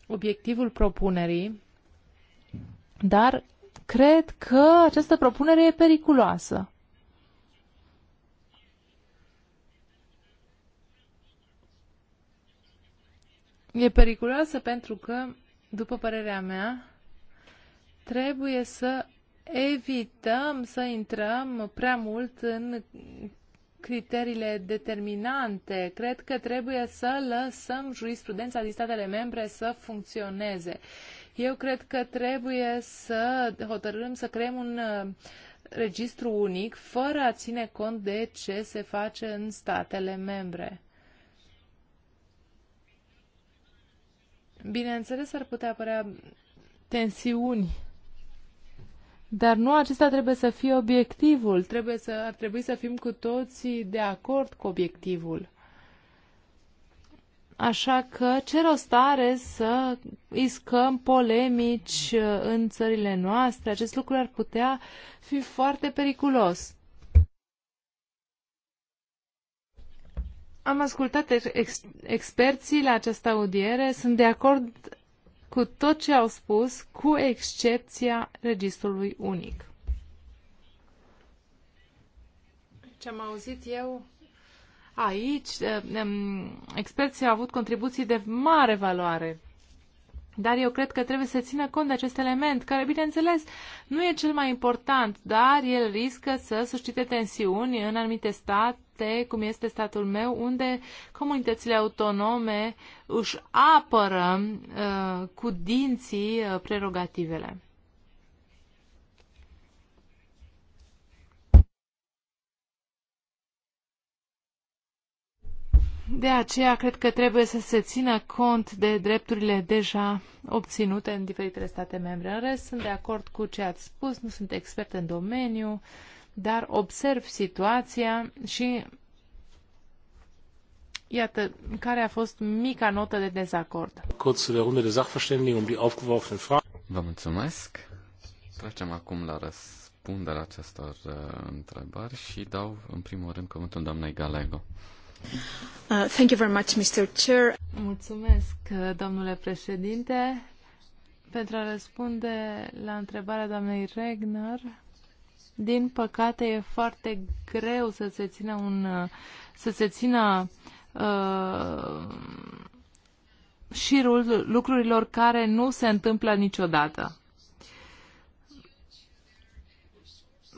obiectivul propunerii, dar cred că această propunere e periculoasă. e periculoasă pentru că, după părerea mea, trebuie să evităm să intrăm prea mult în criteriile determinante. Cred că trebuie să lăsăm jurisprudența din statele membre să funcționeze. Eu cred că trebuie să hotărâm să creăm un uh, registru unic fără a ține cont de ce se face în statele membre. Bineînțeles, ar putea apărea tensiuni, dar nu acesta trebuie să fie obiectivul. Trebuie să, ar trebui să fim cu toții de acord cu obiectivul. Așa că ce rost are să iscăm polemici uh, în țările noastre? Acest lucru ar putea fi foarte periculos. Am ascultat ex- experții la această audiere, sunt de acord cu tot ce au spus, cu excepția registrului unic. Ce am auzit eu aici, experții au avut contribuții de mare valoare dar eu cred că trebuie să țină cont de acest element, care, bineînțeles, nu e cel mai important, dar el riscă să suscite tensiuni în anumite state, cum este statul meu, unde comunitățile autonome își apără uh, cu dinții uh, prerogativele. De aceea, cred că trebuie să se țină cont de drepturile deja obținute în diferitele state membre. În rest, sunt de acord cu ce ați spus, nu sunt expert în domeniu, dar observ situația și Iată, care a fost mica notă de dezacord. Um Vă mulțumesc. Trecem acum la răspunderea acestor uh, întrebări și dau în primul rând cuvântul doamnei Galego. Uh, thank you very much, Mr. Chair. Mulțumesc, domnule președinte. Pentru a răspunde la întrebarea doamnei Regner, din păcate e foarte greu să se țină un să se țină uh, șirul lucrurilor care nu se întâmplă niciodată.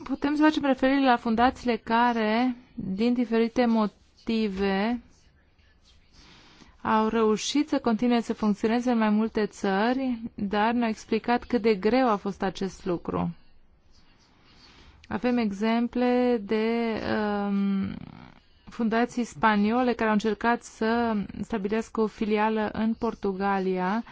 Putem să facem referire la fundațiile care, din diferite motive, respective au reușit să continue să funcționeze în mai multe țări, dar ne-au explicat cât de greu a fost acest lucru. Avem exemple de um, fundații spaniole care au încercat să stabilească o filială în Portugalia,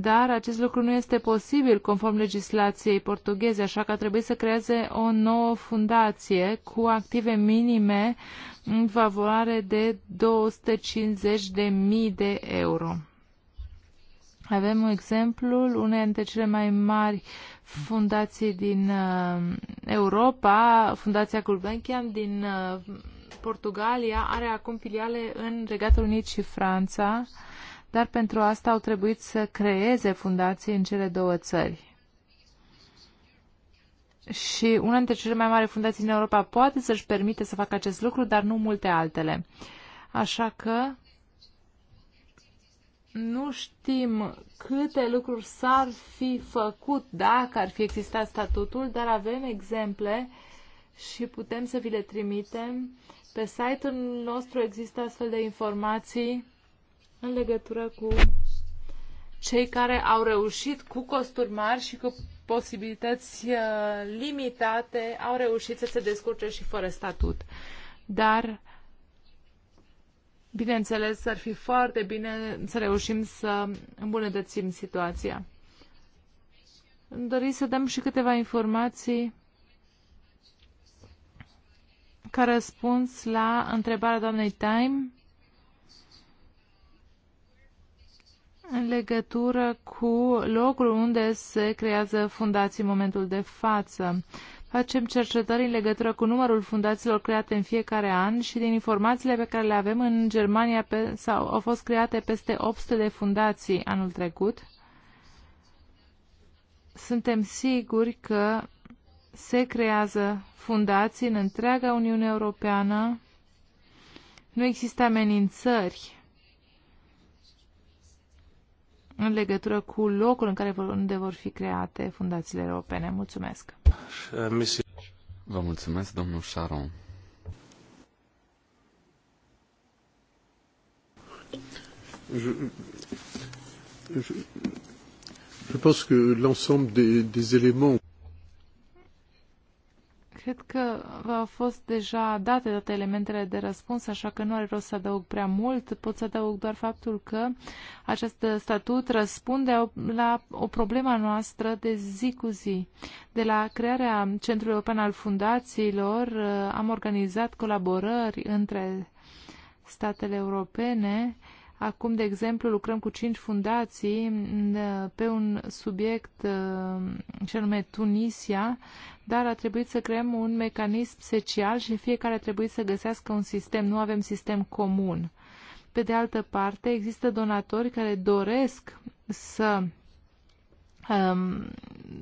dar acest lucru nu este posibil conform legislației portugheze, așa că trebuie să creeze o nouă fundație cu active minime în favoare de 250.000 de euro. Avem exemplul unei dintre cele mai mari fundații din uh, Europa, Fundația Gulbenkian din uh, Portugalia, are acum filiale în Regatul Unit și Franța dar pentru asta au trebuit să creeze fundații în cele două țări. Și una dintre cele mai mari fundații în Europa poate să-și permite să facă acest lucru, dar nu multe altele. Așa că nu știm câte lucruri s-ar fi făcut dacă ar fi existat statutul, dar avem exemple și putem să vi le trimitem. Pe site-ul nostru există astfel de informații în legătură cu cei care au reușit cu costuri mari și cu posibilități uh, limitate, au reușit să se descurce și fără statut. Dar, bineînțeles, ar fi foarte bine să reușim să îmbunătățim situația. Îmi dori să dăm și câteva informații ca răspuns la întrebarea doamnei Time în legătură cu locul unde se creează fundații în momentul de față. Facem cercetări în legătură cu numărul fundațiilor create în fiecare an și din informațiile pe care le avem în Germania pe, sau, au fost create peste 800 de fundații anul trecut. Suntem siguri că se creează fundații în întreaga Uniune Europeană. Nu există amenințări în legătură cu locul în care vor, unde vor fi create fundațiile europene. Mulțumesc! Vă mulțumesc, domnul Sharon. Je, je, je pense que l'ensemble des, des éléments Cred că au fost deja date toate elementele de răspuns, așa că nu are rost să adaug prea mult. Pot să adaug doar faptul că acest statut răspunde la o problemă noastră de zi cu zi. De la crearea Centrului European al Fundațiilor am organizat colaborări între statele europene Acum, de exemplu, lucrăm cu cinci fundații mm, pe un subiect ce uh, nume Tunisia, dar a trebuit să creăm un mecanism special și fiecare a trebuit să găsească un sistem. Nu avem sistem comun. Pe de altă parte, există donatori care doresc să um,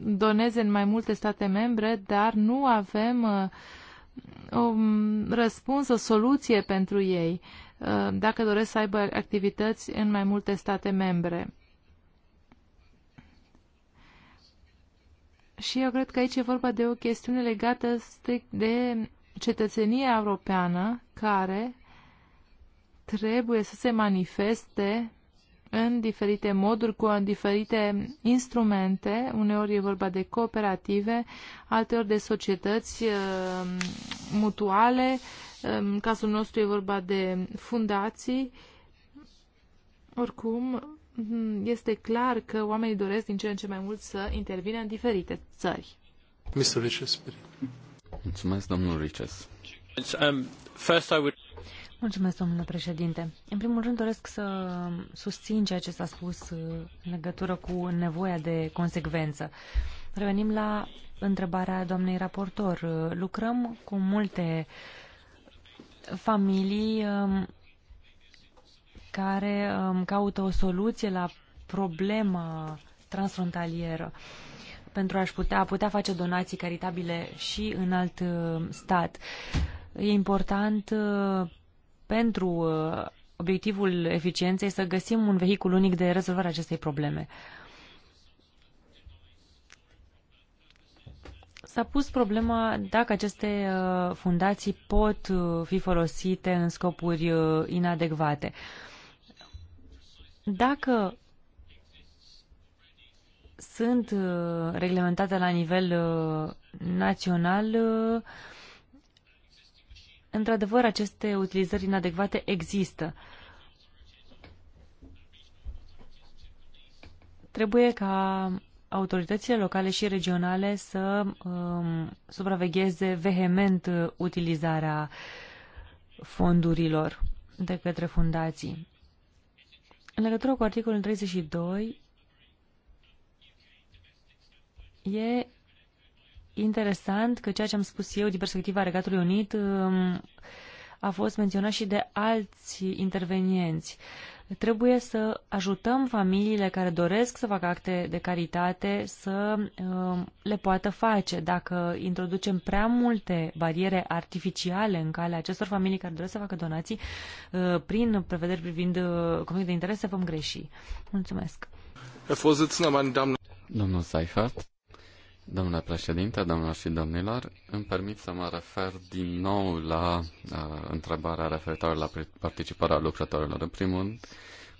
doneze în mai multe state membre, dar nu avem uh, o mm, răspuns, o soluție pentru ei. Uh, Uh, dacă doresc să aibă activități în mai multe state membre. Și eu cred că aici e vorba de o chestiune legată strict de cetățenia europeană care trebuie să se manifeste în diferite moduri, cu diferite instrumente. Uneori e vorba de cooperative, alteori de societăți uh, mutuale, în cazul nostru e vorba de fundații. Oricum, mm, este clar că oamenii doresc din ce în ce mai mult să intervină în diferite țări. Mr. Riches, Mulțumesc, domnul Riches. Um, first I would... Mulțumesc, domnule președinte. În primul rând doresc să susțin ceea ce s-a spus în legătură cu nevoia de consecvență. Revenim la întrebarea doamnei raportor. Lucrăm cu multe uh, familii um, care um, caută o soluție la problema transfrontalieră pentru a-și putea, putea face donații caritabile și în alt uh, stat. E important uh, pentru uh, obiectivul eficienței să găsim un vehicul unic de rezolvare acestei probleme. S-a pus problema dacă aceste uh, fundații pot uh, fi folosite în scopuri uh, inadecvate. Dacă sunt reglementate la nivel național, într-adevăr, aceste utilizări inadecvate există. Trebuie ca autoritățile locale și regionale să um, supravegheze vehement utilizarea fondurilor de către fundații. În legătură cu articolul 32, e interesant că ceea ce am spus eu din perspectiva Regatului Unit um, a fost menționat și de alți intervenienți. Uh, Trebuie să ajutăm familiile care doresc să facă acte de caritate să um, le poată face. Dacă introducem prea multe bariere artificiale în calea acestor familii care doresc să facă donații, uh, prin prevederi privind uh, conflict de interese, vom greși. Mulțumesc. Domnul Seifert. Domnule președinte, domnilor și domnilor, îmi permit să mă refer din nou la uh, întrebarea referitoare la participarea lucrătorilor. În primul rând,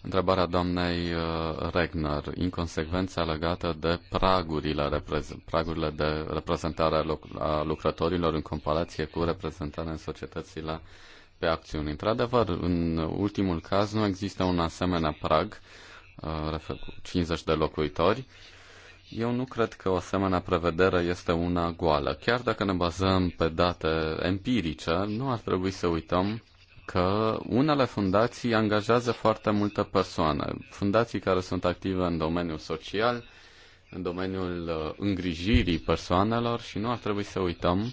întrebarea doamnei uh, Regner, inconsecvența legată de pragurile, pragurile de reprezentare a lucrătorilor în comparație cu reprezentarea în societățile pe acțiuni. Într-adevăr, în ultimul caz nu există un asemenea prag, uh, 50 de locuitori, uh, eu nu cred că o asemenea prevedere este una goală. Chiar dacă ne bazăm pe date empirice, nu ar trebui să uităm că unele fundații angajează foarte multe persoane. Fundații care sunt active în domeniul social, în domeniul uh, îngrijirii persoanelor și nu ar trebui să uităm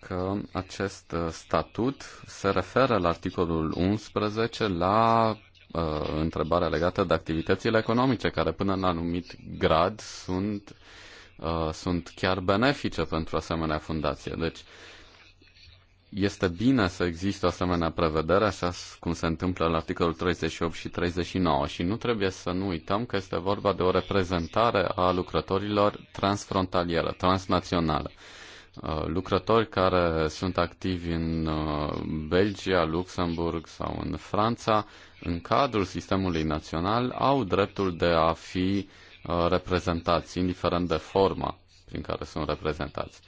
că acest uh, statut se referă la articolul 11 la uh, întrebare legată de activitățile economice, care până în anumit grad sunt, uh, sunt chiar benefice pentru asemenea fundație. Deci, este bine să existe o asemenea prevedere, așa cum se întâmplă la articolul 38 și 39 și nu trebuie să nu uităm că este vorba de o reprezentare a lucrătorilor transfrontalieră, transnaționale, uh, Lucrători care sunt activi în uh, Belgia, Luxemburg sau în Franța în cadrul sistemului național au dreptul de a fi uh, reprezentați, indiferent de forma prin care sunt reprezentați.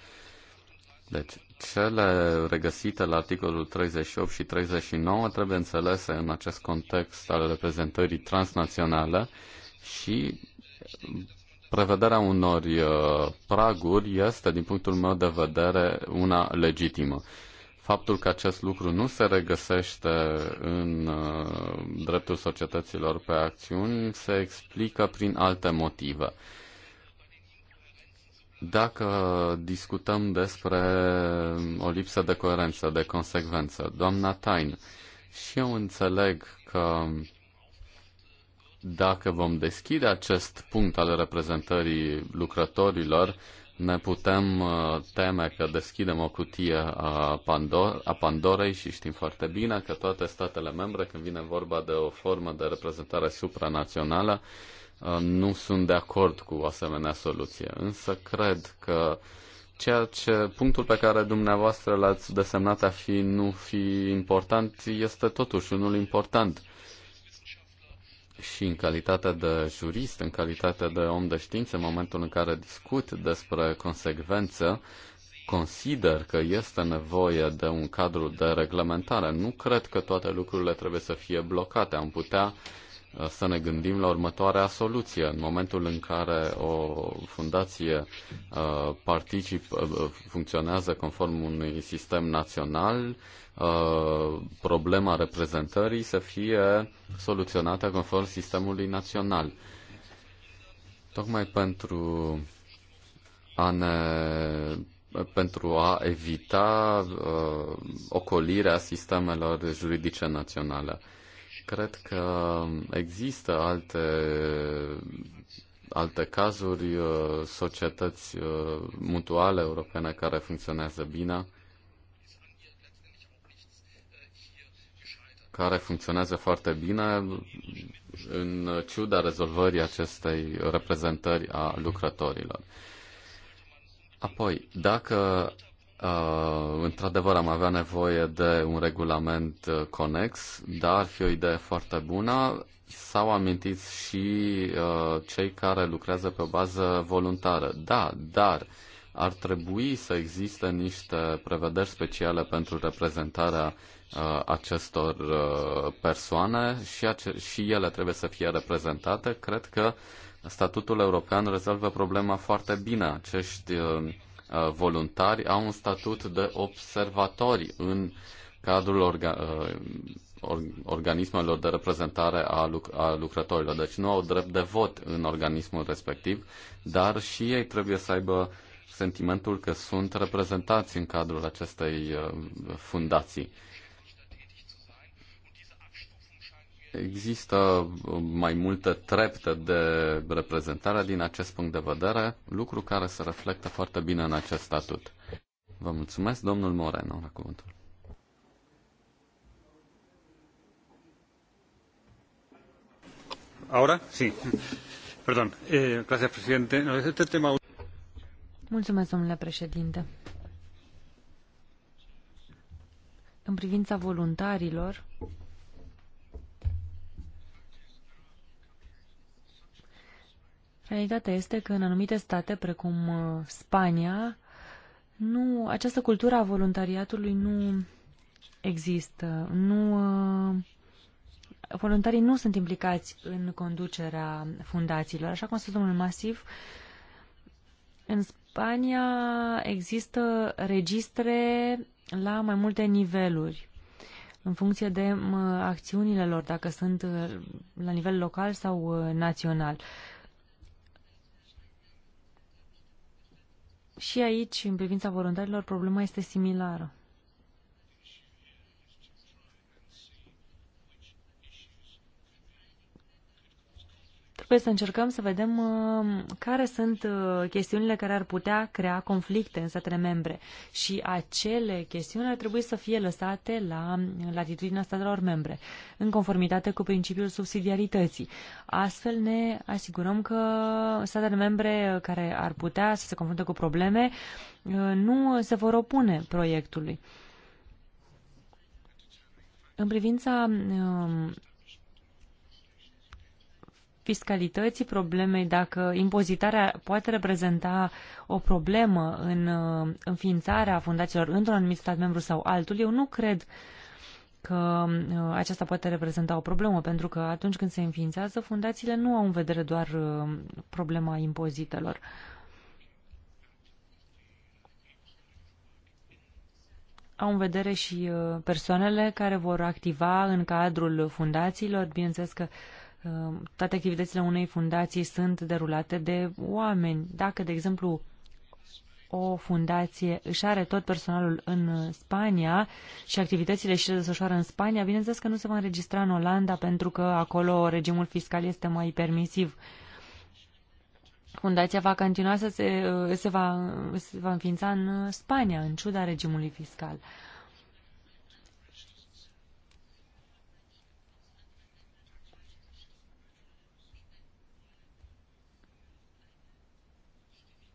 Deci, cele regăsite la articolul 38 și 39 trebuie înțelese în acest context al reprezentării transnaționale și prevederea unor uh, praguri este, din punctul meu de vedere, una legitimă faptul că acest lucru nu se regăsește în uh, dreptul societăților pe acțiuni se explică prin alte motive. Dacă discutăm despre o lipsă de coerență, de consecvență, doamna Tain, și eu înțeleg că dacă vom deschide acest punct al reprezentării lucrătorilor, ne putem uh, teme că deschidem o cutie a, Pandor- a Pandorei și știm foarte bine că toate statele membre, când vine vorba de o formă de reprezentare supranațională, uh, nu sunt de acord cu o asemenea soluție. Însă cred că ceea ce punctul pe care dumneavoastră l-ați desemnat a fi nu fi important este totuși unul important și în calitate de jurist, în calitate de om de știință, în momentul în care discut despre consecvență, consider că este nevoie de un cadru de reglementare. Nu cred că toate lucrurile trebuie să fie blocate. Am putea uh, să ne gândim la următoarea soluție. În momentul în care o fundație uh, particip, uh, funcționează conform unui sistem național, Uh, problema reprezentării să fie soluționată conform sistemului național. Tocmai pentru a ne pentru a evita uh, ocolirea sistemelor juridice naționale. Cred că există alte, alte cazuri, uh, societăți uh, mutuale europene care funcționează bine care funcționează foarte bine în ciuda rezolvării acestei reprezentări a lucrătorilor. Apoi, dacă Uh, într-adevăr, am avea nevoie de un regulament uh, conex, dar ar fi o idee foarte bună. S-au amintit și uh, cei care lucrează pe o bază voluntară. Da, dar ar trebui să existe niște prevederi speciale pentru reprezentarea Uh, acestor uh, persoane și, ace- și ele trebuie să fie reprezentate. Cred că statutul european rezolvă problema foarte bine. Acești uh, voluntari au un statut de observatori în cadrul orga- organismelor de reprezentare a, luc- a lucrătorilor. Deci nu au drept de vot în organismul respectiv, dar și ei trebuie să aibă sentimentul că sunt reprezentați în cadrul acestei fundații. Există uh, mai multe trepte de reprezentare din acest punct de vedere, lucru care se reflectă foarte bine în acest statut. Vă mulțumesc, domnul Moreno, la cuvântul. Ahora? Sí. Perdón. Eh, gracias, presidente. No, este tema... Mulțumesc, domnule președinte. În privința voluntarilor, Realitatea este că în anumite state, precum uh, Spania, nu, această cultură a voluntariatului nu există. Nu, uh, voluntarii nu sunt implicați în conducerea fundațiilor. Așa cum a spus domnul Masiv, în Spania există registre la mai multe niveluri în funcție de acțiunile lor, dacă sunt uh, la nivel local sau național. Și aici, în privința voluntarilor, problema este similară. trebuie să încercăm să vedem uh, care sunt uh, chestiunile care ar putea crea conflicte în statele membre și acele chestiuni ar trebui să fie lăsate la latitudinea statelor membre, în conformitate cu principiul subsidiarității. Astfel ne asigurăm că statele membre care ar putea să se confrunte cu probleme uh, nu se vor opune proiectului. În privința um, fiscalității problemei, dacă impozitarea poate reprezenta o problemă în uh, înființarea fundațiilor într-un anumit stat membru sau altul, eu nu cred că uh, aceasta poate reprezenta o problemă, pentru că atunci când se înființează, fundațiile nu au în vedere doar uh, problema impozitelor. Au în vedere și persoanele care vor activa în cadrul fundațiilor, bineînțeles că uh, Ehm, toate activitățile unei fundații sunt derulate de oameni. Dacă, de exemplu, o fundație își are tot personalul în Spania și activitățile și se desfășoară în Spania, bineînțeles că nu se va înregistra în Olanda pentru că acolo regimul fiscal este mai permisiv. Fundația va continua să se, se, va, se va înființa în Spania, în ciuda regimului fiscal. Uh,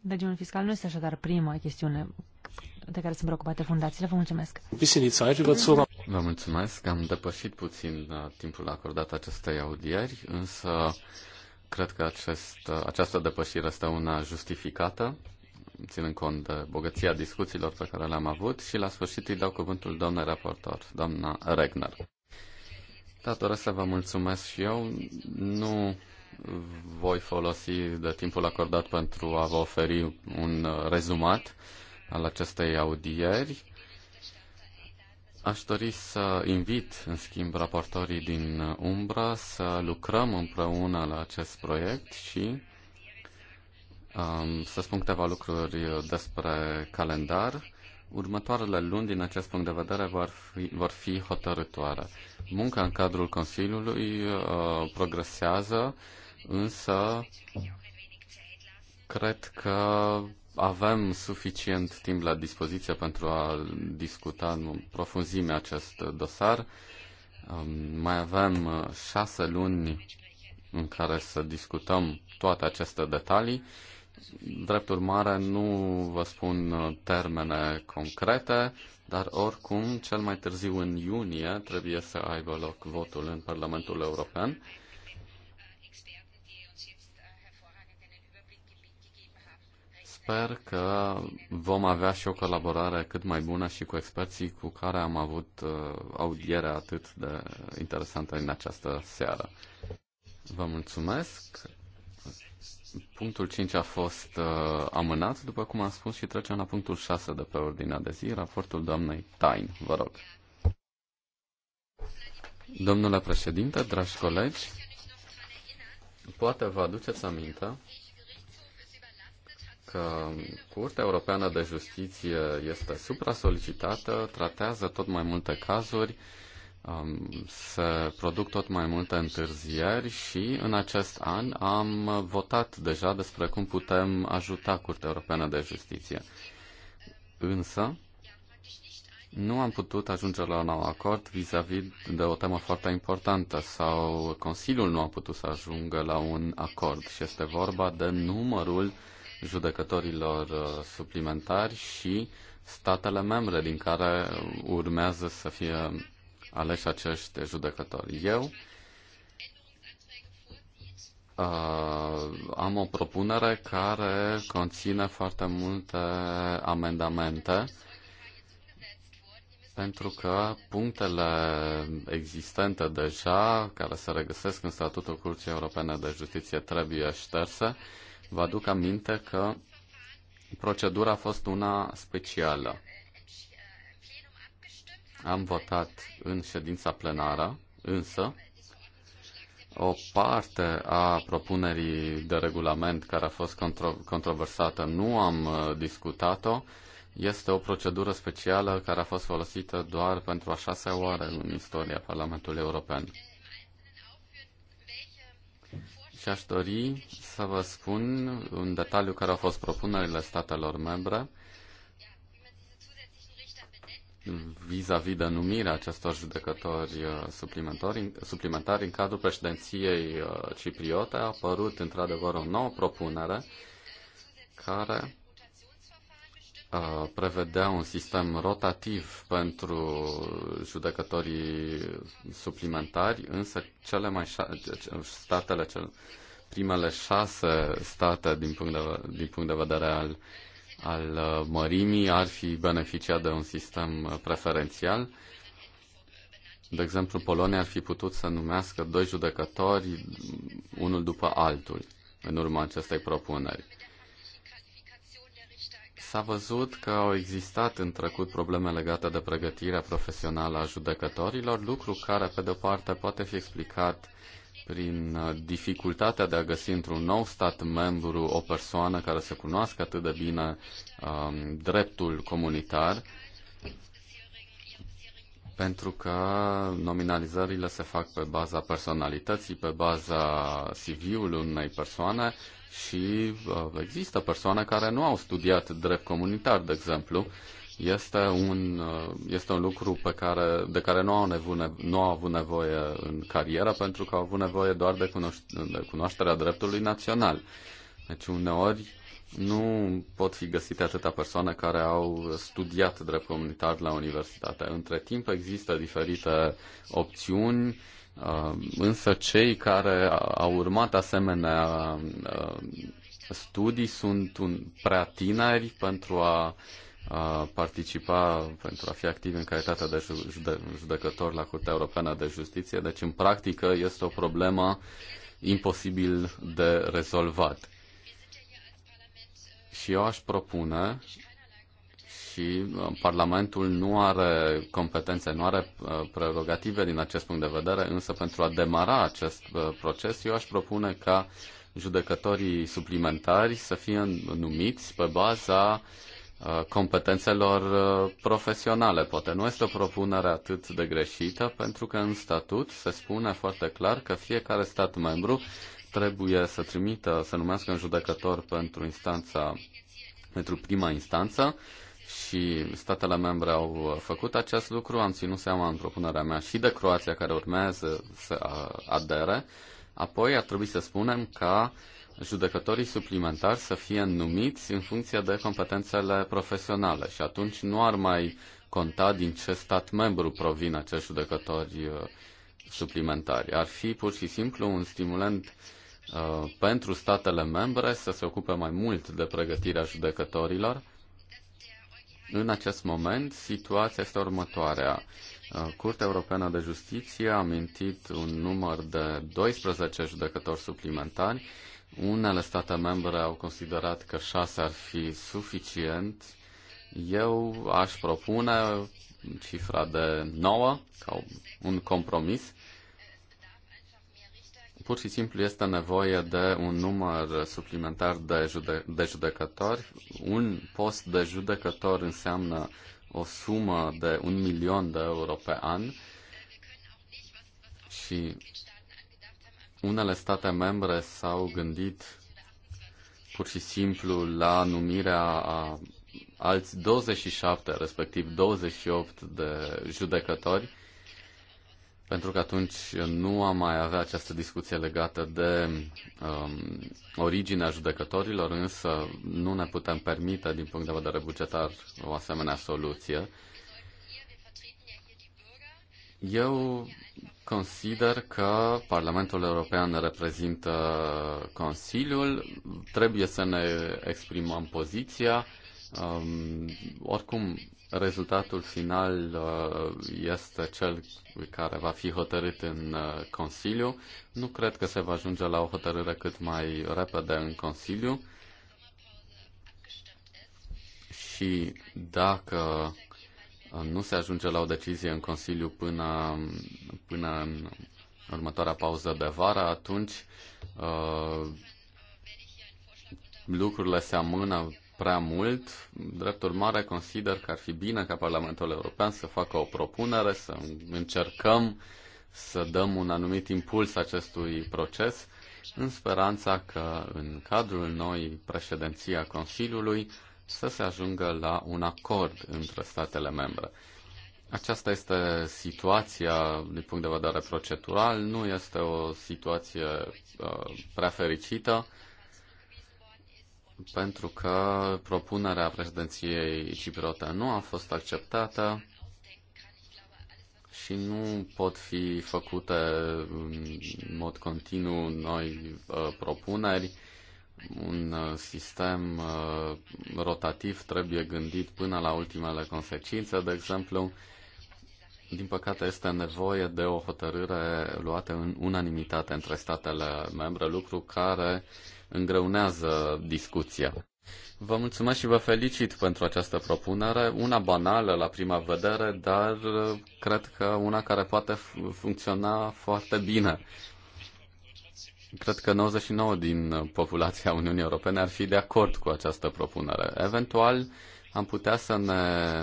Regiunul fiscal nu este așadar prima chestiune de care sunt preocupate fundațiile. Vă mulțumesc. Vă mulțumesc. Am depășit puțin uh, timpul acordat acestei audieri, însă cred că acest, uh, această depășire este una justificată, ținând cont de bogăția discuțiilor pe care le-am avut și la sfârșit îi dau cuvântul doamnei raportor, doamna Regner. Da, doresc să vă mulțumesc și eu. Nu voi folosi de timpul acordat pentru a vă oferi un rezumat al acestei audieri. Aș dori să invit, în schimb, raportorii din Umbra să lucrăm împreună la acest proiect și um, să spun câteva lucruri despre calendar. Următoarele luni, din acest punct de vedere, vor fi, vor fi hotărătoare. Munca în cadrul Consiliului uh, progresează. Uh, însă cred că avem suficient timp la dispoziție pentru a discuta în profunzime acest dosar. Mai avem uh, șase luni în care să discutăm toate aceste detalii. Drept urmare, nu vă spun uh, termene concrete, dar oricum, cel mai târziu în iunie trebuie să aibă loc votul în Parlamentul European sper că vom avea și o colaborare cât mai bună și cu experții cu care am avut uh, audiere atât de interesantă în această seară. Vă mulțumesc. Punctul 5 a fost uh, amânat, după cum am spus, și trecem la punctul 6 de pe ordinea de zi, raportul doamnei Tain. Vă rog. Domnule președinte, dragi colegi, poate vă aduceți aminte că Curtea Europeană de Justiție este supra-solicitată, tratează tot mai multe cazuri, um, se produc tot mai multe întârzieri și în acest an am votat deja despre cum putem ajuta Curtea Europeană de Justiție. Însă, nu am putut ajunge la un acord vis-a-vis -vis de o temă foarte importantă sau Consiliul nu a putut să ajungă la un acord și este vorba de numărul uh, judecătorilor uh, suplimentari și statele membre din care urmează să fie aleși acești judecători. Eu uh, am o propunere care conține foarte multe amendamente pentru că punctele existente deja, care se regăsesc în statutul Curții Europene de Justiție, trebuie șterse. Uh, Vă aduc aminte că procedura a fost una specială. Am votat în ședința plenară, însă o parte a propunerii de regulament care a fost contro- controversată nu am uh, discutat-o. Este o procedură specială care a fost folosită doar pentru a șasea oară în istoria Parlamentului European și aș dori să vă spun în detaliu care au fost propunerile statelor membre vis-a-vis -vis de numirea acestor judecători uh, suplimentari, suplimentari în cadrul președinției uh, cipriote a apărut într-adevăr o nouă propunere care prevedea un sistem rotativ pentru judecătorii suplimentari, însă cele mai șa- statele, cel, primele șase state din punct de, din punct de vedere al, al uh, mărimii ar fi beneficiat de un sistem uh, preferențial. De exemplu, Polonia ar fi putut să numească doi judecători, unul după altul, în urma acestei propuneri. S-a văzut că au existat în trecut probleme legate de pregătirea profesională a judecătorilor, lucru care, pe de-o parte, poate fi explicat prin uh, dificultatea de a găsi într-un nou stat membru o persoană care să cunoască atât de bine um, dreptul comunitar, pentru că nominalizările se fac pe baza personalității, pe baza CV-ului unei persoane, și uh, există persoane care nu au studiat drept comunitar, de exemplu. Este un, uh, este un lucru pe care, de care nu au, nevoie, nu au avut nevoie în carieră pentru că au avut nevoie doar de, cunoș- de cunoașterea dreptului național. Deci uneori nu pot fi găsite atâtea persoane care au studiat drept comunitar la universitate. Între timp există diferite opțiuni Uh, însă cei care au urmat asemenea uh, studii sunt un, prea tineri pentru a, a participa, pentru a fi activi în calitatea de jude, judecător la Curtea Europeană de Justiție. Deci, în practică, este o problemă imposibil de rezolvat. Și eu aș propune și uh, Parlamentul nu are competențe, nu are uh, prerogative din acest punct de vedere, însă pentru a demara acest uh, proces, eu aș propune ca judecătorii suplimentari să fie numiți pe baza competențelor profesionale. Poate nu este o propunere atât de greșită, pentru că în statut se spune foarte clar că fiecare stat membru trebuie să trimită, să numească un judecător pentru instanța pentru prima instanță și statele membre au făcut acest lucru. Am ținut seama în propunerea mea și de Croația, care urmează să adere. Apoi ar trebui să spunem ca judecătorii suplimentari să fie numiți în funcție de competențele profesionale și atunci nu ar mai conta din ce stat membru provin acești judecători uh, suplimentari. Ar fi pur și simplu un stimulant uh, pentru statele membre să se ocupe mai mult de pregătirea judecătorilor în acest moment, situația este următoarea. Uh, Curtea Europeană de Justiție a mintit un număr de 12 judecători suplimentari. Unele state membre au considerat că 6 ar fi suficient. Eu aș propune cifra de 9 ca un compromis pur și simplu este nevoie de un număr suplimentar de, jude- de judecători. Un post de judecător înseamnă o sumă de un milion de euro pe an și unele state membre s-au gândit pur și simplu la numirea a alți 27, respectiv 28 de judecători pentru că atunci nu am mai avea această discuție legată de um, originea judecătorilor, însă nu ne putem permite, din punct de vedere bugetar, o asemenea soluție. Eu consider că Parlamentul European ne reprezintă Consiliul, trebuie să ne exprimăm poziția. Um, oricum, rezultatul final uh, este cel care va fi hotărât în uh, Consiliu. Nu cred că se va ajunge la o hotărâre cât mai repede în Consiliu. Și dacă uh, nu se ajunge la o decizie în Consiliu până, până în următoarea pauză de vară, atunci uh, lucrurile se amână prea mult. Drept urmare, consider că ar fi bine ca Parlamentul European să facă o propunere, să încercăm să dăm un anumit impuls acestui proces, în speranța că în cadrul noi președinția Consiliului să se ajungă la un acord între statele membre. Aceasta este situația din punct de vedere procedural, nu este o situație uh, prea fericită pentru că propunerea președinției cipriote nu a fost acceptată și nu pot fi făcute în mod continuu noi uh, propuneri. Un uh, sistem uh, rotativ trebuie gândit până la ultimele consecințe, de exemplu. Din păcate, este nevoie de o hotărâre luată în unanimitate între statele membre, lucru care uh, îngreunează discuția. Vă mulțumesc și vă felicit pentru această propunere, una banală la prima vedere, dar uh, cred că una care poate funcționa foarte bine. Cred că 99 din populația Uniunii Europene ar fi de acord cu această propunere. Eventual am putea să ne,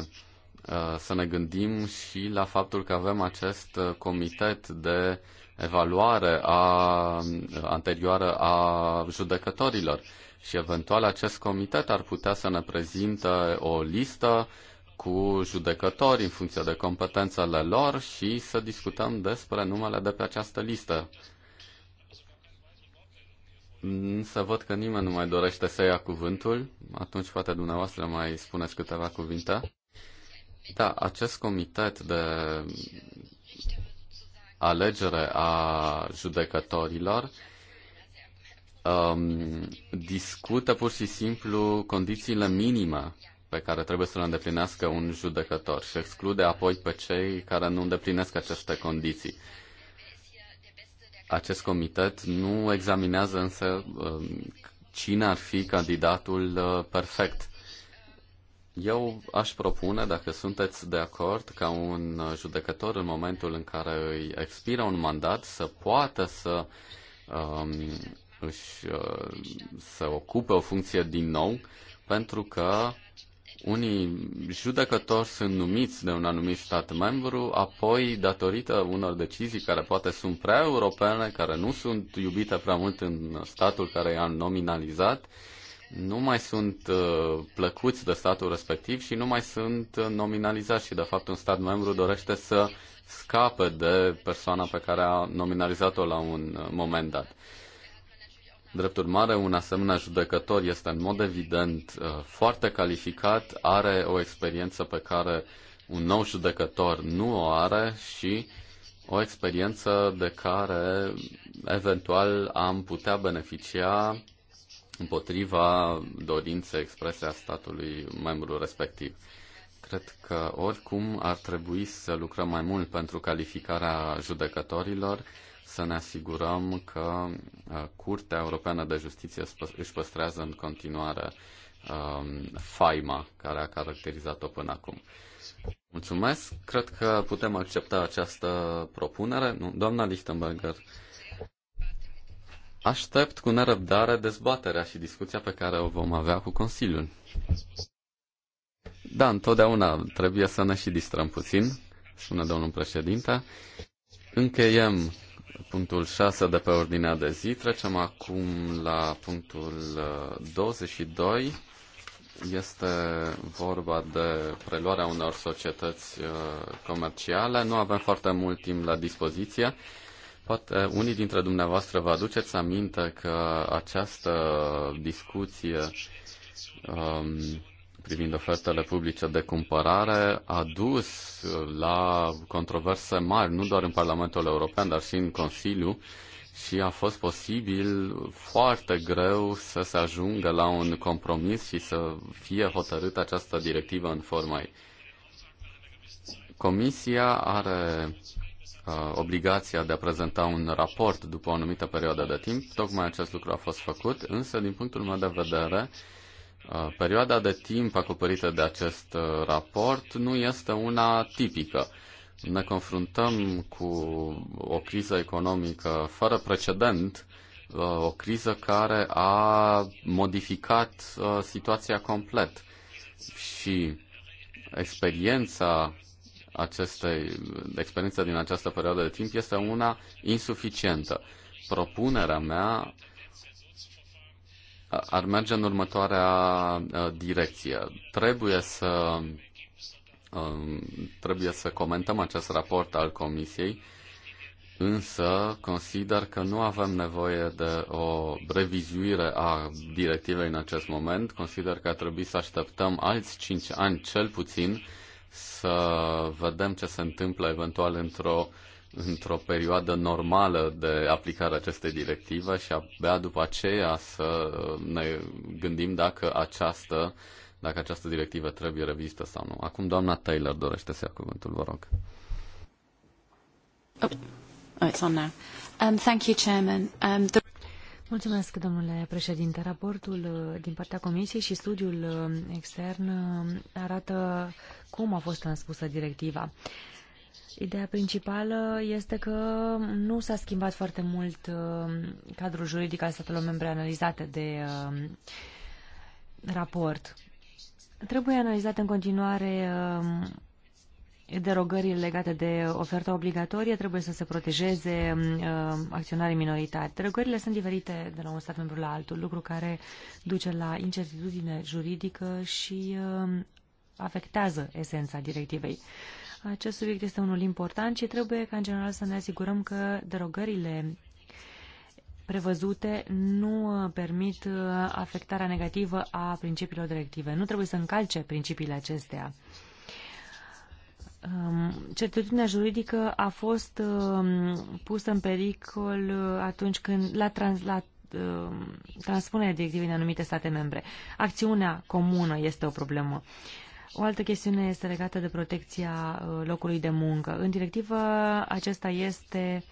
uh, să ne gândim și la faptul că avem acest uh, comitet de evaluare a, anterioară a judecătorilor și eventual acest comitet ar putea să ne prezinte o listă cu judecători în funcție de competențele lor și să discutăm despre numele de pe această listă. Să văd că nimeni nu mai dorește să ia cuvântul, atunci poate dumneavoastră mai spuneți câteva cuvinte. Da, acest comitet de alegere a judecătorilor um, discută pur și simplu condițiile minime pe care trebuie să le îndeplinească un judecător și exclude apoi pe cei care nu îndeplinesc aceste condiții. Acest comitet nu examinează însă um, cine ar fi candidatul uh, perfect. Eu aș propune, dacă sunteți de acord, ca un judecător în momentul în care îi expiră un mandat să poată să um, își, uh, să ocupe o funcție din nou, pentru că unii judecători sunt numiți de un anumit stat membru, apoi, datorită unor decizii care poate sunt prea europene, care nu sunt iubite prea mult în statul care i-a nominalizat, uh, nu mai sunt uh, plăcuți de statul respectiv și nu mai sunt uh, nominalizați și de fapt un stat membru dorește să scape de persoana pe care a nominalizat-o la un uh, moment dat. Drept urmare, un asemenea judecător este în mod evident foarte calificat, are o experiență pe care un nou judecător nu o are și o experiență de care eventual am putea beneficia împotriva dorinței exprese a statului membru respectiv. Cred că oricum ar trebui să lucrăm mai mult pentru calificarea judecătorilor, să ne asigurăm că uh, Curtea Europeană de Justiție își păstrează în continuare um, faima care a caracterizat-o până acum. Mulțumesc. Cred că putem accepta această propunere. Nu, doamna Lichtenberger Aștept cu nerăbdare dezbaterea și discuția pe care o vom avea cu Consiliul. Da, întotdeauna trebuie să ne și distrăm puțin, spune domnul președinte. Încheiem punctul 6 de pe ordinea de zi. Trecem acum la punctul 22. Uh, este vorba de preluarea unor societăți uh, comerciale. Nu avem foarte mult timp la dispoziție. Poate unii dintre dumneavoastră vă aduceți aminte că această discuție um, privind ofertele publice de cumpărare a dus la controverse mari, nu doar în Parlamentul European, dar și în Consiliu, și a fost posibil foarte greu să se ajungă la un compromis și să fie hotărât această directivă în forma ei. Comisia are Uh, obligația de a prezenta un raport după o anumită perioadă de timp. Tocmai acest lucru a fost făcut, însă, din punctul meu de vedere, uh, perioada de timp acoperită de acest uh, raport nu este una tipică. Ne confruntăm cu o criză economică fără precedent, o criză care a modificat situația complet și experiența acestei, experiența din această perioadă de timp este una insuficientă. Propunerea mea ar merge în următoarea uh, direcție. Trebuie să um, trebuie să comentăm acest raport al Comisiei, însă consider că nu avem nevoie de o revizuire a directivei în acest moment. Consider că ar trebui să așteptăm alți 5 ani cel puțin să vedem ce se întâmplă eventual într-o într-o perioadă normală de aplicare a acestei directive și abia după aceea să ne gândim dacă această, dacă această directivă trebuie revistă sau nu. Acum doamna Taylor dorește să ia cuvântul, vă rog. Oh, oh it's on now. Um, thank you, Chairman. Um, the... Mulțumesc, domnule președinte. Raportul uh, din partea Comisiei și studiul uh, extern uh, arată cum a fost transpusă directiva. Ideea principală este că nu s-a schimbat foarte mult cadrul juridic al statelor membre analizate de raport. Trebuie analizate în continuare derogările legate de oferta obligatorie trebuie să se protejeze mm, uh, acționarii minoritari. Derogările sunt diferite de la un stat membru la altul, lucru care duce la incertitudine juridică și uh, afectează esența directivei. Acest subiect este unul important și trebuie ca în general să ne asigurăm că derogările prevăzute nu uh, permit uh, afectarea negativă a principiilor directive. Nu trebuie să încalce principiile acestea. Um, certitudinea juridică a fost um, pusă în pericol uh, atunci când la, trans, la um, transpunerea directivei în anumite state membre. Acțiunea comună este o problemă. O altă chestiune este legată de protecția uh, locului de muncă. În directivă acesta este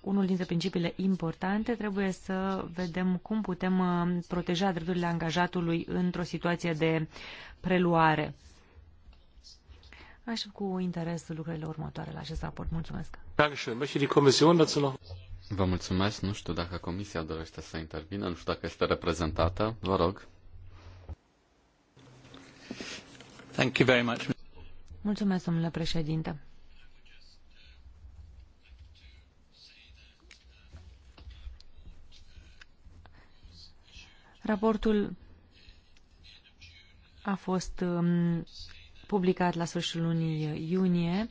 unul dintre principiile importante. Trebuie să vedem cum putem uh, proteja drepturile angajatului într-o situație de preluare aștept cu interes lucrurile următoare la acest raport. Mulțumesc. Vă mulțumesc. Nu știu dacă comisia dorește să intervină, nu știu dacă este reprezentată. Vă rog. Thank you very much. Mulțumesc, domnule președinte. Raportul a fost um, publicat la sfârșitul lunii iunie.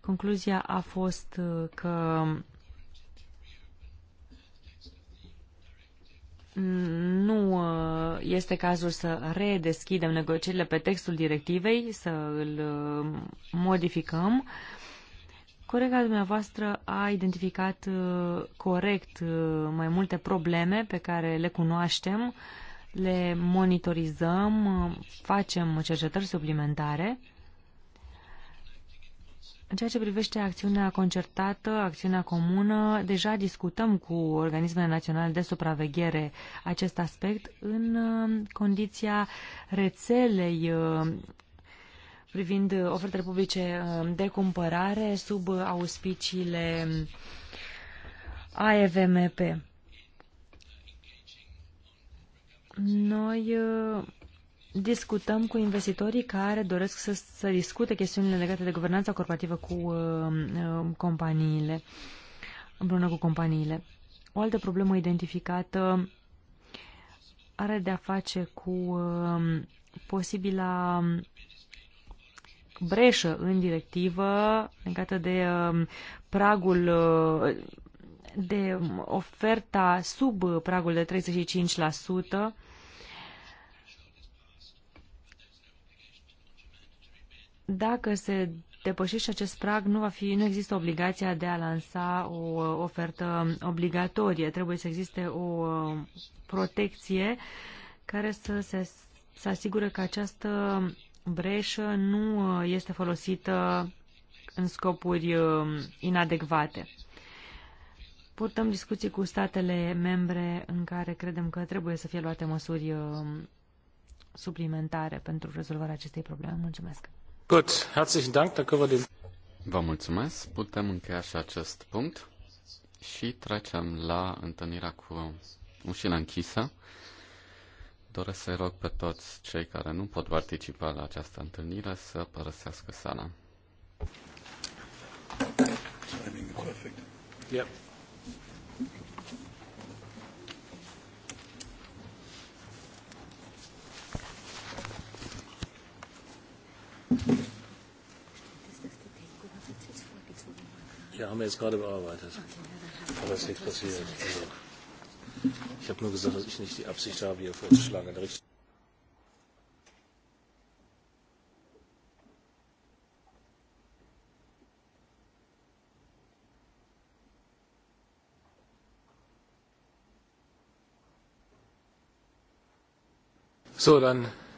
Concluzia a fost uh, că nu uh, este cazul să redeschidem negocierile pe textul directivei, să îl uh, modificăm. Corega dumneavoastră a identificat corect mai multe probleme pe care le cunoaștem le monitorizăm, facem cercetări suplimentare. În ceea ce privește acțiunea concertată, acțiunea comună, deja discutăm cu organismele naționale de supraveghere acest aspect în uh, condiția rețelei uh, privind ofertele publice uh, de cumpărare sub auspiciile AEVMP. Noi uh, discutăm cu investitorii care doresc să, să discute chestiunile legate de guvernanța corporativă cu uh, uh, companiile, împreună cu companiile. O altă problemă identificată are de-a face cu uh, posibila breșă în directivă legată de uh, pragul uh, de oferta sub pragul de 35%, Dacă se depășește acest prag, nu, va fi, nu există obligația de a lansa o ofertă obligatorie. Trebuie să existe o protecție care să se să asigură că această breșă nu este folosită în scopuri um, inadecvate. Purtăm discuții cu statele membre în care credem că trebuie să fie luate măsuri um, suplimentare pentru rezolvarea acestei probleme. Mulțumesc! Gut, herzlichen Dank, dann können wir den... Vă mulțumesc, putem încheia și acest punct și trecem la întâlnirea cu ușile închisă. Doresc să rog pe toți cei care nu pot participa la această întâlnire să părăsească sala. Timing perfect. Yep. Ja, haben wir jetzt gerade bearbeitet. Aber es ist nichts passiert. Also, ich habe nur gesagt, dass ich nicht die Absicht habe, hier vorzuschlagen. Da so, dann